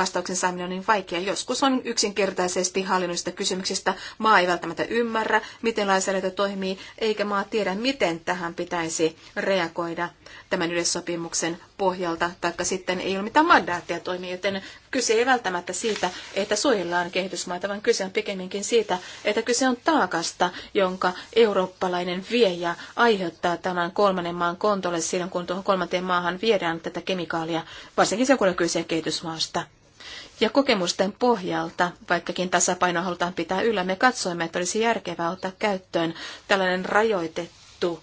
vastauksen saaminen on niin vaikea. Joskus on yksinkertaisesti hallinnollisista kysymyksistä. Maa ei välttämättä ymmärrä, miten lainsäädäntö toimii, eikä maa tiedä, miten tähän pitäisi reagoida tämän yleissopimuksen pohjalta, taikka sitten ei ole mitään mandaattia toimia, joten kyse ei välttämättä siitä, että suojellaan kehitysmaita, vaan kyse on pikemminkin siitä, että kyse on taakasta, jonka eurooppalainen viejä aiheuttaa tämän kolmannen maan kontolle silloin, kun tuohon kolmanteen maahan viedään tätä kemikaalia, varsinkin se, kun on kyse kehitysmaasta. Ja kokemusten pohjalta, vaikkakin tasapaino halutaan pitää yllä, me katsoimme, että olisi järkevää ottaa käyttöön tällainen rajoitettu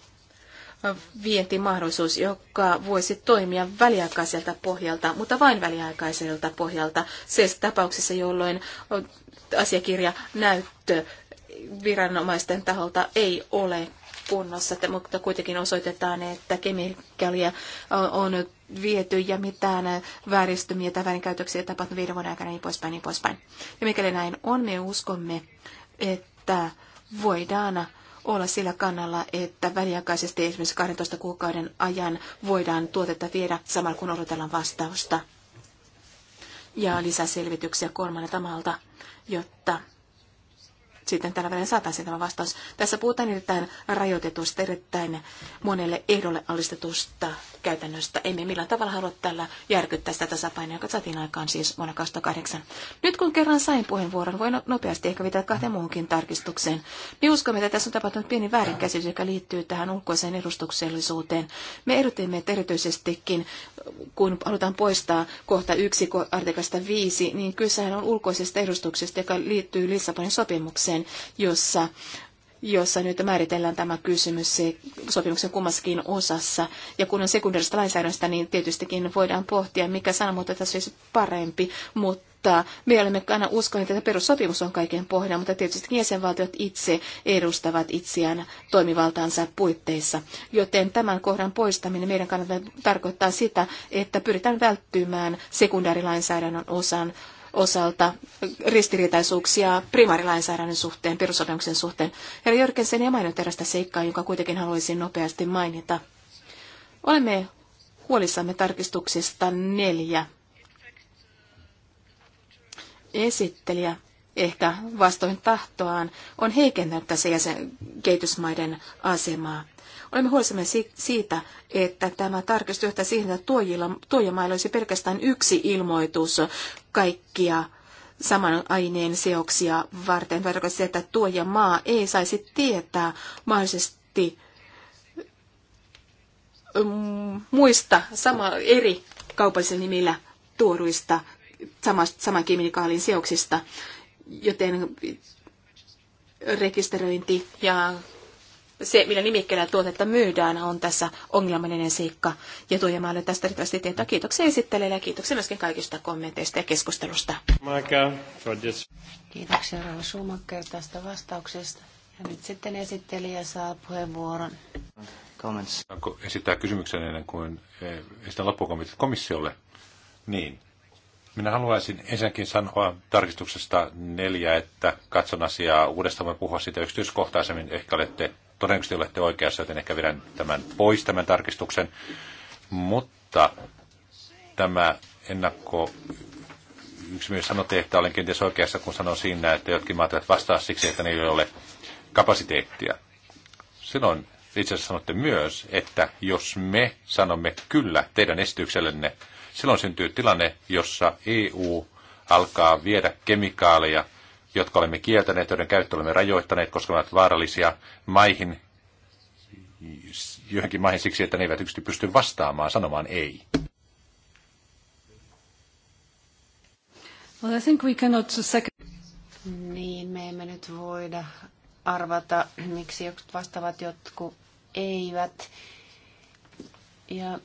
vientimahdollisuus, joka voisi toimia väliaikaiselta pohjalta, mutta vain väliaikaiselta pohjalta. Se tapauksessa, jolloin asiakirja näyttö viranomaisten taholta ei ole kunnossa, mutta kuitenkin osoitetaan, että kemikaalia on viety ja mitään vääristymiä tai väärinkäytöksiä tapahtunut viiden vuoden aikana, niin poispäin, niin poispäin. Ja mikäli näin on, me uskomme, että voidaan olla sillä kannalla, että väliaikaisesti esimerkiksi 12 kuukauden ajan voidaan tuotetta viedä samalla kun odotellaan vastausta ja lisäselvityksiä kolmannelta maalta, jotta sitten tällä välillä saataisiin tämä vastaus. Tässä puhutaan erittäin rajoitetusta, erittäin monelle ehdolle alistetusta käytännöstä. Emme millään tavalla halua tällä järkyttää sitä tasapainoa, joka saatiin aikaan siis vuonna 2008. Nyt kun kerran sain puheenvuoron, voin nopeasti ehkä viitata kahteen muuhunkin tarkistukseen. Me uskomme, että tässä on tapahtunut pieni väärinkäsitys, joka liittyy tähän ulkoiseen edustuksellisuuteen. Me erotimme, että erityisestikin, kun halutaan poistaa kohta 1 artiklasta 5, niin kysehän on ulkoisesta edustuksesta, joka liittyy Lissabonin sopimukseen sopimukseen, jossa jossa nyt määritellään tämä kysymys se sopimuksen kummassakin osassa. Ja kun on sekundaarista lainsäädännöstä, niin tietystikin voidaan pohtia, mikä sanamuoto tässä olisi parempi, mutta me olemme aina uskoneet, että perussopimus on kaiken pohjana, mutta tietysti jäsenvaltiot itse edustavat itseään toimivaltaansa puitteissa. Joten tämän kohdan poistaminen meidän kannalta tarkoittaa sitä, että pyritään välttymään sekundaarilainsäädännön osan osalta ristiriitaisuuksia primaarilainsäädännön suhteen, perusopimuksen suhteen. Herra Jörgensen ei maininnut erästä seikkaa, jonka kuitenkin haluaisin nopeasti mainita. Olemme huolissamme tarkistuksista neljä. Esittelijä ehkä vastoin tahtoaan on heikentänyt tässä jäsen, kehitysmaiden asemaa. Olemme huolissamme siitä, että tämä tarkistus johtaa siihen, että tuojilla, tuojamailla olisi pelkästään yksi ilmoitus kaikkia saman aineen seoksia varten. Tarkoittaa se, että tuojamaa ei saisi tietää mahdollisesti mm, muista sama, eri kaupallisen nimillä tuoruista sama, saman kemikaalin seoksista, joten rekisteröinti ja se, millä nimikkeellä tuotetta myydään, on tässä ongelmallinen seikka. Ja olen tästä riittävästi tietoa. Kiitoksia esittelijälle ja kiitoksia myöskin kaikista kommenteista ja keskustelusta. Kiitoksia Rauha Schumacher tästä vastauksesta. Ja nyt sitten esittelijä saa puheenvuoron. Comments. Esittää kysymyksen ennen kuin eh, esitän loppukommentit komissiolle. Niin. Minä haluaisin ensinnäkin sanoa tarkistuksesta neljä, että katson asiaa uudestaan, voin puhua siitä yksityiskohtaisemmin. Ehkä olette todennäköisesti olette oikeassa, joten ehkä vedän tämän pois tämän tarkistuksen. Mutta tämä ennakko myös sanotte, että olen kenties oikeassa, kun sanon siinä, että jotkin maat eivät vastaa siksi, että niillä ei ole kapasiteettia. Silloin itse asiassa sanotte myös, että jos me sanomme kyllä teidän esityksellenne, silloin syntyy tilanne, jossa EU alkaa viedä kemikaaleja jotka olemme kieltäneet, joiden käyttö olemme rajoittaneet, koska ne ovat vaarallisia maihin, johonkin maihin siksi, että ne eivät yksi pysty vastaamaan, sanomaan ei. Well, I think we cannot second... Niin, me emme nyt voida arvata, miksi jotkut vastaavat, jotkut eivät. Ja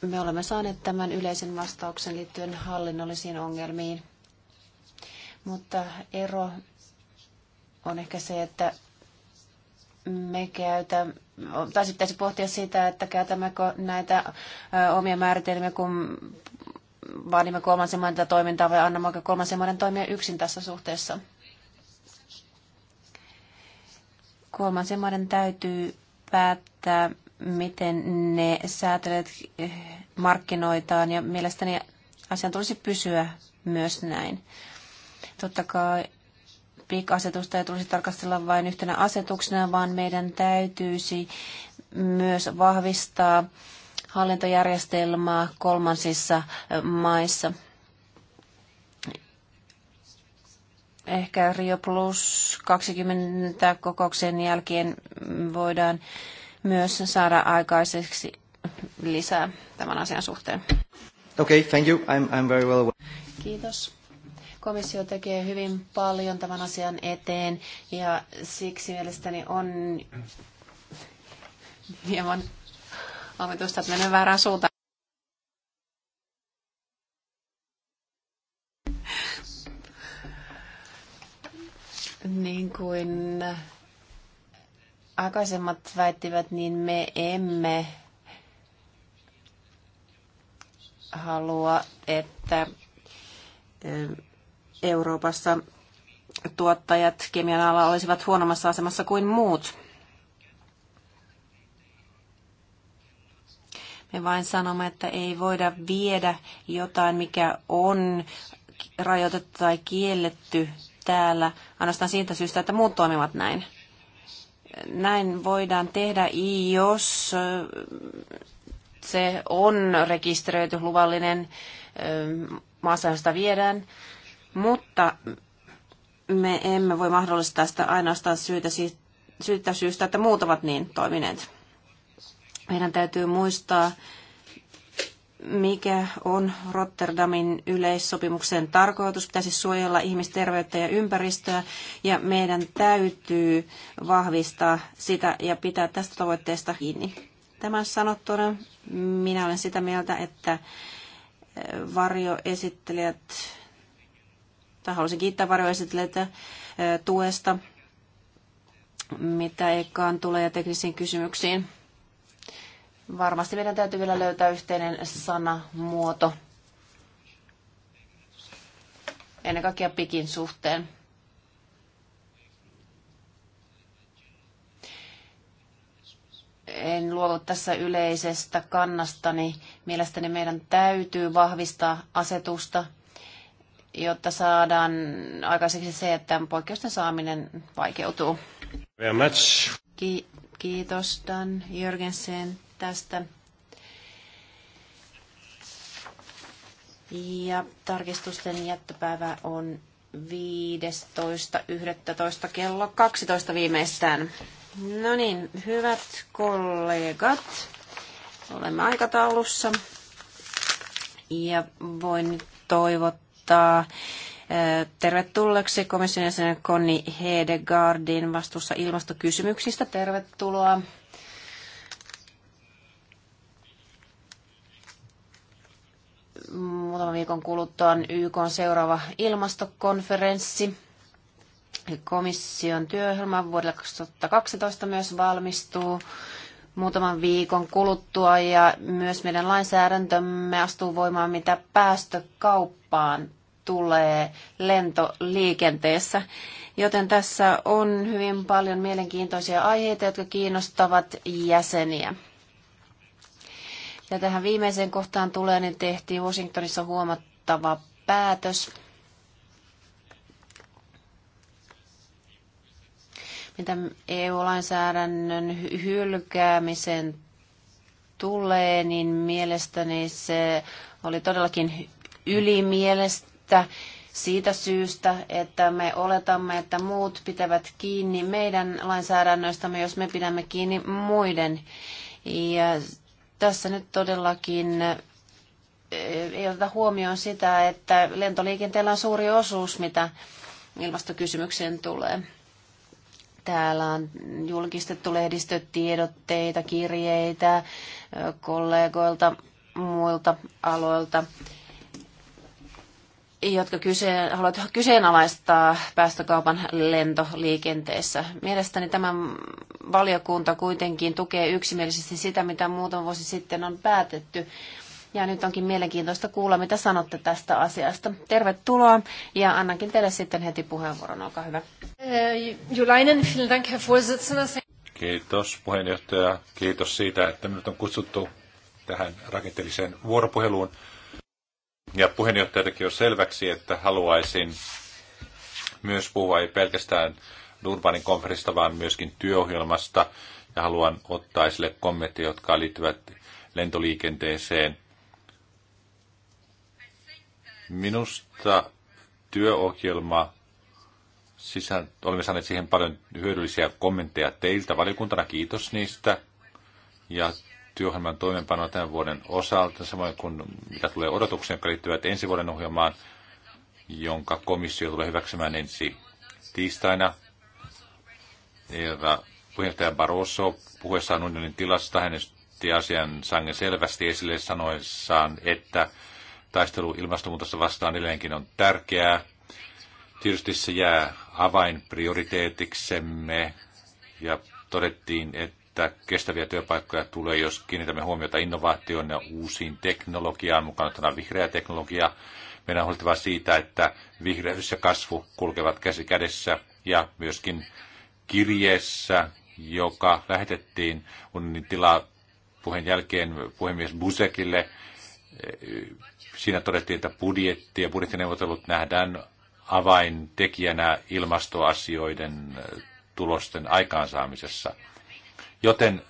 me olemme saaneet tämän yleisen vastauksen liittyen hallinnollisiin ongelmiin. Mutta ero on ehkä se, että me käytämme, tai sitten pitäisi pohtia sitä, että käytämmekö näitä omia määritelmiä, kun vaadimme kolmansien maiden toimintaa vai annammeko kolmansien maiden toimia yksin tässä suhteessa. Kolmansien maiden täytyy päättää, miten ne säätelyt eh, markkinoitaan ja mielestäni asian tulisi pysyä myös näin. Totta kai PIK-asetusta ei tulisi tarkastella vain yhtenä asetuksena, vaan meidän täytyisi myös vahvistaa hallintojärjestelmää kolmansissa maissa. Ehkä Rio Plus 20 kokouksen jälkeen voidaan myös saada aikaiseksi lisää tämän asian suhteen. Okay, thank you. I'm, I'm very well aware. Kiitos. Komissio tekee hyvin paljon tämän asian eteen ja siksi mielestäni on hieman omituista, että menen väärään suuntaan. Niin kuin aikaisemmat väittivät, niin me emme halua, että Euroopassa tuottajat kemian alalla olisivat huonommassa asemassa kuin muut. Me vain sanomme, että ei voida viedä jotain, mikä on rajoitettu tai kielletty täällä, ainoastaan siitä syystä, että muut toimivat näin. Näin voidaan tehdä, jos se on rekisteröity luvallinen, maassa josta viedään, mutta me emme voi mahdollistaa sitä ainoastaan syytä, syytä syystä, että muut ovat niin toimineet. Meidän täytyy muistaa, mikä on Rotterdamin yleissopimuksen tarkoitus. Pitäisi suojella ihmisterveyttä ja ympäristöä ja meidän täytyy vahvistaa sitä ja pitää tästä tavoitteesta kiinni. Tämän sanottuna minä olen sitä mieltä, että varjoesittelijät tai haluaisin kiittää varjoesittelijöitä tuesta, mitä ekaan tulee ja teknisiin kysymyksiin. Varmasti meidän täytyy vielä löytää yhteinen sanamuoto ennen kaikkea pikin suhteen. en luovu tässä yleisestä kannastani. Mielestäni meidän täytyy vahvistaa asetusta jotta saadaan aikaiseksi se, että poikkeusten saaminen vaikeutuu. Very much. Ki- kiitos Dan Jörgensen tästä. Ja tarkistusten jättöpäivä on 15.11. kello 12 viimeistään. No niin, hyvät kollegat, olemme aikataulussa ja voin toivottaa toivottaa tervetulleeksi komission jäsenen Conny Hedegaardin vastuussa ilmastokysymyksistä. Tervetuloa. Muutaman viikon kuluttua on YK on seuraava ilmastokonferenssi. Komission työohjelma vuodelle 2012 myös valmistuu muutaman viikon kuluttua ja myös meidän lainsäädäntömme astuu voimaan, mitä päästökauppaan tulee lentoliikenteessä. Joten tässä on hyvin paljon mielenkiintoisia aiheita, jotka kiinnostavat jäseniä. Ja tähän viimeiseen kohtaan tulee, niin tehtiin Washingtonissa huomattava päätös. Mitä EU-lainsäädännön hylkäämisen tulee, niin mielestäni se oli todellakin ylimielestä että siitä syystä, että me oletamme, että muut pitävät kiinni meidän lainsäädännöistämme, jos me pidämme kiinni muiden. Ja tässä nyt todellakin eh, ei oteta huomioon sitä, että lentoliikenteellä on suuri osuus, mitä ilmastokysymykseen tulee. Täällä on julkistettu lehdistötiedotteita, kirjeitä eh, kollegoilta muilta aloilta jotka kyse, haluavat kyseenalaistaa päästökaupan lentoliikenteessä. Mielestäni tämä valiokunta kuitenkin tukee yksimielisesti sitä, mitä muutama vuosi sitten on päätetty. Ja nyt onkin mielenkiintoista kuulla, mitä sanotte tästä asiasta. Tervetuloa ja annankin teille sitten heti puheenvuoron. Olkaa hyvä. Eh, Julainen, vielen dank, Herr Vorsitzender. Kiitos puheenjohtaja. Kiitos siitä, että minut on kutsuttu tähän rakenteelliseen vuoropuheluun. Ja puheenjohtaja teki jo selväksi, että haluaisin myös puhua ei pelkästään Durbanin konferenssista, vaan myöskin työohjelmasta. Ja haluan ottaa esille kommentteja, jotka liittyvät lentoliikenteeseen. Minusta työohjelma sisään, olemme saaneet siihen paljon hyödyllisiä kommentteja teiltä valiokuntana, kiitos niistä. Ja työohjelman toimeenpanoa tämän vuoden osalta, samoin kuin mitä tulee odotuksiin, jotka liittyvät ensi vuoden ohjelmaan, jonka komissio tulee hyväksymään ensi tiistaina. Herra puheenjohtaja Barroso puhuessaan unionin tilasta hän otti asian sangen selvästi esille sanoessaan, että taistelu ilmastonmuutosta vastaan edelleenkin on tärkeää. Tietysti se jää avainprioriteetiksemme ja todettiin, että että kestäviä työpaikkoja tulee, jos kiinnitämme huomiota innovaatioon ja uusiin teknologiaan, mukaan otetaan vihreä teknologia. Meidän on huolehtiva siitä, että vihreys ja kasvu kulkevat käsi kädessä ja myöskin kirjeessä, joka lähetettiin unionin tilaa puheen jälkeen puhemies Busekille. Siinä todettiin, että budjetti ja budjettineuvottelut nähdään avaintekijänä ilmastoasioiden tulosten aikaansaamisessa. Joten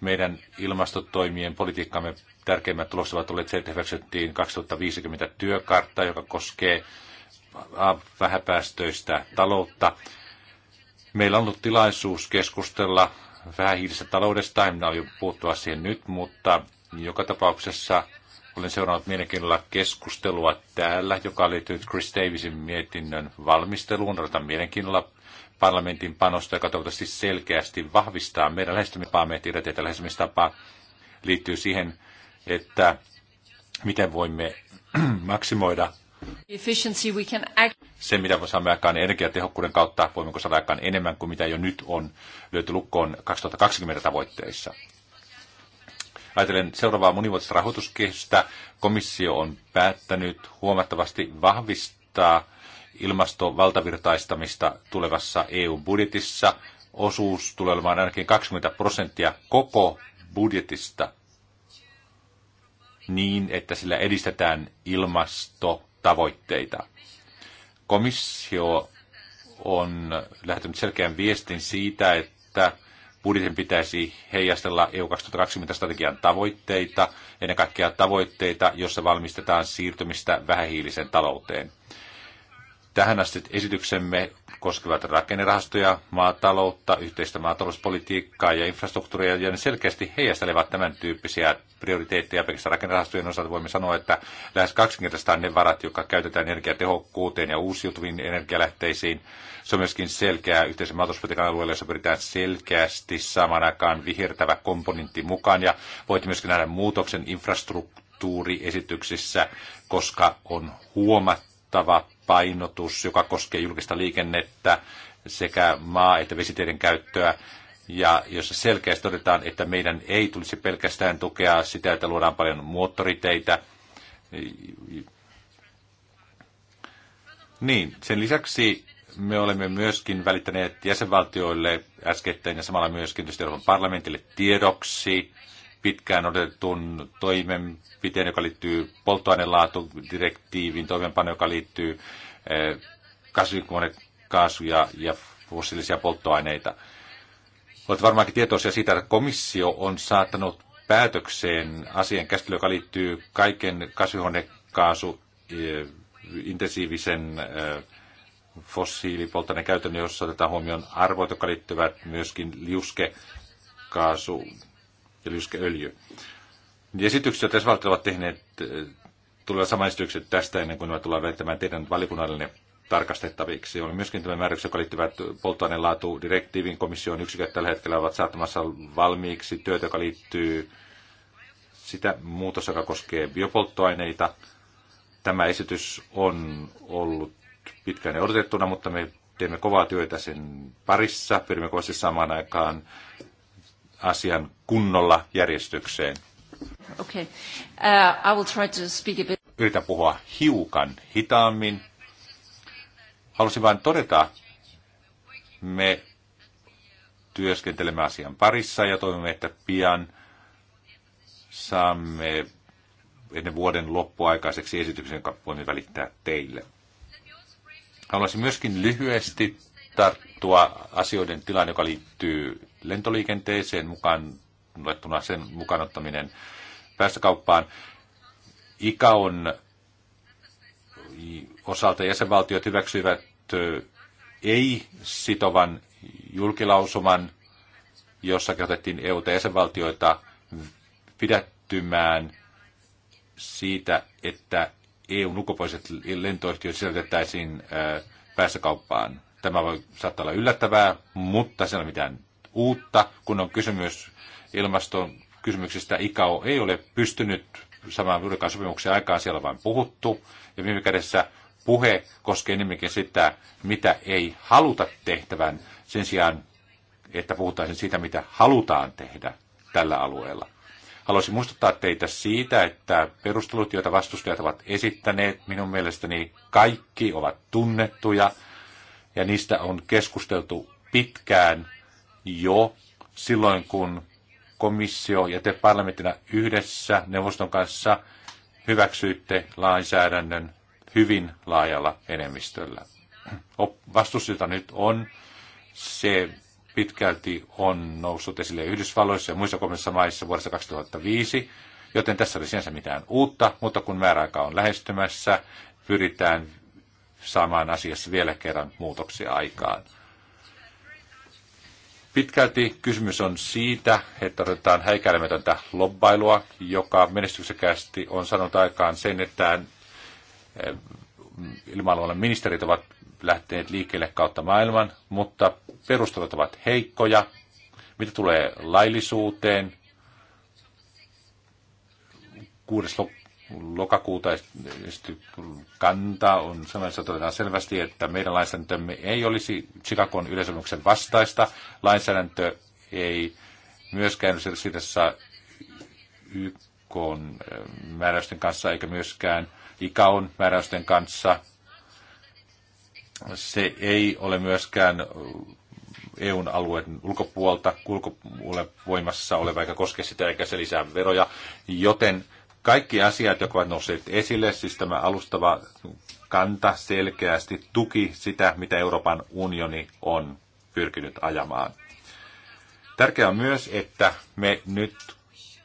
meidän ilmastotoimien politiikkamme tärkeimmät tulokset ovat olleet se, että hyväksyttiin 2050 työkartta, joka koskee vähäpäästöistä taloutta. Meillä on ollut tilaisuus keskustella vähähiilisestä taloudesta, en minä jo puuttua siihen nyt, mutta joka tapauksessa olen seurannut mielenkiinnolla keskustelua täällä, joka liittyy Chris Davisin mietinnön valmisteluun. Odotan mielenkiinnolla parlamentin panosta, joka toivottavasti selkeästi vahvistaa meidän lähestymistapaamme, tiedät, että lähestymistapa liittyy siihen, että miten voimme <clears throat> maksimoida se, mitä saamme aikaan energiatehokkuuden kautta, voimmeko saada aikaan enemmän kuin mitä jo nyt on löyty lukkoon 2020 tavoitteissa. Ajatellen seuraavaa monivuotista rahoituskehystä, komissio on päättänyt huomattavasti vahvistaa ilmastovaltavirtaistamista tulevassa EU-budjetissa. Osuus tulee olemaan ainakin 20 prosenttia koko budjetista niin, että sillä edistetään ilmastotavoitteita. Komissio on lähtenyt selkeän viestin siitä, että budjetin pitäisi heijastella EU 2020-strategian tavoitteita, ennen kaikkea tavoitteita, jossa valmistetaan siirtymistä vähähiiliseen talouteen. Tähän asti esityksemme koskevat rakennerahastoja, maataloutta, yhteistä maatalouspolitiikkaa ja infrastruktuuria, ja ne selkeästi heijastelevat tämän tyyppisiä prioriteetteja. Pelkästään rakennerahastojen osalta voimme sanoa, että lähes 20 ne varat, jotka käytetään energiatehokkuuteen ja uusiutuviin energialähteisiin. Se on myöskin selkeää yhteisen maatalouspolitiikan alueella, jossa pyritään selkeästi saman aikaan vihertävä komponentti mukaan, ja voitte myöskin nähdä muutoksen infrastruktuuriesityksissä, koska on huomattava painotus, joka koskee julkista liikennettä sekä maa- että vesiteiden käyttöä, ja jossa selkeästi todetaan, että meidän ei tulisi pelkästään tukea sitä, että luodaan paljon moottoriteitä. Niin, sen lisäksi me olemme myöskin välittäneet jäsenvaltioille äskettäin ja samalla myöskin Euroopan parlamentille tiedoksi pitkään odotetun toimenpiteen, joka liittyy polttoainelaatudirektiivin toimenpano, joka liittyy eh, kasvihuonekaasuja ja fossiilisia polttoaineita. Olet varmaankin tietoisia siitä, että komissio on saattanut päätökseen asian käsittely, joka liittyy kaiken kasvihuonekaasu eh, intensiivisen eh, fossiilipolttoaineen käytön, jossa otetaan huomioon arvot, jotka liittyvät myöskin liuskekaasu ja liuskeöljy. Esitykset, joita Svalta ovat tehneet, eh, tulevat sama esitykset tästä ennen kuin ne tullaan välittämään teidän valikunnallinen tarkastettaviksi. On myöskin tämä määräys, joka liittyvät polttoaineen direktiivin komission yksiköt tällä hetkellä ovat saattamassa valmiiksi työtä, joka liittyy sitä muutos, joka koskee biopolttoaineita. Tämä esitys on ollut pitkään odotettuna, mutta me teemme kovaa työtä sen parissa. Pyrimme kovasti samaan aikaan asian kunnolla järjestykseen. Okay. Uh, I will try to speak a bit. Yritän puhua hiukan hitaammin. Halusin vain todeta, me työskentelemme asian parissa ja toivomme, että pian saamme ennen vuoden loppuaikaiseksi esityksen, jonka voimme välittää teille. Haluaisin myöskin lyhyesti tarttua asioiden tilaan, joka liittyy lentoliikenteeseen mukaan luettuna sen mukaanottaminen päästökauppaan. Ika on osalta jäsenvaltiot hyväksyivät ei-sitovan julkilausuman, jossa kehotettiin EU-ta jäsenvaltioita pidättymään siitä, että EUn ulkopuoliset lentoyhtiöt sisältettäisiin päästökauppaan. Tämä voi saattaa olla yllättävää, mutta se ei ole mitään uutta, kun on kysymys ilmaston kysymyksistä. ICAO ei ole pystynyt samaan ylikaan sopimuksen aikaan, siellä on vain puhuttu. Ja viime kädessä puhe koskee enemmänkin sitä, mitä ei haluta tehtävän, sen sijaan, että puhutaan siitä, mitä halutaan tehdä tällä alueella. Haluaisin muistuttaa teitä siitä, että perustelut, joita vastustajat ovat esittäneet, minun mielestäni kaikki ovat tunnettuja ja niistä on keskusteltu pitkään jo silloin, kun komissio ja te parlamenttina yhdessä neuvoston kanssa hyväksyitte lainsäädännön hyvin laajalla enemmistöllä. Vastus, jota nyt on, se pitkälti on noussut esille Yhdysvalloissa ja muissa kolmessa maissa vuodesta 2005, joten tässä oli sinänsä mitään uutta, mutta kun määräaika on lähestymässä, pyritään saamaan asiassa vielä kerran muutoksia aikaan. Pitkälti kysymys on siitä, että otetaan häikäilemätöntä lobbailua, joka menestyksekästi on sanonut aikaan sen, että eh, ilmailualan ministerit ovat lähteneet liikkeelle kautta maailman, mutta perustelut ovat heikkoja. Mitä tulee laillisuuteen, kuudes lokakuuta esitetty kanta on sellaisessa todetaan selvästi, että meidän lainsäädäntömme ei olisi Chicagon yleisopimuksen vastaista. Lainsäädäntö ei myöskään olisi sidassa YK määräysten kanssa eikä myöskään ICAON määräysten kanssa. Se ei ole myöskään EUn alueen ulkopuolta, ulkopuolella voimassa oleva, eikä koske sitä, eikä se lisää veroja, joten kaikki asiat, jotka ovat nousseet esille, siis tämä alustava kanta selkeästi tuki sitä, mitä Euroopan unioni on pyrkinyt ajamaan. Tärkeää on myös, että me nyt,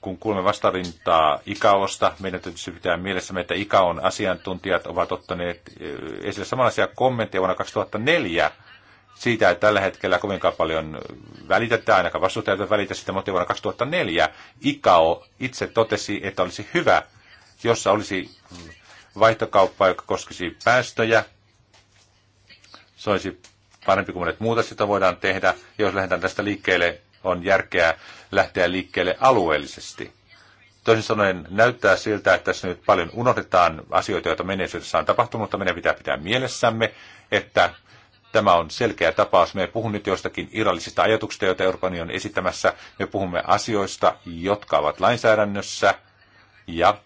kun kuulemme vastarintaa ikaosta, meidän täytyy pitää mielessä, että ikaon asiantuntijat ovat ottaneet eh, esille samanlaisia kommentteja vuonna 2004 siitä että tällä hetkellä kovinkaan paljon välitetään, ainakaan vastustajat välitä sitä, mutta vuonna 2004 ICAO itse totesi, että olisi hyvä, jossa olisi vaihtokauppa, joka koskisi päästöjä. Se olisi parempi kuin monet muuta, sitä voidaan tehdä. Ja jos lähdetään tästä liikkeelle, on järkeä lähteä liikkeelle alueellisesti. Toisin sanoen näyttää siltä, että tässä nyt paljon unohdetaan asioita, joita menneisyydessä on tapahtunut, mutta meidän pitää pitää mielessämme, että Tämä on selkeä tapaus. Me puhun nyt jostakin irallisista ajatuksista, joita Euroopan on esittämässä. Me puhumme asioista, jotka ovat lainsäädännössä. Ja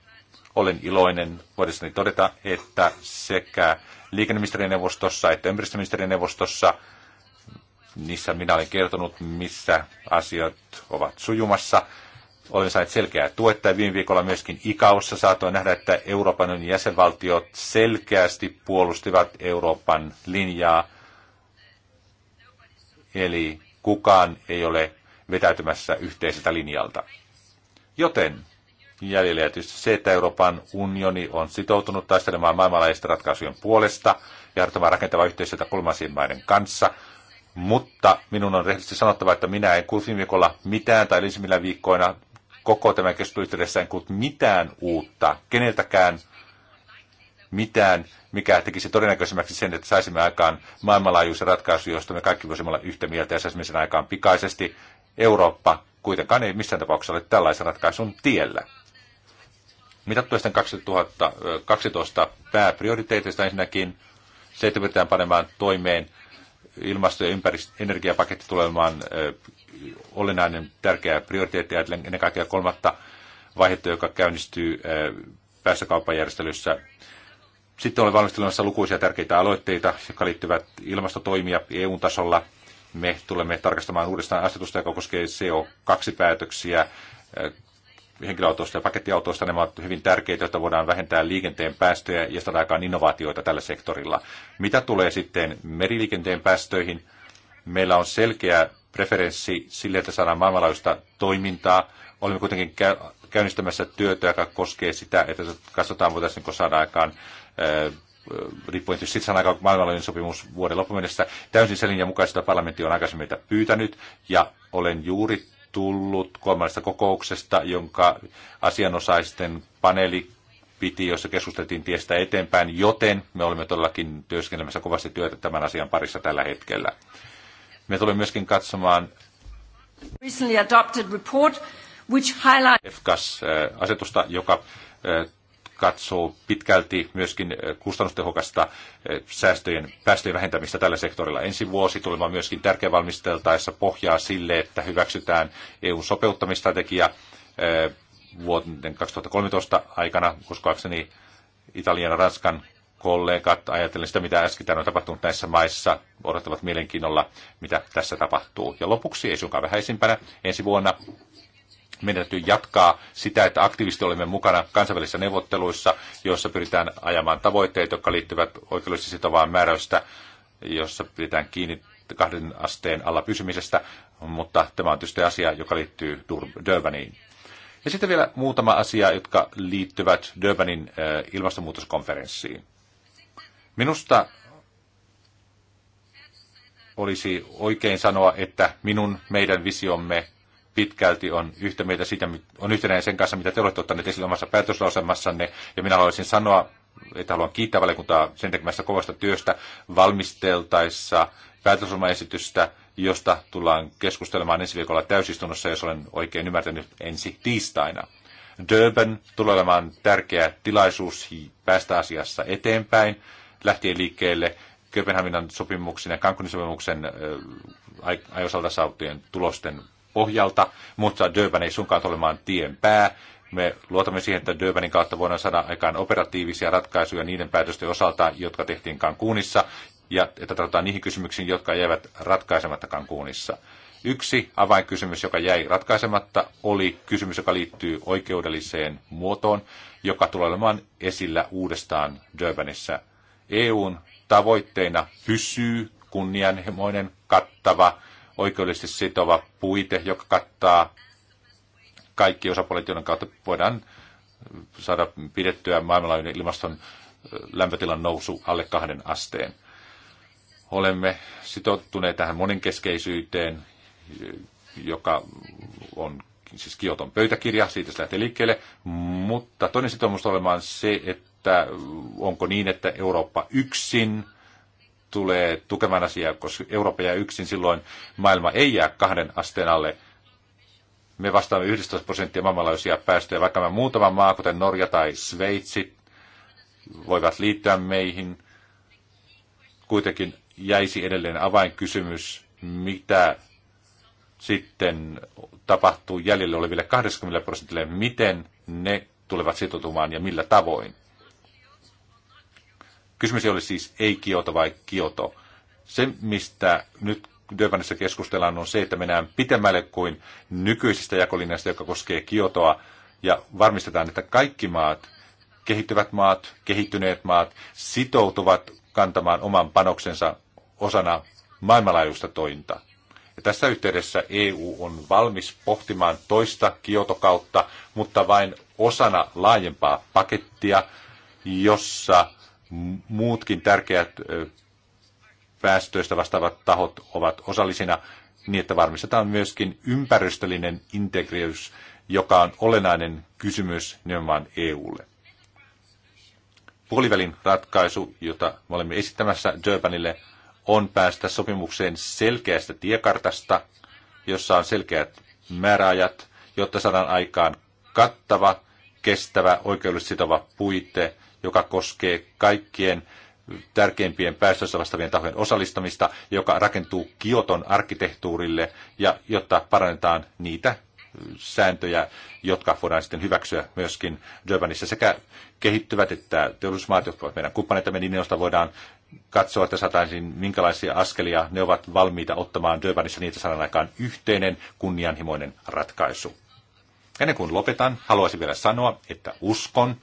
olen iloinen voidessani todeta, että sekä liikenneministerineuvostossa että ympäristöministerineuvostossa niissä minä olen kertonut, missä asiat ovat sujumassa. Olen saanut selkeää tuetta ja viime viikolla myöskin ICAOssa saatoin nähdä, että Euroopan jäsenvaltiot selkeästi puolustivat Euroopan linjaa Eli kukaan ei ole vetäytymässä yhteiseltä linjalta. Joten jäljellä tietysti se, että Euroopan unioni on sitoutunut taistelemaan maailmanlaajuisten ratkaisujen puolesta ja harjoittamaan rakentavaa yhteistyötä kolmansien maiden kanssa. Mutta minun on rehellisesti sanottava, että minä en kuullut viime viikolla mitään tai ensimmäisillä viikkoina koko tämän keskustelun yhteydessä en kuullut mitään uutta keneltäkään mitään, mikä tekisi todennäköisemmäksi sen, että saisimme aikaan maailmanlaajuisen ratkaisun, josta me kaikki voisimme olla yhtä mieltä ja saisimme sen aikaan pikaisesti. Eurooppa kuitenkaan ei missään tapauksessa ole tällaisen ratkaisun tiellä. Mitä tulee sitten 2012 pääprioriteeteista ensinnäkin, se, että pyritään panemaan toimeen ilmasto- ja ympäristö- tulemaan olennainen tärkeä prioriteetti ajatellen ennen kaikkea kolmatta vaihetta, joka käynnistyy päästökauppajärjestelyssä sitten olen valmistelemassa lukuisia tärkeitä aloitteita, jotka liittyvät ilmastotoimia EU-tasolla. Me tulemme tarkastamaan uudestaan asetusta, joka koskee CO2-päätöksiä eh, henkilöautoista ja pakettiautoista. Nämä ovat hyvin tärkeitä, jotta voidaan vähentää liikenteen päästöjä ja saada aikaan innovaatioita tällä sektorilla. Mitä tulee sitten meriliikenteen päästöihin? Meillä on selkeä preferenssi sille, että saadaan maailmanlaajuista toimintaa. Olemme kuitenkin käynnistämässä työtä, joka koskee sitä, että katsotaan voitaisiinko saada aikaan Äh, riippuen tietysti siitä aika maailmanlaajuinen sopimus vuoden loppuun mennessä. Täysin selin ja mukaisesti parlamentti on aikaisemmin meitä pyytänyt ja olen juuri tullut kolmannesta kokouksesta, jonka asianosaisten paneeli piti, jossa keskusteltiin tiestä eteenpäin, joten me olemme todellakin työskentelemässä kovasti työtä tämän asian parissa tällä hetkellä. Me tulemme myöskin katsomaan recently EFKAS-asetusta, äh, joka äh, katsoo pitkälti myöskin eh, kustannustehokasta eh, säästöjen, päästöjen vähentämistä tällä sektorilla. Ensi vuosi tulemaan myöskin tärkeä valmisteltaessa pohjaa sille, että hyväksytään EU-sopeuttamistrategia eh, vuoden 2013 aikana, uskoakseni Italian ja Ranskan kollegat, ajatellen sitä, mitä äsken on tapahtunut näissä maissa, odottavat mielenkiinnolla, mitä tässä tapahtuu. Ja lopuksi, ei suinkaan vähäisimpänä, ensi vuonna meidän täytyy jatkaa sitä, että aktiivisesti olemme mukana kansainvälisissä neuvotteluissa, joissa pyritään ajamaan tavoitteet, jotka liittyvät oikeudellisesti sitovaan määräystä, jossa pidetään kiinni kahden asteen alla pysymisestä, mutta tämä on tietysti asia, joka liittyy Durbaniin. Ja sitten vielä muutama asia, jotka liittyvät Durbanin äh, ilmastonmuutoskonferenssiin. Minusta olisi oikein sanoa, että minun, meidän visiomme pitkälti on yhtä mieltä siitä, on yhtenäinen sen kanssa, mitä te olette ottaneet esille omassa päätöslauselmassanne. Ja minä haluaisin sanoa, että haluan kiittää valiokuntaa sen tekemästä kovasta työstä valmisteltaessa päätöslausemaesitystä, josta tullaan keskustelemaan ensi viikolla täysistunnossa, jos olen oikein ymmärtänyt, ensi tiistaina. Durban tulee olemaan tärkeä tilaisuus päästä asiassa eteenpäin, lähtien liikkeelle Kööpenhaminan sopimuksen ja Cancunin sopimuksen ajosalta saavuttujen tulosten pohjalta, mutta Durban ei sunkaan tule olemaan tien pää. Me luotamme siihen, että Durbanin kautta voidaan saada aikaan operatiivisia ratkaisuja niiden päätösten osalta, jotka tehtiin Cancunissa, ja että tarvitaan niihin kysymyksiin, jotka jäivät ratkaisematta Cancunissa. Yksi avainkysymys, joka jäi ratkaisematta, oli kysymys, joka liittyy oikeudelliseen muotoon, joka tulee olemaan esillä uudestaan Durbanissa. EUn tavoitteena pysyy kunnianhimoinen, kattava oikeudellisesti sitova puite, joka kattaa kaikki osapuolet, joiden kautta voidaan saada pidettyä maailmanlaajuinen ilmaston lämpötilan nousu alle kahden asteen. Olemme sitoutuneet tähän monenkeskeisyyteen, joka on siis Kioton pöytäkirja, siitä se lähtee liikkeelle, mutta toinen sitoumus olemaan se, että onko niin, että Eurooppa yksin tulee tukemaan asiaa, koska Eurooppa jää yksin, silloin maailma ei jää kahden asteen alle. Me vastaamme 11 prosenttia maailmanlaajuisia päästöjä, vaikka me muutama maa, kuten Norja tai Sveitsi, voivat liittyä meihin. Kuitenkin jäisi edelleen avainkysymys, mitä sitten tapahtuu jäljellä oleville 20 prosentille, miten ne tulevat sitoutumaan ja millä tavoin. Kysymys ei ole siis ei Kioto vai Kioto. Se, mistä nyt Durbanissa keskustellaan, on se, että mennään pitemmälle kuin nykyisestä jakolinjasta, joka koskee Kiotoa, ja varmistetaan, että kaikki maat, kehittyvät maat, kehittyneet maat, sitoutuvat kantamaan oman panoksensa osana maailmanlaajuista tointa. Ja tässä yhteydessä EU on valmis pohtimaan toista kiotokautta, mutta vain osana laajempaa pakettia, jossa muutkin tärkeät päästöistä vastaavat tahot ovat osallisina niin, että varmistetaan myöskin ympäristöllinen integriys, joka on olennainen kysymys nimenomaan EUlle. Puolivälin ratkaisu, jota me olemme esittämässä Durbanille, on päästä sopimukseen selkeästä tiekartasta, jossa on selkeät määräajat, jotta saadaan aikaan kattava, kestävä, oikeudellisesti sitova puite, joka koskee kaikkien tärkeimpien päästössä vastaavien tahojen osallistamista, joka rakentuu Kioton arkkitehtuurille ja jotta parannetaan niitä sääntöjä, jotka voidaan sitten hyväksyä myöskin Durbanissa sekä kehittyvät että teollisuusmaat, jotka ovat meidän kumppaneitamme, niin joista voidaan katsoa, että saataisiin minkälaisia askelia ne ovat valmiita ottamaan Durbanissa niitä saadaan aikaan yhteinen kunnianhimoinen ratkaisu. Ennen kuin lopetan, haluaisin vielä sanoa, että uskon,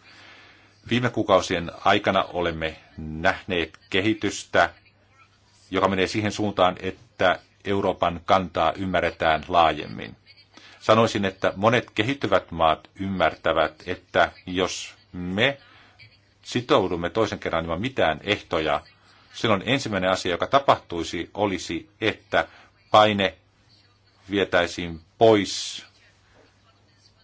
Viime kuukausien aikana olemme nähneet kehitystä, joka menee siihen suuntaan, että Euroopan kantaa ymmärretään laajemmin. Sanoisin, että monet kehittyvät maat ymmärtävät, että jos me sitoudumme toisen kerran ilman mitään ehtoja, silloin ensimmäinen asia, joka tapahtuisi, olisi, että paine vietäisiin pois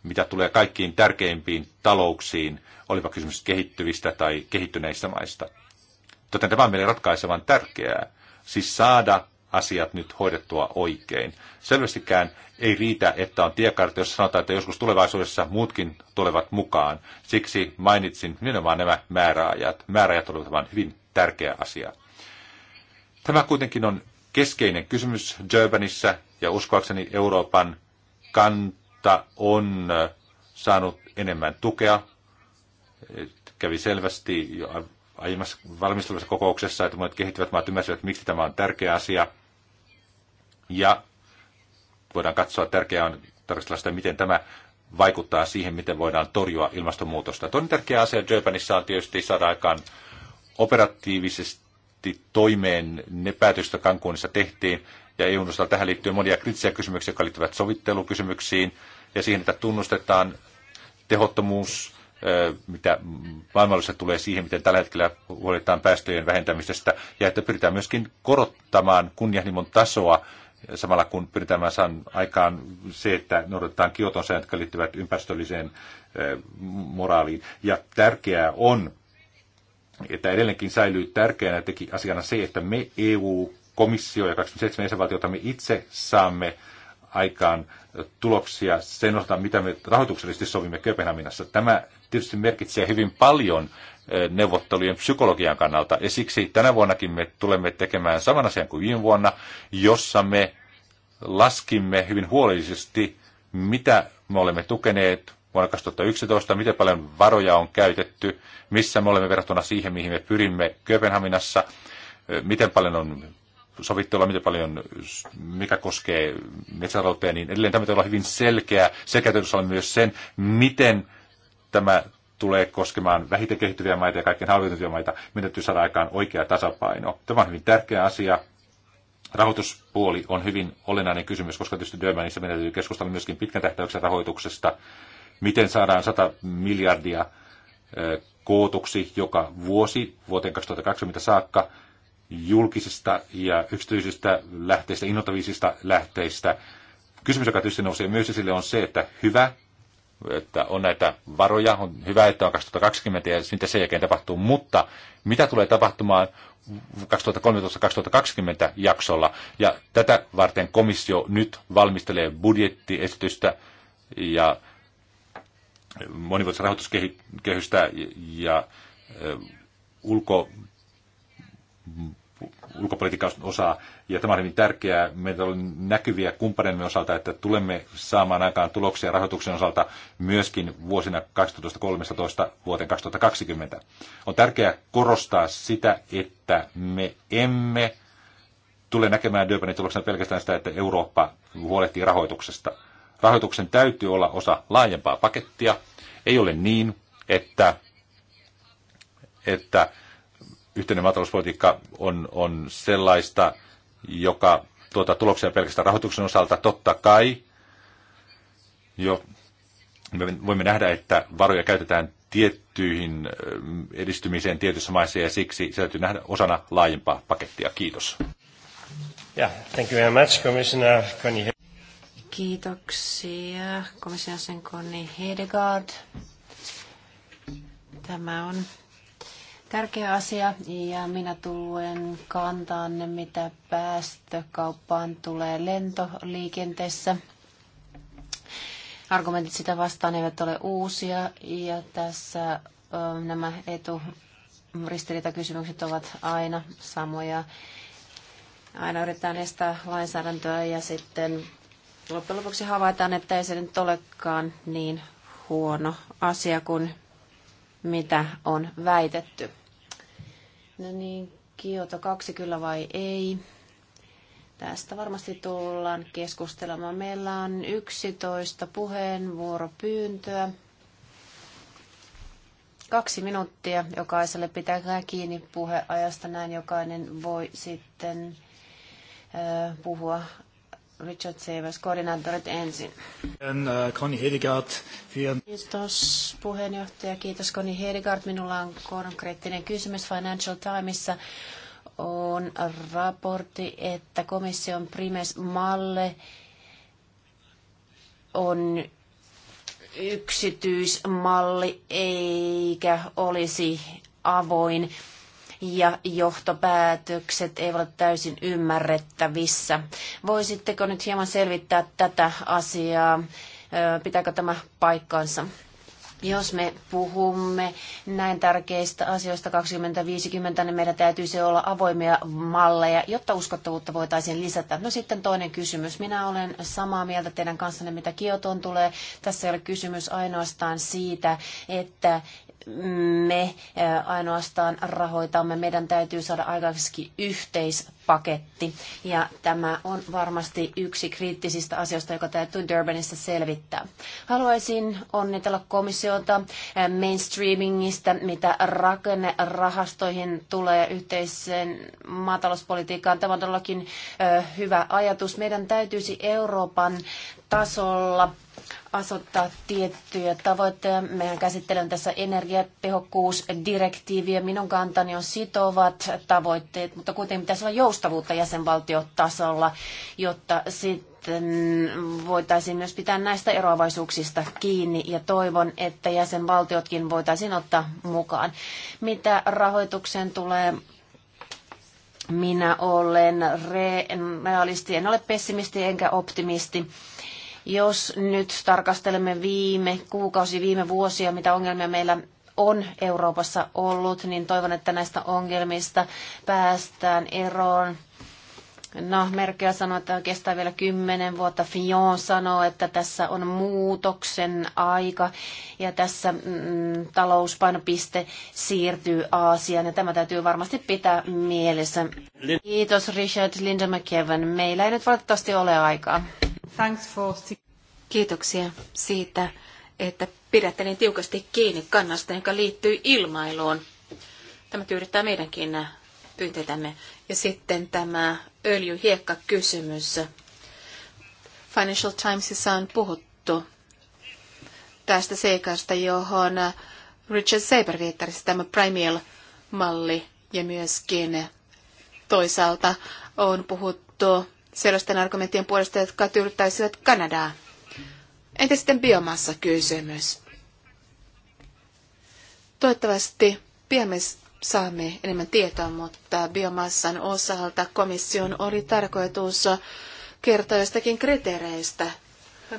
mitä tulee kaikkiin tärkeimpiin talouksiin, olipa kysymys kehittyvistä tai kehittyneistä maista. Joten tämä on meille ratkaisevan tärkeää, siis saada asiat nyt hoidettua oikein. Selvästikään ei riitä, että on tiekartta, jos sanotaan, että joskus tulevaisuudessa muutkin tulevat mukaan. Siksi mainitsin nimenomaan nämä määräajat. Määräajat olivat vain hyvin tärkeä asia. Tämä kuitenkin on keskeinen kysymys Durbanissa ja uskoakseni Euroopan kantaa mutta on äh, saanut enemmän tukea. Kävi selvästi jo aiemmassa valmisteluvassa kokouksessa, että monet kehittyvät maat ymmärsivät, miksi tämä on tärkeä asia. Ja voidaan katsoa, tärkeää on tarkastella sitä, miten tämä vaikuttaa siihen, miten voidaan torjua ilmastonmuutosta. Toinen tärkeä asia Durbanissa on tietysti saada aikaan operatiivisesti toimeen ne päätöstä jotka Cancunissa tehtiin, ja EUn osalta tähän liittyy monia kriittisiä kysymyksiä, jotka liittyvät sovittelukysymyksiin ja siihen, että tunnustetaan tehottomuus, mitä maailmallisesti tulee siihen, miten tällä hetkellä huolehditaan päästöjen vähentämisestä, ja että pyritään myöskin korottamaan kunnianhimon tasoa, samalla kun pyritään saan aikaan se, että noudatetaan kioton säännöt, jotka liittyvät ympäristölliseen moraaliin. Ja tärkeää on, että edelleenkin säilyy tärkeänä teki asiana se, että me EU komissio ja 27 jäsenvaltiota me itse saamme aikaan tuloksia sen osalta, mitä me rahoituksellisesti sovimme Kööpenhaminassa. Tämä tietysti merkitsee hyvin paljon eh, neuvottelujen psykologian kannalta, ja siksi tänä vuonnakin me tulemme tekemään saman asian kuin viime vuonna, jossa me laskimme hyvin huolellisesti, mitä me olemme tukeneet vuonna 2011, miten paljon varoja on käytetty, missä me olemme verrattuna siihen, mihin me pyrimme Kööpenhaminassa, eh, miten paljon on sovitte olla miten paljon, mikä koskee metsätaloutta niin edelleen. Tämä pitää olla hyvin selkeä. Selkeä täytyy olla myös sen, miten tämä tulee koskemaan vähiten kehittyviä maita ja kaikkien halvintuvia maita. miten täytyy saada aikaan oikea tasapaino. Tämä on hyvin tärkeä asia. Rahoituspuoli on hyvin olennainen kysymys, koska tietysti Durbanissa meidän täytyy keskustella myöskin pitkän tähtäyksen rahoituksesta. Miten saadaan 100 miljardia kootuksi joka vuosi vuoteen 2020 saakka julkisista ja yksityisistä lähteistä, innovatiivisista lähteistä. Kysymys, joka tietysti nousee myös esille, on se, että hyvä, että on näitä varoja, on hyvä, että on 2020 ja mitä sen jälkeen tapahtuu, mutta mitä tulee tapahtumaan 2013-2020 jaksolla. Ja tätä varten komissio nyt valmistelee budjettiesitystä ja monivuotista rahoituskehystä ja ulko- ulkopolitiikan osaa, ja tämä on hyvin tärkeää. Meillä on näkyviä kumppaneiden osalta, että tulemme saamaan aikaan tuloksia rahoituksen osalta myöskin vuosina 2013 vuoteen 2020. On tärkeää korostaa sitä, että me emme tule näkemään Durbanin tuloksena pelkästään sitä, että Eurooppa huolehtii rahoituksesta. Rahoituksen täytyy olla osa laajempaa pakettia. Ei ole niin, että, että yhteinen maatalouspolitiikka on, on sellaista, joka tuota tuloksia pelkästään rahoituksen osalta. Totta kai jo me voimme nähdä, että varoja käytetään tiettyihin edistymiseen tietyissä maissa ja siksi se täytyy nähdä osana laajempaa pakettia. Kiitos. Yeah, thank you very much, Commissioner Connie. Kiitoksia, komission sen Connie Hedegaard. Tämä on tärkeä asia ja minä tulen ne, mitä päästökauppaan tulee lentoliikenteessä. Argumentit sitä vastaan eivät ole uusia ja tässä nämä etu ristiriitakysymykset ovat aina samoja. Aina yritetään estää lainsäädäntöä ja sitten loppujen lopuksi havaitaan, että ei se nyt olekaan niin huono asia kuin mitä on väitetty. No niin, Kioto 2 kyllä vai ei? Tästä varmasti tullaan keskustelemaan. Meillä on 11 puheenvuoropyyntöä. Kaksi minuuttia jokaiselle pitää kiinni puheajasta. Näin jokainen voi sitten puhua Richard Severs, koordinaattorit ensin. En, uh, Connie Hedegaard. Kiitos puheenjohtaja, kiitos Connie Hedegaard. Minulla on konkreettinen kysymys Financial Timesissa On raportti, että komission primes malle on yksityismalli eikä olisi avoin ja johtopäätökset eivät ole täysin ymmärrettävissä. Voisitteko nyt hieman selvittää tätä asiaa? Pitääkö tämä paikkaansa? Jos me puhumme näin tärkeistä asioista 2050, niin meidän täytyisi se olla avoimia malleja, jotta uskottavuutta voitaisiin lisätä. No sitten toinen kysymys. Minä olen samaa mieltä teidän kanssanne, mitä Kioton tulee. Tässä ei ole kysymys ainoastaan siitä, että me ainoastaan rahoitamme. Meidän täytyy saada aikaisemmin yhteispaketti. Ja tämä on varmasti yksi kriittisistä asioista, joka täytyy Durbanissa selvittää. Haluaisin onnitella komissiota mainstreamingista, mitä rakennerahastoihin tulee yhteiseen maatalouspolitiikkaan. Tämä on todellakin hyvä ajatus. Meidän täytyisi Euroopan tasolla asottaa tiettyjä tavoitteita. Meidän käsittelen tässä energiatehokkuusdirektiiviä. Minun kantani on sitovat tavoitteet, mutta kuitenkin pitäisi olla joustavuutta jäsenvaltiotasolla, jotta sitten voitaisiin myös pitää näistä eroavaisuuksista kiinni ja toivon, että jäsenvaltiotkin voitaisiin ottaa mukaan. Mitä rahoitukseen tulee, minä olen realisti, en ole pessimisti enkä optimisti jos nyt tarkastelemme viime kuukausi, viime vuosia, mitä ongelmia meillä on Euroopassa ollut, niin toivon, että näistä ongelmista päästään eroon. No, Merkel sanoi, että kestää vielä kymmenen vuotta. Fion sanoi, että tässä on muutoksen aika ja tässä mm, talouspainopiste siirtyy Aasiaan ja tämä täytyy varmasti pitää mielessä. Kiitos Richard Linda McKevin. Meillä ei nyt valitettavasti ole aikaa. Kiitoksia siitä, että pidätte niin tiukasti kiinni kannasta, joka liittyy ilmailuun. Tämä tyydyttää meidänkin pyyntetämme. Ja sitten tämä öljyhiekka-kysymys. Financial Timesissa on puhuttu tästä seikasta, johon Richard Saber viittasi tämä Primeal-malli ja myöskin toisaalta on puhuttu sellaisten argumenttien puolesta, jotka tyydyttäisivät Kanadaa. Entä sitten biomassa kysymys? Toivottavasti pian me saamme enemmän tietoa, mutta biomassan osalta komission oli tarkoitus kertoa jostakin kriteereistä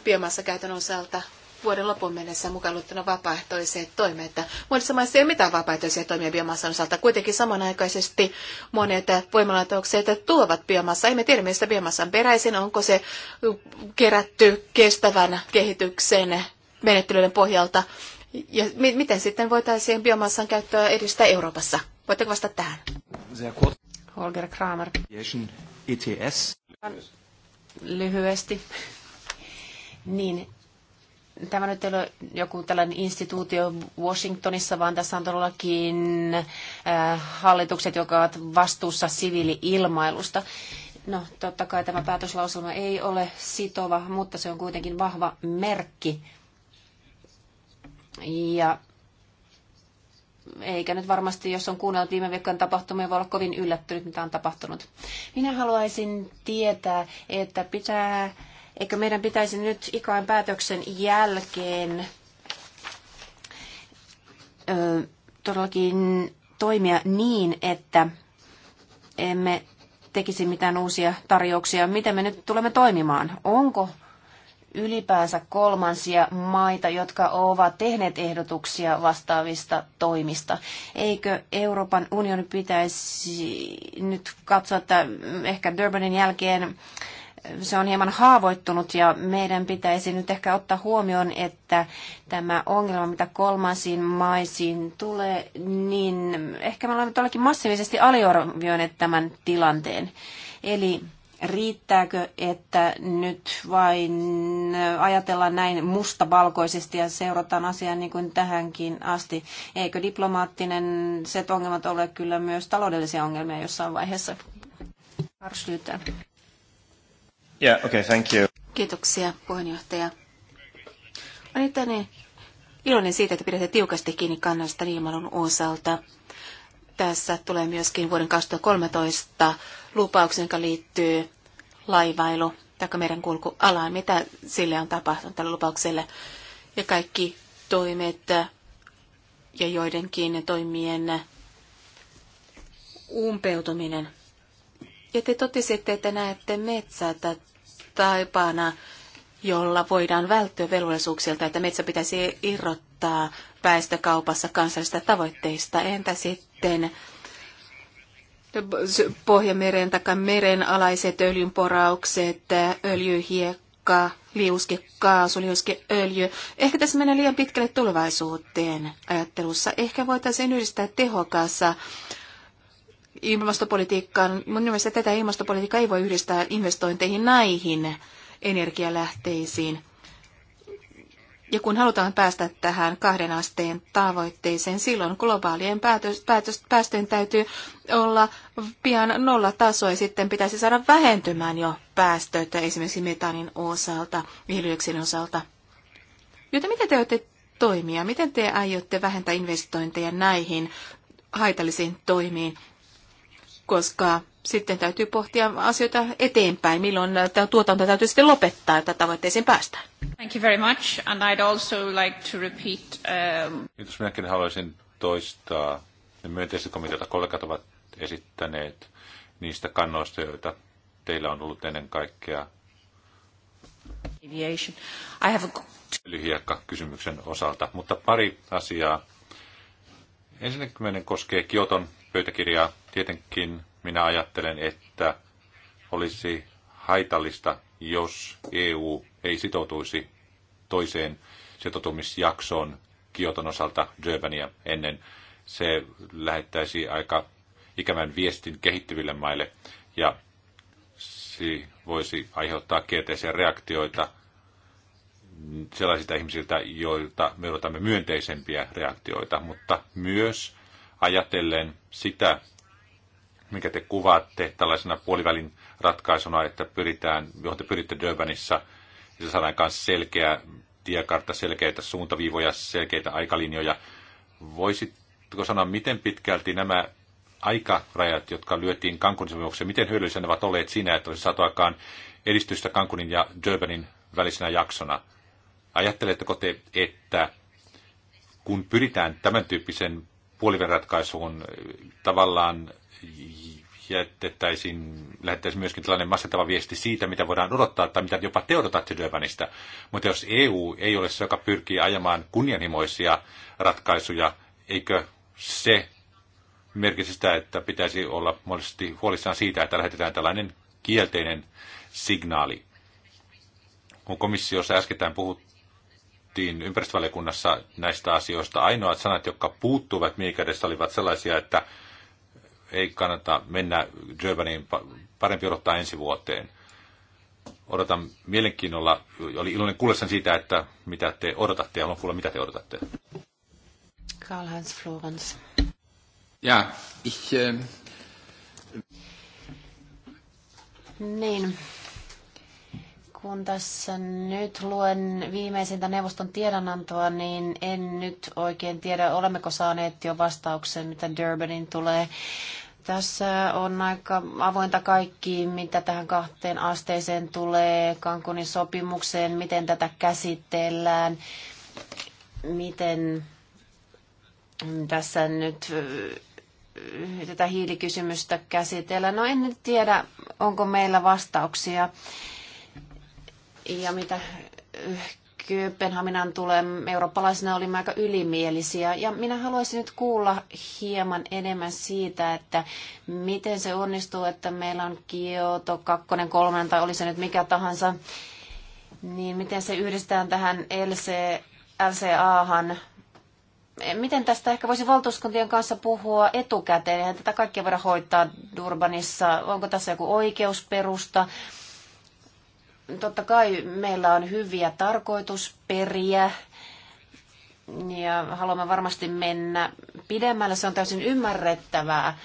biomassakäytön osalta vuoden lopun mennessä mukaan luettuna vapaaehtoiset toimet. Monissa maissa ei ole mitään vapaaehtoisia toimia biomassan osalta. Kuitenkin samanaikaisesti monet voimalaitokset tuovat biomassa. Emme tiedä, mistä biomassan peräisin. Onko se kerätty kestävän kehityksen menettelyiden pohjalta? Ja miten sitten voitaisiin biomassan käyttöä edistää Euroopassa? Voitteko vastata tähän? Holger Kramer. ETS. Lyhyesti. Niin, tämä nyt ei ole joku tällainen instituutio Washingtonissa, vaan tässä on todellakin äh, hallitukset, jotka ovat vastuussa siviili-ilmailusta. No, totta kai tämä päätöslauselma ei ole sitova, mutta se on kuitenkin vahva merkki. Ja eikä nyt varmasti, jos on kuunnellut viime viikon tapahtumia, voi olla kovin yllättynyt, mitä on tapahtunut. Minä haluaisin tietää, että pitää Eikö meidän pitäisi nyt ikään päätöksen jälkeen ö, todellakin toimia niin, että emme tekisi mitään uusia tarjouksia. Miten me nyt tulemme toimimaan? Onko ylipäänsä kolmansia maita, jotka ovat tehneet ehdotuksia vastaavista toimista. Eikö Euroopan unioni pitäisi nyt katsoa, että ehkä Durbanin jälkeen se on hieman haavoittunut ja meidän pitäisi nyt ehkä ottaa huomioon, että tämä ongelma, mitä kolmansiin maisiin tulee, niin ehkä me olemme todellakin massiivisesti aliorvioineet tämän tilanteen. Eli riittääkö, että nyt vain ajatellaan näin mustavalkoisesti ja seurataan asiaa niin kuin tähänkin asti? Eikö diplomaattinen set ongelmat ole kyllä myös taloudellisia ongelmia jossain vaiheessa? Arslyytään. Yeah, okay, thank you. Kiitoksia, puheenjohtaja. Olen tänne iloinen siitä, että pidätte tiukasti kiinni kannasta ilmailun osalta. Tässä tulee myöskin vuoden 2013 lupauksen, joka liittyy laivailu tai merenkulkualaan, mitä sille on tapahtunut tälle lupaukselle. Ja kaikki toimet ja joidenkin toimien umpeutuminen. Ja te totesitte, että näette metsät taipaana, jolla voidaan välttyä velvollisuuksilta, että metsä pitäisi irrottaa päästökaupassa kansallisista tavoitteista. Entä sitten Pohjameren tai merenalaiset öljynporaukset, öljyhiekka, liuskekaasu, liuskeöljy. Ehkä tässä mennään liian pitkälle tulevaisuuteen ajattelussa. Ehkä voitaisiin yhdistää tehokassa ilmastopolitiikkaan. Mun mielestä tätä ilmastopolitiikkaa ei voi yhdistää investointeihin näihin energialähteisiin. Ja kun halutaan päästä tähän kahden asteen tavoitteeseen, silloin globaalien päätös, päätös, päästöjen täytyy olla pian nolla taso ja sitten pitäisi saada vähentymään jo päästöitä esimerkiksi metanin osalta, hiilidioksidin osalta. Joten miten te olette toimia? Miten te aiotte vähentää investointeja näihin haitallisiin toimiin? koska sitten täytyy pohtia asioita eteenpäin, milloin tämä tuotanto täytyy sitten lopettaa, että tavoitteeseen päästään. Thank you very much, and I'd also like to repeat... Um... Kiitos, minäkin haluaisin toistaa ne myönteiset komiteat, kollegat ovat esittäneet niistä kannoista, joita teillä on ollut ennen kaikkea. Aviation. I have a... Lyhiäkka kysymyksen osalta, mutta pari asiaa Ensinnäkin koskee Kioton pöytäkirjaa. Tietenkin minä ajattelen, että olisi haitallista, jos EU ei sitoutuisi toiseen sitoutumisjaksoon Kioton osalta Durbania ennen. Se lähettäisi aika ikävän viestin kehittyville maille ja se voisi aiheuttaa kielteisiä reaktioita sellaisilta ihmisiltä, joilta me odotamme myönteisempiä reaktioita, mutta myös ajatellen sitä, mikä te kuvaatte tällaisena puolivälin ratkaisuna, että pyritään, johon te pyritte Durbanissa, ja se saadaan myös selkeä tiekartta, selkeitä suuntaviivoja, selkeitä aikalinjoja. Voisitko sanoa, miten pitkälti nämä aikarajat, jotka lyötiin Cancunin sopimukseen, miten hyödyllisiä ne ovat olleet siinä, että olisi saatu aikaan edistystä Cancunin ja Durbanin välisenä jaksona? Ajatteletteko te, että kun pyritään tämän tyyppisen puoliväliratkaisuun äh, tavallaan jätettäisiin, lähettäisiin myöskin tällainen massettava viesti siitä, mitä voidaan odottaa tai mitä jopa te odotatte Durbanista. Mutta jos EU ei ole se, joka pyrkii ajamaan kunnianhimoisia ratkaisuja, eikö se merkitse sitä, että pitäisi olla mahdollisesti huolissaan siitä, että lähetetään tällainen kielteinen signaali? Kun komissiossa äskettäin puhut, puhuttiin ympäristövaliokunnassa näistä asioista, ainoat sanat, jotka puuttuivat miikädestä, olivat sellaisia, että ei kannata mennä Durbaniin, parempi odottaa ensi vuoteen. Odotan mielenkiinnolla, oli iloinen kuullessani siitä, että mitä te odotatte ja haluan kuulla, mitä te odotatte. Karl-Heinz Florens. Ja, ich, äh... Niin, kun tässä nyt luen viimeisintä neuvoston tiedonantoa, niin en nyt oikein tiedä, olemmeko saaneet jo vastauksen, mitä Durbanin tulee. Tässä on aika avointa kaikki, mitä tähän kahteen asteeseen tulee, Kankunin sopimukseen, miten tätä käsitellään, miten tässä nyt äh, tätä hiilikysymystä käsitellään. No en nyt tiedä, onko meillä vastauksia. Ja mitä äh, Kööpenhaminan tulee, eurooppalaisena olimme aika ylimielisiä. Ja minä haluaisin nyt kuulla hieman enemmän siitä, että miten se onnistuu, että meillä on Kioto 2, 3 tai oli se nyt mikä tahansa. Niin miten se yhdistetään tähän LC, han? Eh, miten tästä ehkä voisi valtuuskuntien kanssa puhua etukäteen? Eihän tätä kaikkea voida hoitaa Durbanissa. Onko tässä joku oikeusperusta? totta kai meillä on hyviä tarkoitusperiä ja haluamme varmasti mennä pidemmälle. Se on täysin ymmärrettävää,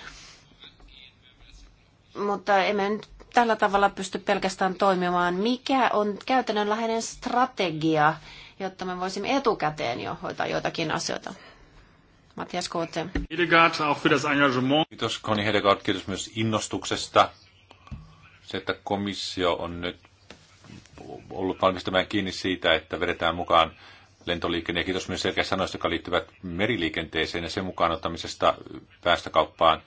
mutta emme nyt tällä tavalla pysty pelkästään toimimaan. Mikä on käytännönläheinen strategia, jotta me voisimme etukäteen jo hoitaa joitakin asioita? Matias Kote. Kiitos Conny Hedegaard, kiitos myös innostuksesta. Se, että komissio on nyt ollut valmistumaan kiinni siitä, että vedetään mukaan lentoliikenne. Ja kiitos myös selkeä sanoista, jotka liittyvät meriliikenteeseen ja sen mukaan ottamisesta päästökauppaan.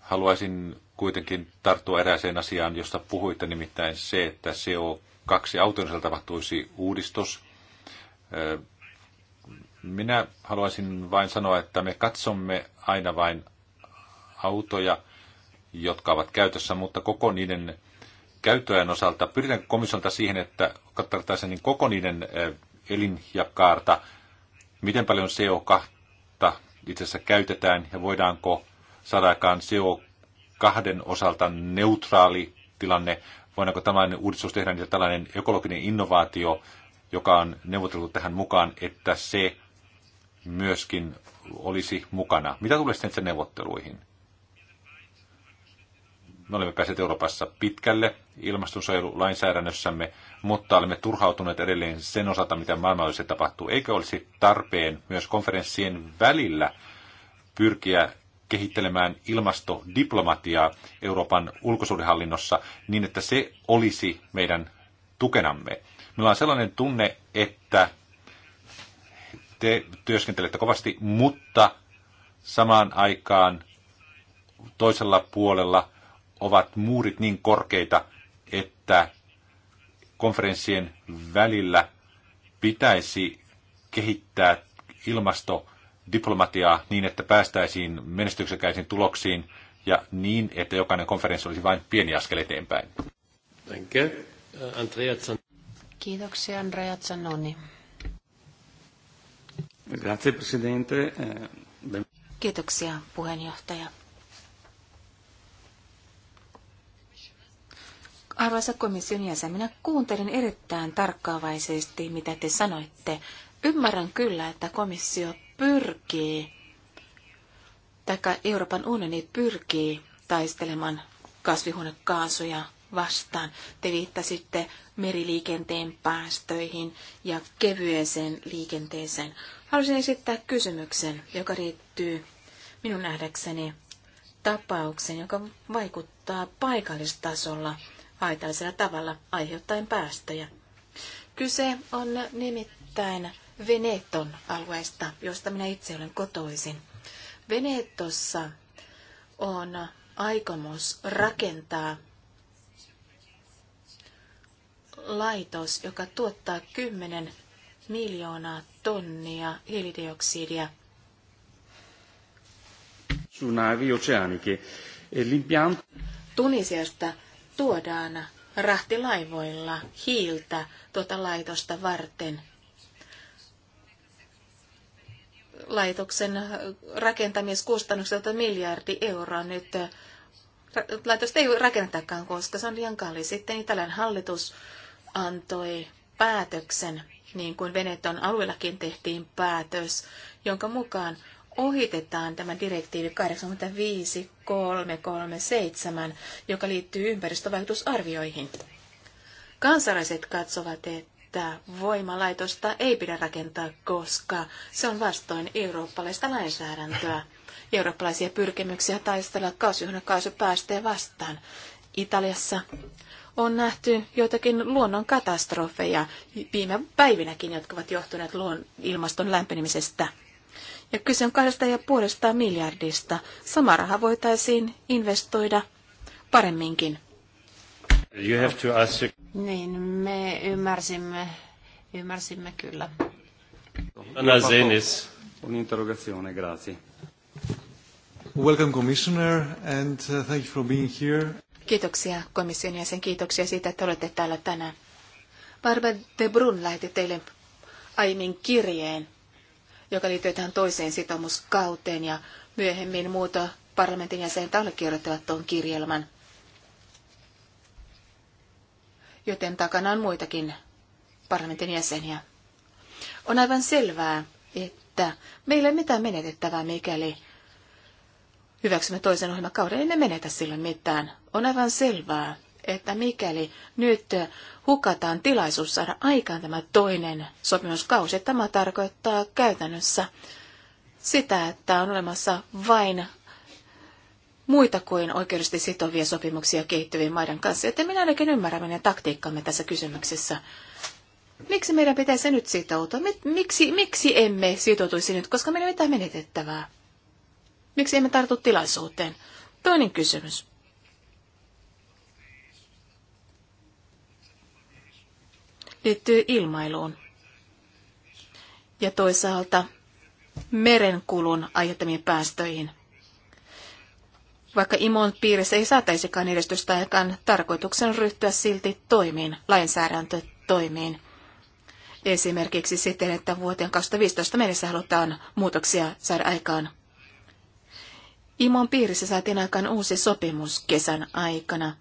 Haluaisin kuitenkin tarttua erääseen asiaan, josta puhuitte, nimittäin se, että CO2 autoissa tapahtuisi uudistus. Minä haluaisin vain sanoa, että me katsomme aina vain autoja, jotka ovat käytössä, mutta koko niiden käyttöajan osalta, pyritäänkö komissiolta siihen, että katsotaan niin koko niiden elinjakaarta, miten paljon CO2 itse asiassa käytetään ja voidaanko saada aikaan CO2 osalta neutraali tilanne, voidaanko tällainen uudistus tehdä, niin tällainen ekologinen innovaatio, joka on neuvoteltu tähän mukaan, että se myöskin olisi mukana. Mitä tulee sitten neuvotteluihin? Me olemme päässeet Euroopassa pitkälle ilmastonsuojelulainsäädännössämme, mutta olemme turhautuneet edelleen sen osalta, mitä maailmallisesti tapahtuu. Eikö olisi tarpeen myös konferenssien välillä pyrkiä kehittelemään ilmastodiplomatiaa Euroopan ulkosuudenhallinnossa niin, että se olisi meidän tukenamme. Meillä on sellainen tunne, että te työskentelette kovasti, mutta samaan aikaan toisella puolella – ovat muurit niin korkeita, että konferenssien välillä pitäisi kehittää ilmastodiplomatiaa niin, että päästäisiin menestyksekäisiin tuloksiin ja niin, että jokainen konferenssi olisi vain pieni askel eteenpäin. Uh, Kiitoksia, Andrea Zanoni. Eh, Kiitoksia, puheenjohtaja. Arvoisa komission jäsen, minä kuuntelin erittäin tarkkaavaisesti, mitä te sanoitte. Ymmärrän kyllä, että komissio pyrkii, tai Euroopan unioni pyrkii taistelemaan kasvihuonekaasuja vastaan. Te viittasitte meriliikenteen päästöihin ja kevyeseen liikenteeseen. Haluaisin esittää kysymyksen, joka liittyy minun nähdäkseni tapauksen, joka vaikuttaa paikallistasolla haitallisella tavalla aiheuttaen päästöjä. Kyse on nimittäin Veneton alueesta, josta minä itse olen kotoisin. Venetossa on aikomus rakentaa laitos, joka tuottaa 10 miljoonaa tonnia hiilidioksidia. E Tunisiasta tuodaan rahtilaivoilla hiiltä tuota laitosta varten. Laitoksen rakentamiskustannukset miljardi euroa nyt laitosta ei rakennetakaan, koska se on liian kallis. Sitten Italian hallitus antoi päätöksen, niin kuin Veneton alueellakin tehtiin päätös, jonka mukaan ohitetaan tämä direktiivi 85337, joka liittyy ympäristövaikutusarvioihin. Kansalaiset katsovat, että voimalaitosta ei pidä rakentaa, koska se on vastoin eurooppalaista lainsäädäntöä eurooppalaisia pyrkimyksiä taistella kaasuhuonekaasupäästöjä vastaan. Italiassa on nähty joitakin luonnon katastrofeja viime päivinäkin, jotka ovat johtuneet luon ilmaston lämpenemisestä. Ja kyse on 2,5 miljardista. Sama raha voitaisiin investoida paremminkin. You have to ask... Niin, me ymmärsimme, ymmärsimme kyllä. Anna Zenis. Un'interrogazione, grazie. Welcome Commissioner and uh, thank you for being here. Kiitoksia komission jäsen, kiitoksia siitä, että olette täällä tänään. Barbara de Brun lähetti teille aiemmin kirjeen joka liittyy tähän toiseen sitoumuskauteen ja myöhemmin muuta parlamentin jäsenet allekirjoittavat tuon kirjelmän. Joten takana on muitakin parlamentin jäseniä. On aivan selvää, että meillä ei mitään menetettävää, mikäli hyväksymme toisen ohjelmakauden, emme niin menetä silloin mitään. On aivan selvää, että mikäli nyt hukataan tilaisuus saada aikaan tämä toinen sopimuskausi, tämä tarkoittaa käytännössä sitä, että on olemassa vain muita kuin oikeudellisesti sitovia sopimuksia kehittyvien maiden kanssa, Että minä ainakin ymmärrän meidän taktiikkamme tässä kysymyksessä. Miksi meidän pitäisi nyt sitoutua? Miksi, miksi emme sitoutuisi nyt, koska meillä ei ole mitään menetettävää? Miksi emme tartu tilaisuuteen? Toinen kysymys. liittyy ilmailuun ja toisaalta merenkulun aiheuttamiin päästöihin. Vaikka IMON piirissä ei saataisikaan edistystä aikaan, tarkoituksen ryhtyä silti toimiin, lainsäädäntötoimiin. Esimerkiksi siten, että vuoteen 2015 mennessä halutaan muutoksia saada aikaan. IMON piirissä saatiin aikaan uusi sopimus kesän aikana.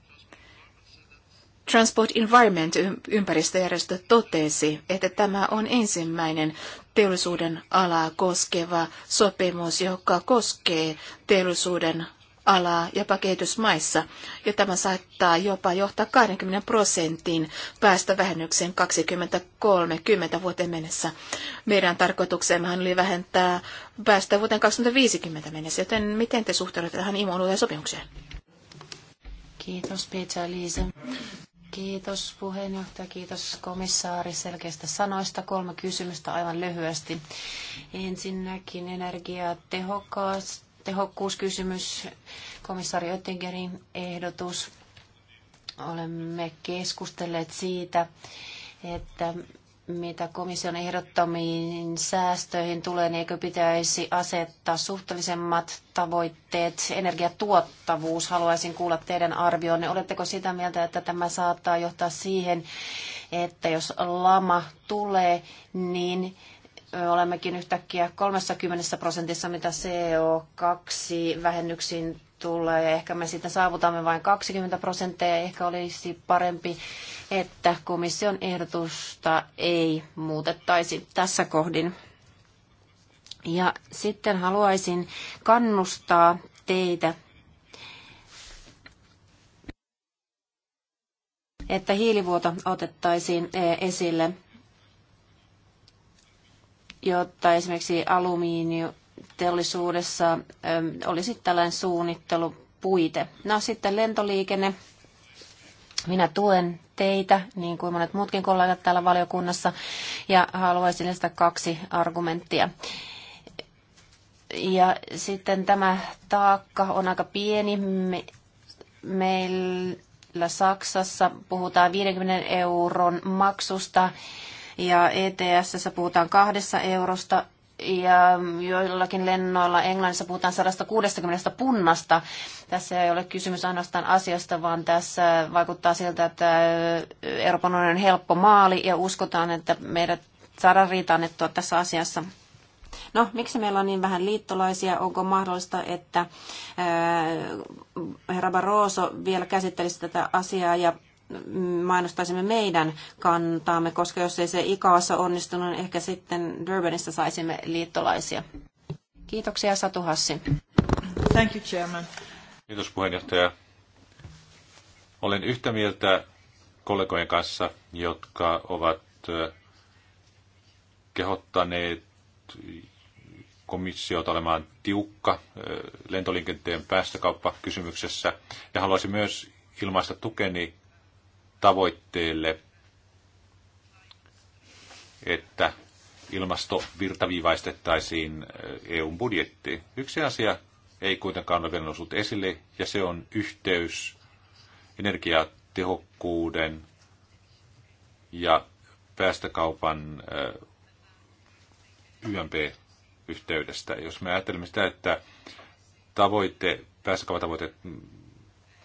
Transport Environment ympäristöjärjestö totesi, että tämä on ensimmäinen teollisuuden alaa koskeva sopimus, joka koskee teollisuuden alaa jopa kehitysmaissa, ja tämä saattaa jopa johtaa 20 prosentin päästövähennykseen 2030 vuoteen mennessä. Meidän tarkoituksemme oli vähentää päästöä vuoteen 2050 mennessä, joten miten te suhtaudutte tähän imon sopimukseen? Kiitos, Peter Liisa. Kiitos puheenjohtaja, kiitos komissaari selkeistä sanoista. Kolme kysymystä aivan lyhyesti. Ensinnäkin energiatehokkuuskysymys, komissaari Oettingerin ehdotus. Olemme keskustelleet siitä, että mitä komission ehdottomiin säästöihin tulee, niin eikö pitäisi asettaa suhteellisemmat tavoitteet? Energiatuottavuus, haluaisin kuulla teidän arvionne. Oletteko sitä mieltä, että tämä saattaa johtaa siihen, että jos lama tulee, niin olemmekin yhtäkkiä 30 prosentissa, mitä CO2-vähennyksiin tulee. Ehkä me sitten saavutamme vain 20 prosenttia ja ehkä olisi parempi, että komission ehdotusta ei muutettaisi tässä kohdin. Ja sitten haluaisin kannustaa teitä, että hiilivuoto otettaisiin e, esille, jotta esimerkiksi alumiinio teollisuudessa ähm, olisi tällainen suunnittelupuite. No sitten lentoliikenne. Minä tuen teitä, niin kuin monet muutkin kollegat täällä valiokunnassa, ja haluaisin sitä kaksi argumenttia. Ja sitten tämä taakka on aika pieni. Me, meillä Saksassa puhutaan 50 euron maksusta ja ETS puhutaan kahdessa eurosta ja joillakin lennoilla Englannissa puhutaan 160 punnasta. Tässä ei ole kysymys ainoastaan asiasta, vaan tässä vaikuttaa siltä, että Euroopan on helppo maali ja uskotaan, että meidät saadaan riitannettua tässä asiassa. No, miksi meillä on niin vähän liittolaisia? Onko mahdollista, että ää, herra Barroso vielä käsittelisi tätä asiaa ja mainostaisimme meidän kantaamme, koska jos ei se ikaassa onnistunut, niin ehkä sitten Durbanissa saisimme liittolaisia. Kiitoksia Satu Hassi. Thank you, Chairman. Kiitos puheenjohtaja. Olen yhtä mieltä kollegojen kanssa, jotka ovat kehottaneet komissiota olemaan tiukka lentoliikenteen päästökauppakysymyksessä. Ja haluaisin myös ilmaista tukeni tavoitteelle, että ilmasto virtaviivaistettaisiin eh, EUn budjettiin. Yksi asia ei kuitenkaan ole vielä noussut esille, ja se on yhteys energiatehokkuuden ja päästökaupan eh, YMP-yhteydestä. Jos me ajattelemme sitä, että tavoite, päästökaupan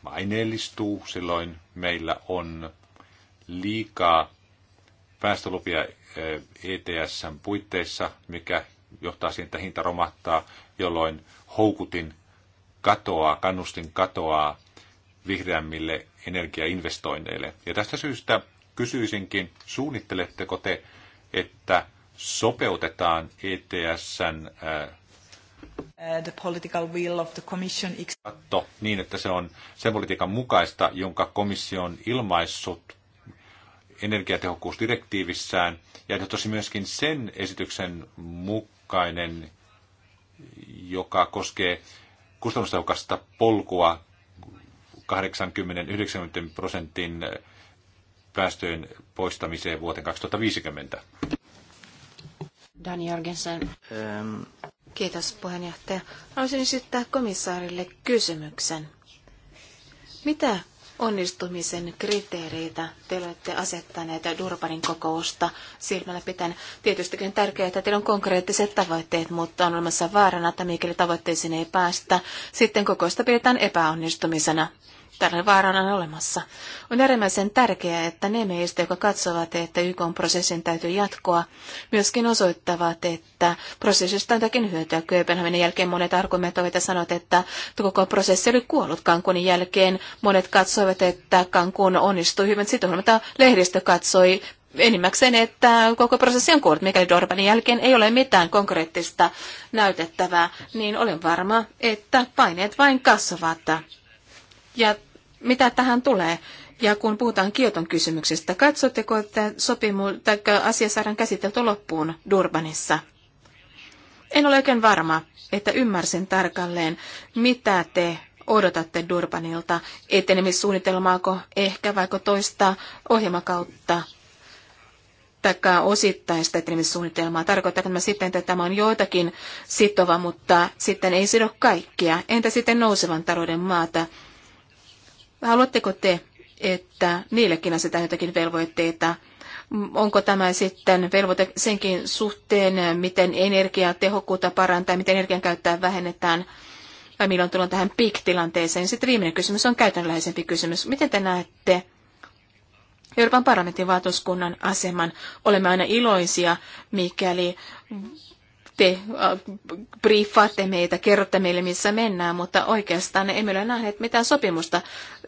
aineellistuu, silloin meillä on liikaa päästölupia ets eh, e puitteissa, mikä johtaa siihen, että hinta romahtaa, jolloin houkutin katoaa, kannustin katoaa vihreämmille energiainvestoinneille. Ja tästä syystä kysyisinkin, suunnitteletteko te, että sopeutetaan ETSn eh, Eh, the political will of the commission... Katto niin, että se on sen politiikan mukaista, jonka komissio on ilmaissut energiatehokkuusdirektiivissään, ja nyt tosi myöskin sen esityksen mukainen, joka koskee kustannustehokasta polkua 80-90 prosentin päästöjen poistamiseen vuoteen 2050. Dan Jorgensen. Ähm, Kiitos puheenjohtaja. Haluaisin esittää komissaarille kysymyksen. Mitä onnistumisen kriteereitä te olette asettaneet Durbanin kokousta silmällä pitäen? Tietystikin tärkeää, että teillä on konkreettiset tavoitteet, mutta on olemassa vaarana, että mikäli tavoitteisiin ei päästä, sitten kokousta pidetään epäonnistumisena. Tällainen vaara on olemassa. On äärimmäisen tärkeää, että ne meistä, jotka katsovat, että YK-prosessin täytyy jatkoa, myöskin osoittavat, että prosessista on jotakin hyötyä. Kööpenhaminen jälkeen monet argumentoivat ja sanoivat, että koko prosessi oli kuollut Kankunin jälkeen. Monet katsoivat, että Kankun onnistui hyvin. Sitten lehdistö katsoi enimmäkseen, että koko prosessi on kuollut, mikäli Dorbanin jälkeen ei ole mitään konkreettista näytettävää, niin olen varma, että paineet vain kasvavat. Ja mitä tähän tulee? Ja kun puhutaan Kioton kysymyksestä, katsotteko, että sopimu, asia saadaan käsitelty loppuun Durbanissa? En ole oikein varma, että ymmärsin tarkalleen, mitä te odotatte Durbanilta, etenemissuunnitelmaako ehkä vaikka toista ohjelmakautta taikka osittaista etenemissuunnitelmaa. Tarkoittaako tämä sitten, että tämä on joitakin sitova, mutta sitten ei sido kaikkia? Entä sitten nousevan talouden maata? Haluatteko te, että niillekin asetetaan jotakin velvoitteita? Onko tämä sitten velvoite senkin suhteen, miten energiatehokkuutta parantaa, miten energian käyttää vähennetään? vai milloin tullaan tähän pik tilanteeseen Sitten viimeinen kysymys on käytännönläheisempi kysymys. Miten te näette Euroopan parlamentin valtuuskunnan aseman? Olemme aina iloisia, mikäli te äh, briefaatte meitä, kerrotte meille, missä mennään, mutta oikeastaan emme ole nähneet mitään sopimusta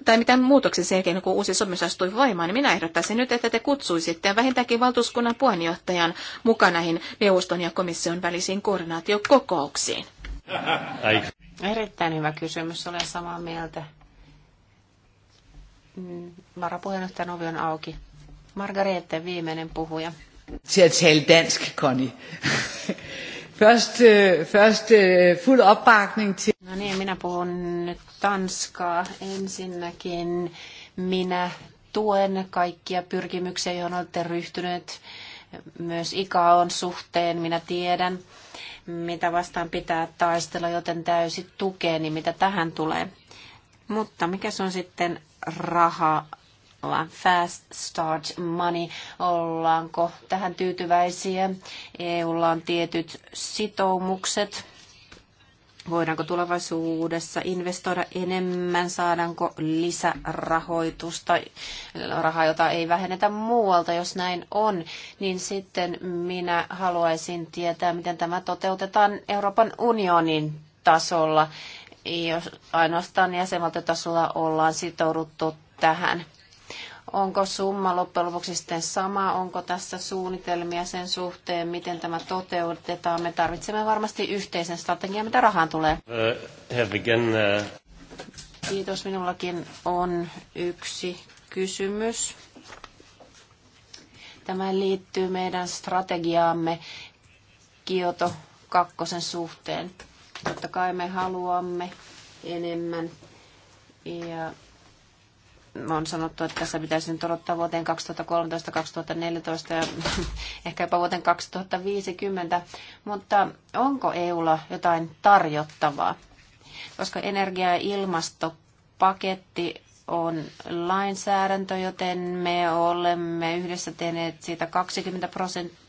tai mitään muutoksen, sen jälkeen, kun uusi sopimus astui voimaan. Niin minä ehdottaisin nyt, että te kutsuisitte vähintäänkin valtuuskunnan puheenjohtajan mukaan näihin neuvoston ja komission välisiin koordinaatiokokouksiin. <laughs> Erittäin hyvä kysymys, olen samaa mieltä. Mm, varapuheenjohtajan ovi on auki. Margarete, viimeinen puhuja. Til at tale dansk, Connie. <laughs> Først, øh, først øh, fuld opbakning til... No niin, minä puhun nyt Tanskaa. Ensinnäkin minä tuen kaikkia pyrkimyksiä, joihin olette ryhtyneet myös ICAOn suhteen. Minä tiedän, mitä vastaan pitää taistella, joten täysi tukeni, mitä tähän tulee. Mutta mikä se on sitten raha ollaan Fast Start Money. Ollaanko tähän tyytyväisiä? EUlla on tietyt sitoumukset. Voidaanko tulevaisuudessa investoida enemmän? Saadaanko lisärahoitusta, rahaa, jota ei vähennetä muualta, jos näin on? Niin sitten minä haluaisin tietää, miten tämä toteutetaan Euroopan unionin tasolla, jos ainoastaan jäsenvaltiotasolla ollaan sitouduttu tähän. Onko summa loppujen lopuksi sitten sama? Onko tässä suunnitelmia sen suhteen, miten tämä toteutetaan? Me tarvitsemme varmasti yhteisen strategian, mitä rahaan tulee. Uh, uh, Kiitos. Minullakin on yksi kysymys. Tämä liittyy meidän strategiaamme Kioto kakkosen suhteen. Totta kai me haluamme enemmän ja on sanottu, että tässä pitäisi nyt odottaa vuoteen 2013-2014 ja <laughs> ehkä jopa vuoteen 2050, mutta onko EUlla jotain tarjottavaa? Koska energia- ja ilmastopaketti on lainsäädäntö, joten me olemme yhdessä tehneet siitä 20 prosenttia,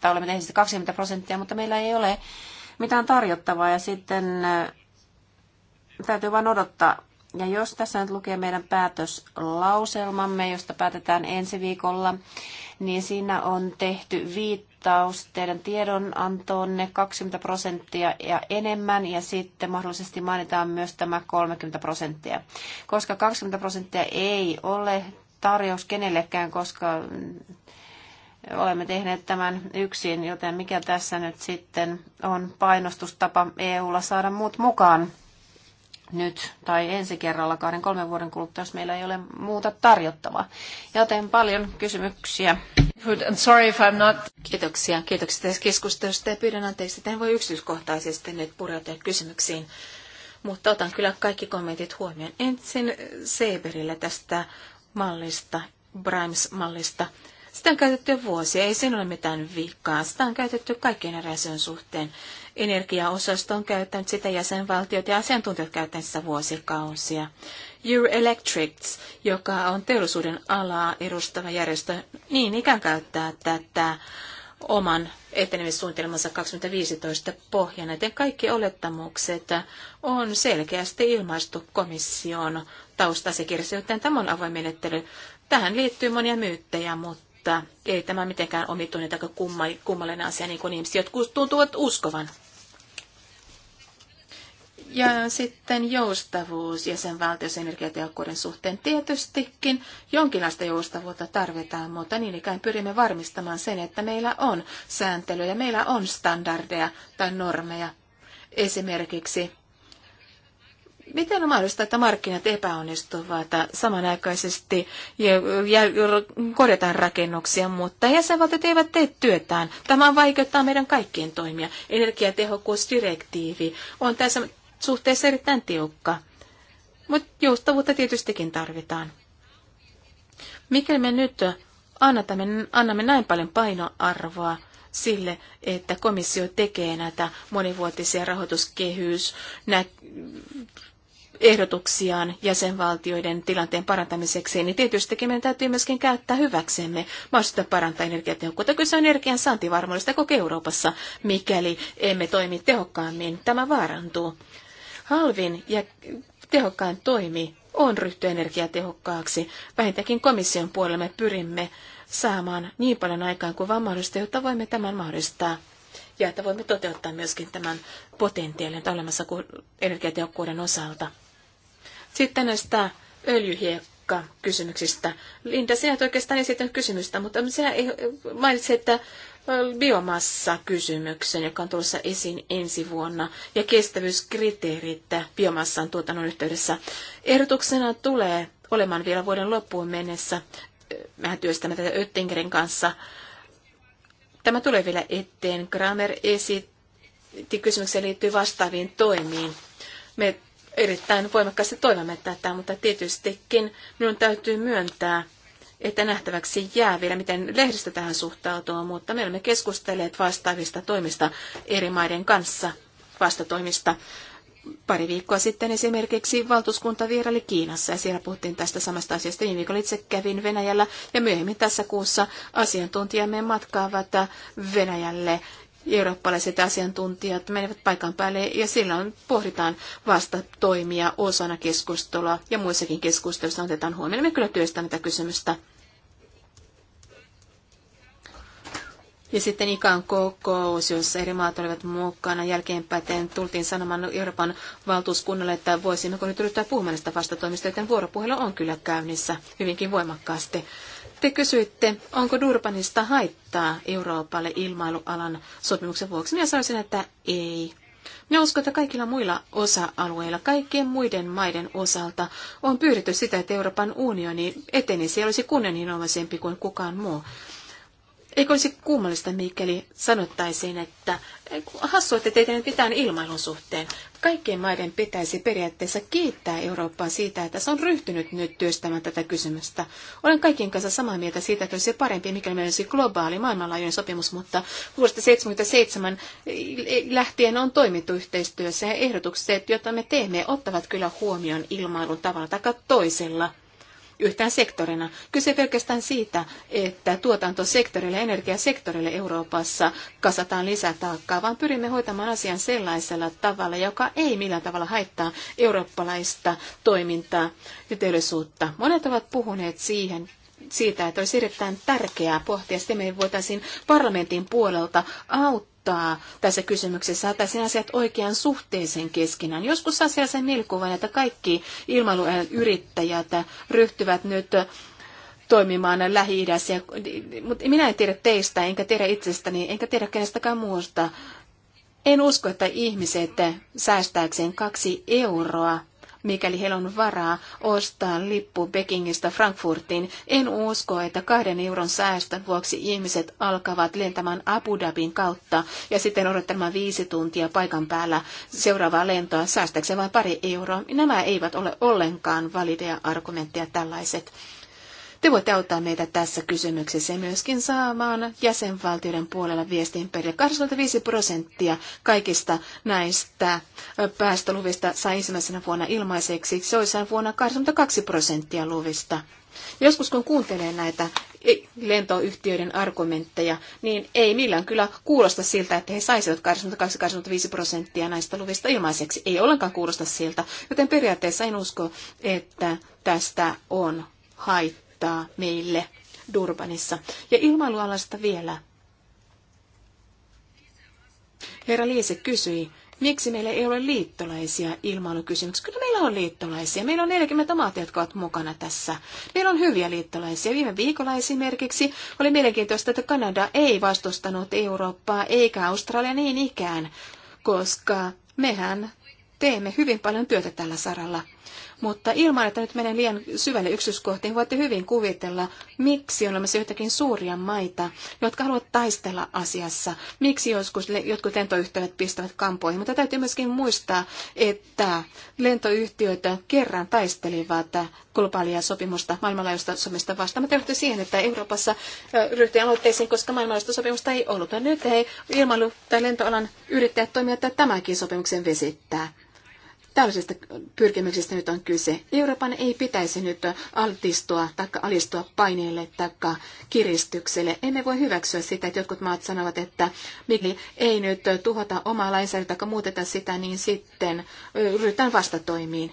tai olemme tehneet 20 prosenttia, mutta meillä ei ole mitään tarjottavaa ja sitten äh, täytyy vain odottaa ja jos tässä nyt lukee meidän päätöslauselmamme, josta päätetään ensi viikolla, niin siinä on tehty viittaus teidän tiedonantoonne 20 prosenttia ja enemmän, ja sitten mahdollisesti mainitaan myös tämä 30 prosenttia. Koska 20 prosenttia ei ole tarjous kenellekään, koska olemme tehneet tämän yksin, joten mikä tässä nyt sitten on painostustapa EUlla saada muut mukaan? nyt tai ensi kerralla kahden kolmen vuoden kuluttua, jos meillä ei ole muuta tarjottavaa. Joten paljon kysymyksiä. I'm sorry if I'm not... Kiitoksia. Kiitoksia tästä keskustelusta ja pyydän anteeksi, että en voi yksityiskohtaisesti nyt pureutua kysymyksiin. Mutta otan kyllä kaikki kommentit huomioon. Ensin Seberille tästä mallista, Brimes-mallista. Sitä on käytetty vuosia, ei siinä ole mitään vikaa. Sitä on käytetty kaikkien eri suhteen. Energiaosasto on käyttänyt sitä jäsenvaltiot ja asiantuntijat käyttäneet sitä vuosikausia. Electrics, joka on teollisuuden alaa edustava järjestö, niin ikään käyttää tätä oman etenemissuunnitelmansa 2015 pohjana, joten kaikki olettamukset on selkeästi ilmaistu komission taustasekirjassa, joten tämä on avoin menettely. Tähän liittyy monia myyttejä, mutta mutta ei tämä mitenkään omituinen tai kumma, kummallinen asia, niin kuin ihmiset jotkut tuntuvat uskovan. Ja sitten joustavuus jäsenvaltioissa energiatehokkuuden suhteen tietystikin. Jonkinlaista joustavuutta tarvitaan, mutta niin ikään pyrimme varmistamaan sen, että meillä on sääntelyä meillä on standardeja tai normeja. Esimerkiksi Miten on mahdollista, että markkinat epäonnistuvat samanaikaisesti ja, ja korjataan rakennuksia, mutta jäsenvaltiot eivät tee työtään? Tämä vaikeuttaa meidän kaikkien toimia. Energiatehokkuusdirektiivi on tässä suhteessa erittäin tiukka, mutta joustavuutta tietystikin tarvitaan. Mikäli me nyt annamme, annamme näin paljon painoarvoa sille, että komissio tekee näitä monivuotisia rahoituskehys, nä, ehdotuksiaan jäsenvaltioiden tilanteen parantamiseksi, niin tietysti meidän täytyy myöskin käyttää hyväksemme mahdollisuutta parantaa energiatehokkuutta. se on energian saantivarmuudesta koko Euroopassa, mikäli emme toimi tehokkaammin. Tämä vaarantuu. Halvin ja tehokkain toimi on ryhtyä energiatehokkaaksi. Vähintäänkin komission puolella me pyrimme saamaan niin paljon aikaan kuin vaan mahdollista, jotta voimme tämän mahdollistaa ja että voimme toteuttaa myöskin tämän potentiaalin olemassa energiatehokkuuden osalta. Sitten näistä öljyhiekka kysymyksistä. Linda, sinä et oikeastaan esittänyt kysymystä, mutta sinä mainitsit, että biomassa kysymyksen, joka on tulossa esiin ensi vuonna, ja kestävyyskriteerit biomassan tuotannon yhteydessä. Ehdotuksena tulee olemaan vielä vuoden loppuun mennessä. Mehän työstämme tätä Öttingerin kanssa. Tämä tulee vielä eteen. Kramer esitti kysymykseen liittyy vastaaviin toimiin. Me erittäin voimakkaasti toivomme tätä, mutta tietystikin minun täytyy myöntää, että nähtäväksi jää vielä, miten lehdistö tähän suhtautuu, mutta me olemme keskustelleet vastaavista toimista eri maiden kanssa, vastatoimista. Pari viikkoa sitten esimerkiksi valtuuskunta vieraili Kiinassa ja siellä puhuttiin tästä samasta asiasta. Viime viikolla itse kävin Venäjällä ja myöhemmin tässä kuussa asiantuntijamme matkaavat Venäjälle eurooppalaiset asiantuntijat menevät paikan päälle ja silloin pohditaan vasta toimia osana keskustelua ja muissakin keskusteluissa otetaan huomioon. Me kyllä työstämme tätä kysymystä. Ja sitten ikään kokous, jossa eri maat olivat mukana. Jälkeenpäin tultiin sanomaan Euroopan valtuuskunnalle, että voisimmeko nyt ryhtyä puhumaan näistä vastatoimista, joten vuoropuhelu on kyllä käynnissä hyvinkin voimakkaasti. Te kysyitte, onko Durbanista haittaa Euroopalle ilmailualan sopimuksen vuoksi. Minä sanoisin, että ei. Minä uskon, että kaikilla muilla osa-alueilla, kaikkien muiden maiden osalta on pyritty sitä, että Euroopan unioni etenisi ja olisi kunnianhimoisempi kuin kukaan muu. Eikö olisi kummallista, Mikkeli, sanottaisiin, että eh, hassua, että teitä nyt mitään ilmailun suhteen. Kaikkien maiden pitäisi periaatteessa kiittää Eurooppaa siitä, että se on ryhtynyt nyt työstämään tätä kysymystä. Olen kaikkien kanssa samaa mieltä siitä, että olisi parempi, mikäli meillä olisi globaali maailmanlaajuinen sopimus, mutta vuodesta 1977 eh, lähtien on toimittu yhteistyössä ja ehdotukset, joita me teemme, ottavat kyllä huomioon ilmailun tavalla tai toisella – yhtään sektorina. Kyse pelkästään siitä, että tuotantosektorille ja energiasektorille Euroopassa kasataan lisätaakkaa, vaan pyrimme hoitamaan asian sellaisella tavalla, joka ei millään tavalla haittaa eurooppalaista toimintaa ja teollisuutta. Monet ovat puhuneet siihen, siitä, että olisi erittäin tärkeää pohtia, että me voitaisiin parlamentin puolelta auttaa auttaa tässä kysymyksessä, saataisiin asiat oikean suhteeseen keskenään. Joskus asia sen mielikuvan, että kaikki ilmailuajan yrittäjät ryhtyvät nyt toimimaan lähi mutta minä en tiedä teistä, enkä tiedä itsestäni, enkä tiedä kenestäkään muusta. En usko, että ihmiset säästääkseen kaksi euroa mikäli heillä on varaa ostaa lippu Pekingistä Frankfurtiin. En usko, että kahden euron säästön vuoksi ihmiset alkavat lentämään Abu Dhabin kautta ja sitten odottamaan viisi tuntia paikan päällä seuraavaa lentoa säästäkseen vain pari euroa. Nämä eivät ole ollenkaan valideja argumentteja tällaiset. Te voitte auttaa meitä tässä kysymyksessä ja myöskin saamaan jäsenvaltioiden puolella viestin perille. 25 prosenttia kaikista näistä päästöluvista sai ensimmäisenä vuonna ilmaiseksi. Se olisi vuonna 82 prosenttia luvista. Joskus kun kuuntelee näitä lentoyhtiöiden argumentteja, niin ei millään kyllä kuulosta siltä, että he saisivat 82-85 prosenttia näistä luvista ilmaiseksi. Ei ollenkaan kuulosta siltä, joten periaatteessa en usko, että tästä on haittaa opettaa meille Durbanissa. Ja ilmailualasta vielä. Herra Liise kysyi, miksi meillä ei ole liittolaisia ilmailukysymyksiä. Kyllä meillä on liittolaisia. Meillä on 40 maata, jotka ovat mukana tässä. Meillä on hyviä liittolaisia. Viime viikolla esimerkiksi oli mielenkiintoista, että Kanada ei vastustanut Eurooppaa eikä Australia niin ikään, koska mehän teemme hyvin paljon työtä tällä saralla mutta ilman, että nyt menen liian syvälle yksityiskohtiin, voitte hyvin kuvitella, miksi on olemassa joitakin suuria maita, jotka haluavat taistella asiassa, miksi joskus jotkut lentoyhtiöt pistävät kampoihin, mutta täytyy myöskin muistaa, että lentoyhtiöitä kerran taistelivat globaalia sopimusta, maailmanlaajuista sopimusta vastaan, mutta johtui siihen, että Euroopassa ryhtyi aloitteisiin, koska maailmanlaajuista sopimusta ei ollut. Ja no nyt ei ilmailu- tai lentoalan yrittäjät toimivat tämäkin sopimuksen vesittää. Tällaisesta pyrkimyksestä nyt on kyse. Euroopan ei pitäisi nyt altistua tai alistua paineille tai kiristykselle. Emme voi hyväksyä sitä, että jotkut maat sanovat, että mikäli ei nyt tuhota omaa lainsäädäntöä tai muuteta sitä, niin sitten ryhdytään vastatoimiin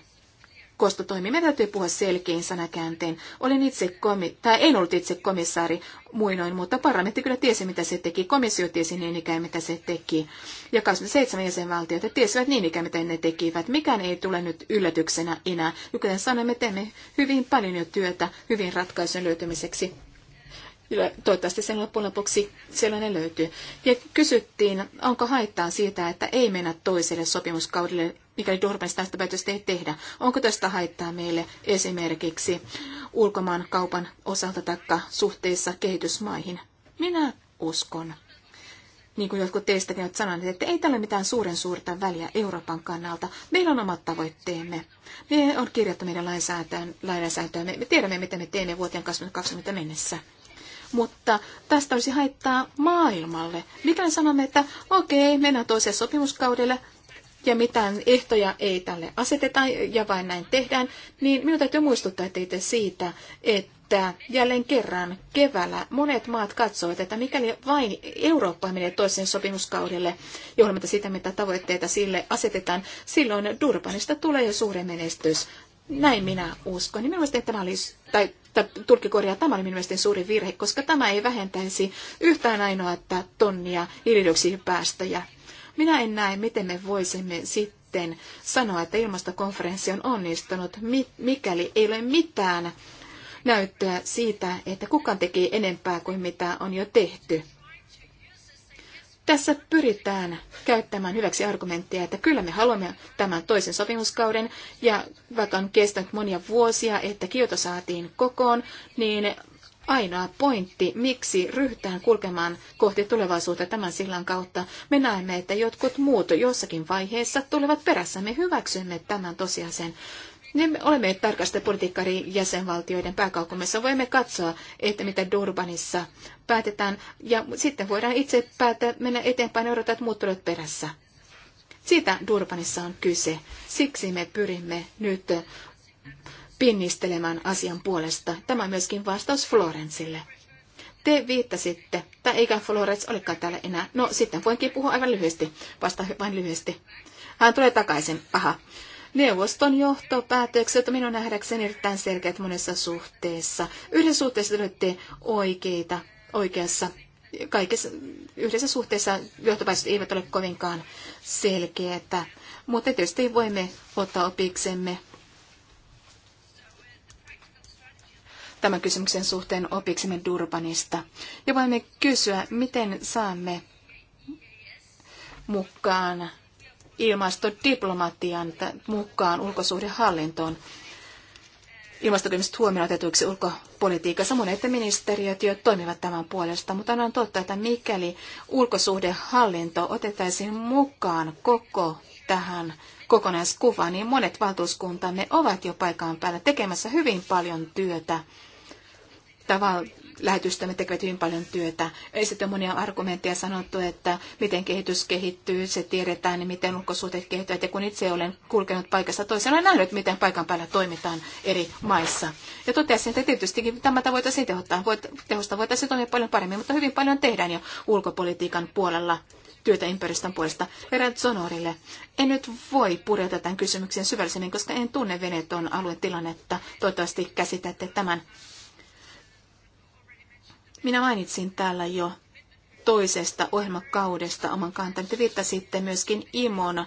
kosto toimi. Meidän täytyy puhua selkein sanakääntein. Olin itse komi- tai en ollut itse komissaari muinoin, mutta parlamentti kyllä tiesi, mitä se teki. Komissio tiesi niin ikään, mitä se teki. Ja 27 jäsenvaltiota tiesivät niin ikään, mitä ne tekivät. Mikään ei tule nyt yllätyksenä enää. kuten sanoin, me teemme hyvin paljon jo työtä hyvin ratkaisun löytymiseksi Toivottavasti sen loppujen lopuksi sellainen löytyy. Ja kysyttiin, onko haittaa siitä, että ei mennä toiselle sopimuskaudelle, mikäli Durbanista tästä päätöstä ei tehdä. Onko tästä haittaa meille esimerkiksi ulkomaan kaupan osalta tai suhteissa kehitysmaihin? Minä uskon niin kuin jotkut teistäkin ovat sanoneet, että ei tällä mitään suuren suurta väliä Euroopan kannalta. Meillä on omat tavoitteemme. Me on kirjattu meidän lainsäädäntöömme. Me tiedämme, mitä me teemme vuoteen 2020 mennessä mutta tästä olisi haittaa maailmalle. Mikä sanomme, että okei, mennään toiseen sopimuskaudelle, ja mitään ehtoja ei tälle aseteta ja vain näin tehdään, niin minun täytyy muistuttaa teitä siitä, että jälleen kerran keväällä monet maat katsoivat, että mikäli vain Eurooppa menee toiseen sopimuskaudelle, johon sitä, mitä tavoitteita sille asetetaan, silloin Durbanista tulee jo suuri menestys. Näin minä uskon. Niin minun mielestäni tämä olisi, tai korjaa, tämä oli minun mielestäni suuri virhe, koska tämä ei vähentäisi yhtään ainoa tonnia hiilidioksidipäästöjä. Minä en näe, miten me voisimme sitten sanoa, että ilmastokonferenssi on onnistunut, mikäli ei ole mitään näyttöä siitä, että kukaan tekee enempää kuin mitä on jo tehty. Tässä pyritään käyttämään hyväksi argumenttia, että kyllä me haluamme tämän toisen sopimuskauden, ja vaikka on kestänyt monia vuosia, että Kioto saatiin kokoon, niin ainoa pointti, miksi ryhtään kulkemaan kohti tulevaisuutta tämän sillan kautta. Me näemme, että jotkut muut jossakin vaiheessa tulevat perässämme hyväksymme tämän tosiasian. Niin me olemme tarkasta politiikkaa jäsenvaltioiden pääkaupungissa. Voimme katsoa, että mitä Durbanissa päätetään, ja sitten voidaan itse päättää mennä eteenpäin ja odottaa, että muut tulevat perässä. Siitä Durbanissa on kyse. Siksi me pyrimme nyt pinnistelemään asian puolesta. Tämä on myöskin vastaus Florensille. Te viittasitte, tai eikä Florence olekaan täällä enää. No sitten voinkin puhua aivan lyhyesti, vasta vain lyhyesti. Hän tulee takaisin. Aha. Neuvoston johtopäätökset on minun nähdäkseni erittäin selkeät monessa suhteessa. Yhdessä suhteessa olette oikeita, oikeassa. Kaikessa, yhdessä suhteessa johtopäätökset eivät ole kovinkaan selkeitä, mutta tietysti voimme ottaa opiksemme tämän kysymyksen suhteen opiksemme Durbanista. Ja voimme kysyä, miten saamme mukaan ilmastodiplomatian mukaan ulkosuhdehallintoon. Ilmastokysymykset huomioon otetuiksi ulkopolitiikassa. Monet ministeriöt jo toimivat tämän puolesta, mutta on totta, että mikäli ulkosuhdehallinto otettaisiin mukaan koko tähän kokonaiskuvaan, niin monet valtuuskuntamme ovat jo paikan päällä tekemässä hyvin paljon työtä lähetystämme tekevät hyvin paljon työtä. Sitten monia argumentteja sanottu, että miten kehitys kehittyy, se tiedetään, niin miten ulkosuhteet kehittyvät. Ja kun itse olen kulkenut paikasta toiseen, olen nähnyt, miten paikan päällä toimitaan eri maissa. Ja totesin, että tietystikin tämä voitaisiin tehostaa, voit, tehostaa voitaisiin toimia paljon paremmin, mutta hyvin paljon tehdään jo ulkopolitiikan puolella työtä ympäristön puolesta. Herran Zonorille, En nyt voi pureuta tämän kysymyksen syvällisemmin, koska en tunne alueen tilannetta. Toivottavasti käsitätte tämän minä mainitsin täällä jo toisesta ohjelmakaudesta oman kantani. Te viittasitte myöskin IMON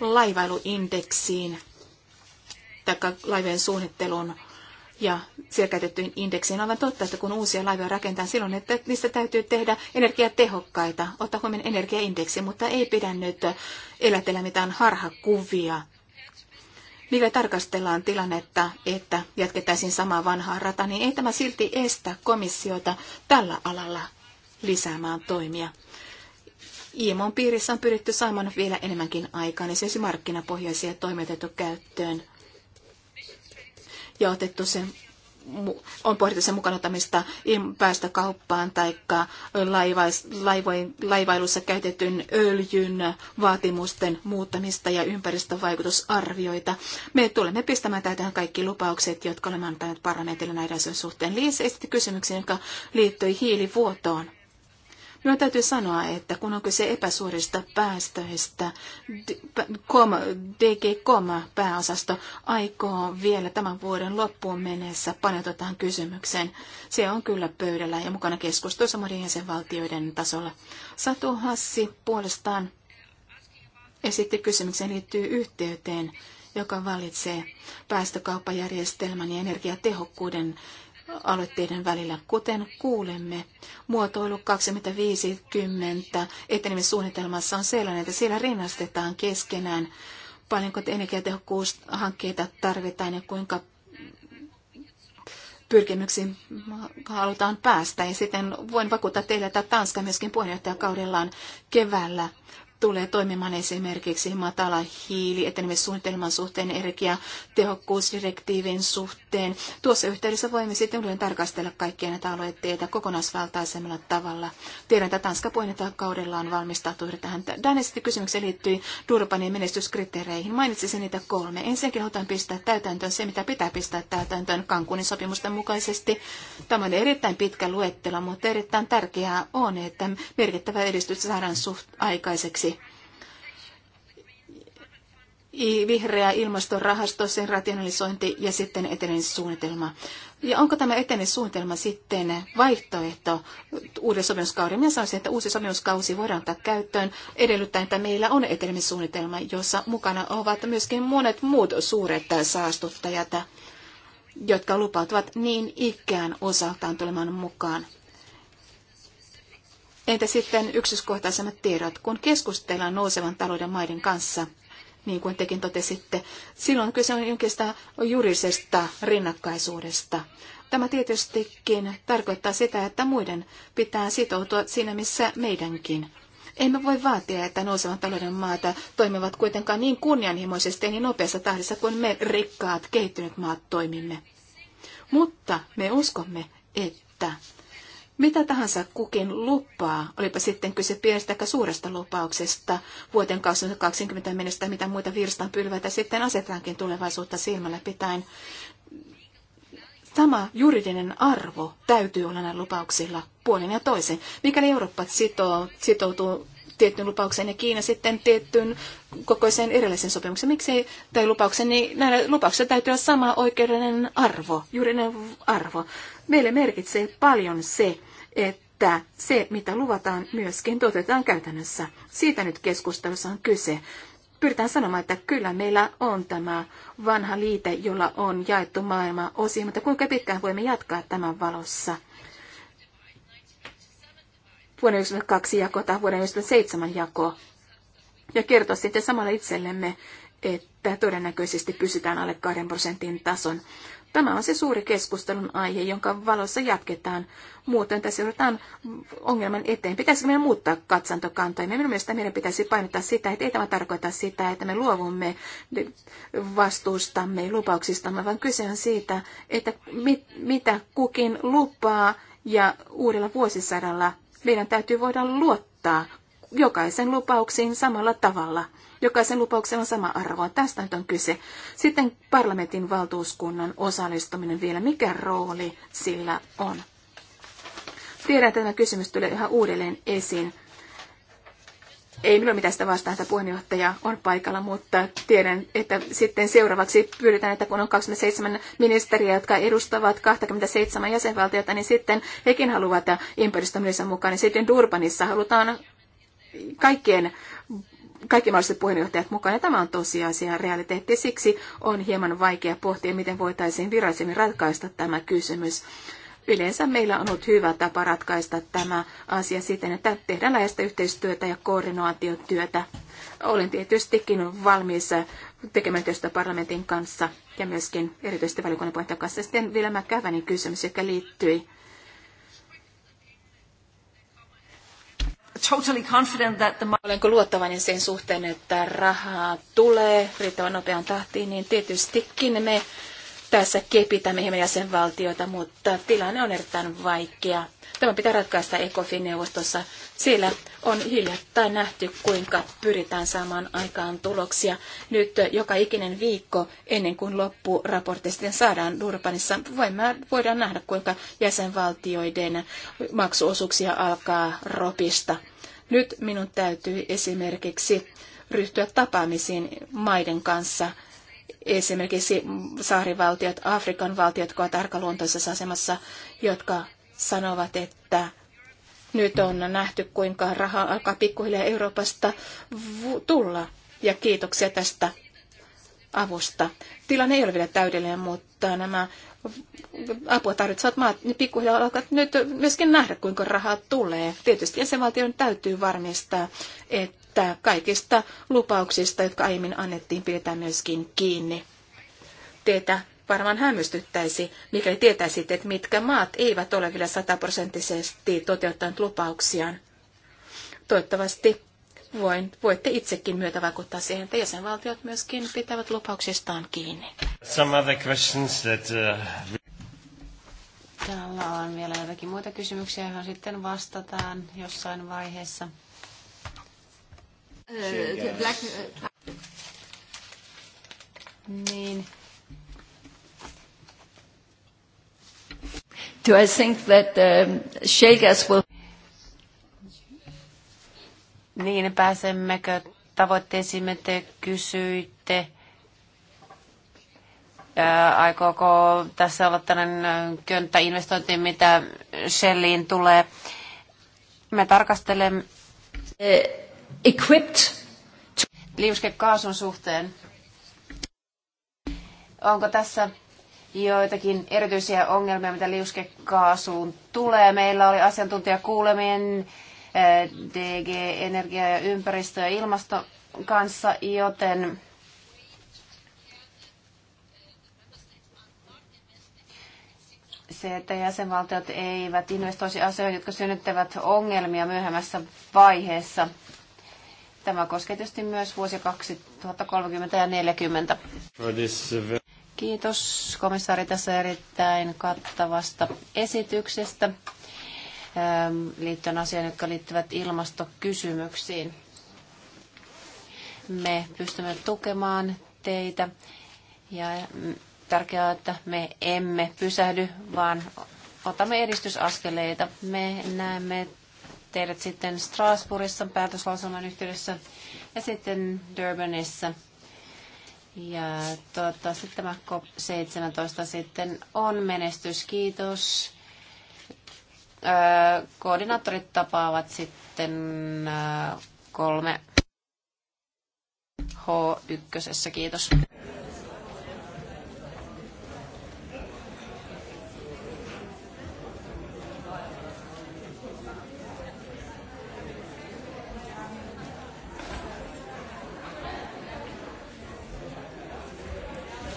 laivailuindeksiin, tai laivojen suunnittelun ja siellä käytettyihin indeksiin. On totta, että kun uusia laivoja rakentaa silloin, että niistä täytyy tehdä energiatehokkaita, ottaa huomioon energiaindeksi, mutta ei pidä nyt elätellä mitään harhakuvia mikä tarkastellaan tilannetta, että jatkettaisiin samaa vanhaa rata, niin ei tämä silti estä komissiota tällä alalla lisäämään toimia. IMOn piirissä on pyritty saamaan vielä enemmänkin niin esimerkiksi markkinapohjaisia toimitettu käyttöön ja otettu sen on pohdittu sen mukaan ottamista päästökauppaan tai laivailussa käytetyn öljyn vaatimusten muuttamista ja ympäristövaikutusarvioita. Me tulemme pistämään täytään kaikki lupaukset, jotka olemme antaneet parlamentille näiden asioiden suhteen. Liisa esitti kysymyksen, joka liittyi hiilivuotoon. Minun täytyy sanoa, että kun on kyse epäsuorista päästöistä, dg DG pääosasto aikoo vielä tämän vuoden loppuun mennessä paneutua tähän kysymykseen. Se on kyllä pöydällä ja mukana keskustelussa monien jäsenvaltioiden tasolla. Satu Hassi puolestaan esitti kysymyksen liittyy yhteyteen, joka valitsee päästökauppajärjestelmän ja energiatehokkuuden aloitteiden välillä. Kuten kuulemme, muotoilu 2050 etenemissuunnitelmassa on sellainen, että siellä rinnastetaan keskenään paljonko energiatehokkuushankkeita tarvitaan ja kuinka pyrkimyksiin halutaan päästä. Ja sitten voin vakuuttaa teille, että Tanska myöskin puheenjohtajakaudellaan keväällä tulee toimimaan esimerkiksi matala hiili etenemissuunnitelman suhteen, energiatehokkuusdirektiivin suhteen. Tuossa yhteydessä voimme sitten uudelleen tarkastella kaikkia näitä aloitteita kokonaisvaltaisemmalla tavalla. Tiedän, että Tanska kaudella on valmistautunut tähän. Dan esitti kysymyksen liittyi Durbanin menestyskriteereihin. Mainitsisin niitä kolme. Ensinnäkin halutaan pistää täytäntöön se, mitä pitää pistää täytäntöön Kankunin sopimusten mukaisesti. Tämä on erittäin pitkä luettelo, mutta erittäin tärkeää on, että merkittävä edistys saadaan suht aikaiseksi vihreä ilmastorahasto, sen rationalisointi ja sitten etenemissuunnitelma. Ja onko tämä etenemissuunnitelma sitten vaihtoehto uuden sopimuskauden? Minä sanoisin, että uusi sopimuskausi voidaan ottaa käyttöön edellyttäen, että meillä on etenemissuunnitelma, jossa mukana ovat myöskin monet muut suuret saastuttajat, jotka lupautuvat niin ikään osaltaan tulemaan mukaan. Entä sitten yksityiskohtaisemmat tiedot, kun keskustellaan nousevan talouden maiden kanssa – niin kuin tekin totesitte. Silloin kyse on jonkinlaista juridisesta rinnakkaisuudesta. Tämä tietystikin tarkoittaa sitä, että muiden pitää sitoutua siinä, missä meidänkin. Emme voi vaatia, että nousevan talouden maata toimivat kuitenkaan niin kunnianhimoisesti ja niin nopeassa tahdissa kuin me rikkaat kehittyneet maat toimimme. Mutta me uskomme, että mitä tahansa kukin lupaa, olipa sitten kyse pienestä tai suuresta lupauksesta vuoteen 2020 mennessä, mitä muita virstanpylväitä sitten asetaankin tulevaisuutta silmällä pitäen. Sama juridinen arvo täytyy olla näillä lupauksilla puolin ja toisen Mikäli Eurooppa sitoo, sitoutuu tiettyyn lupaukseen ja Kiina sitten tiettyyn kokoiseen erilaisen sopimuksen. Miksi tai lupauksen, niin näillä lupauksilla täytyy olla sama oikeudellinen arvo, juridinen arvo. Meille merkitsee paljon se, että se, mitä luvataan, myöskin toteutetaan käytännössä. Siitä nyt keskustelussa on kyse. Pyritään sanomaan, että kyllä meillä on tämä vanha liite, jolla on jaettu maailma osiin, mutta kuinka pitkään voimme jatkaa tämän valossa? Vuoden 1992 jako tai vuoden 1997 jako. Ja kertoa sitten samalla itsellemme, että todennäköisesti pysytään alle 2 prosentin tason. Tämä on se suuri keskustelun aihe, jonka valossa jatketaan. Muuten tässä joudutaan ongelman eteen. Pitäisikö meidän muuttaa katsantokantoja? Minun mielestä meidän pitäisi painottaa sitä, että ei tämä tarkoita sitä, että me luovumme vastuustamme, lupauksistamme, vaan kyse on siitä, että mit, mitä kukin lupaa ja uudella vuosisadalla meidän täytyy voida luottaa jokaisen lupauksiin samalla tavalla – Jokaisen lupauksen on sama arvo. Tästä nyt on kyse. Sitten parlamentin valtuuskunnan osallistuminen vielä. Mikä rooli sillä on? Tiedän, että tämä kysymys tulee yhä uudelleen esiin. Ei minulla mitään sitä vastaan, että puheenjohtaja on paikalla, mutta tiedän, että sitten seuraavaksi pyydetään, että kun on 27 ministeriä, jotka edustavat 27 jäsenvaltiota, niin sitten hekin haluavat ympäristöministeriön mukaan, niin sitten Durbanissa halutaan kaikkien kaikki mahdolliset puheenjohtajat mukaan. Ja tämä on tosiasia ja realiteetti. Siksi on hieman vaikea pohtia, miten voitaisiin virallisemmin ratkaista tämä kysymys. Yleensä meillä on ollut hyvä tapa ratkaista tämä asia siten, että tehdään läheistä yhteistyötä ja koordinaatiotyötä. Olen tietystikin valmis tekemään työstä parlamentin kanssa ja myöskin erityisesti valiokunnan puheenjohtajan kanssa. Sitten vielä kävänin kysymys, joka liittyi totally confident that the... Olenko luottavainen sen suhteen, että rahaa tulee riittävän nopean tahtiin, niin tietystikin me tässä kepitämme hieman jäsenvaltioita, mutta tilanne on erittäin vaikea. Tämä pitää ratkaista ECOFIN-neuvostossa. Siellä on hiljattain nähty, kuinka pyritään saamaan aikaan tuloksia. Nyt joka ikinen viikko ennen kuin loppuraportista saadaan Durbanissa, voidaan nähdä, kuinka jäsenvaltioiden maksuosuuksia alkaa ropista. Nyt minun täytyy esimerkiksi ryhtyä tapaamisiin maiden kanssa – esimerkiksi saarivaltiot, Afrikan valtiot, jotka ovat arkaluontoisessa asemassa, jotka sanovat, että nyt on nähty, kuinka raha alkaa pikkuhiljaa Euroopasta tulla. Ja kiitoksia tästä avusta. Tilanne ei ole vielä täydellinen, mutta nämä apua tarvitsevat maat niin pikkuhiljaa alkavat nyt myöskin nähdä, kuinka rahaa tulee. Tietysti jäsenvaltion täytyy varmistaa, että että kaikista lupauksista, jotka aiemmin annettiin, pidetään myöskin kiinni. Teitä varmaan hämmästyttäisi, mikäli tietäisit, että mitkä maat eivät ole vielä sataprosenttisesti toteuttaneet lupauksiaan. Toivottavasti voin, voitte itsekin myötä vaikuttaa siihen, että jäsenvaltiot myöskin pitävät lupauksistaan kiinni. Some other questions that, uh... Täällä on vielä jotakin muita kysymyksiä, joihin sitten vastataan jossain vaiheessa. Äh, Black, niin. Do I think that um, shale gas will... Niin, pääsemmekö tavoitteisiimme te kysyitte? Äh, aikooko tässä olla tällainen könttäinvestointi, mitä Shelliin tulee? Me tarkastelemme... Eh equipped to... Liuskekaasun suhteen. Onko tässä joitakin erityisiä ongelmia, mitä liuskekaasuun tulee? Meillä oli asiantuntijakuulemien eh, DG Energia ja ympäristö ja ilmasto kanssa, joten se, että jäsenvaltiot eivät investoisi asioihin, jotka synnyttävät ongelmia myöhemmässä vaiheessa. Tämä koskee tietysti myös vuosi 2030 ja 2040. Kiitos komissaari tässä erittäin kattavasta esityksestä ähm, liittyen asioihin, jotka liittyvät ilmastokysymyksiin. Me pystymme tukemaan teitä ja mm, tärkeää, että me emme pysähdy, vaan otamme edistysaskeleita. Me näemme teidät sitten Strasbourgissa päätöslausunnon yhteydessä ja sitten Durbanissa. Ja toivottavasti tämä COP17 sitten on menestys. Kiitos. Öö, koordinaattorit tapaavat sitten öö, kolme H1. Kiitos.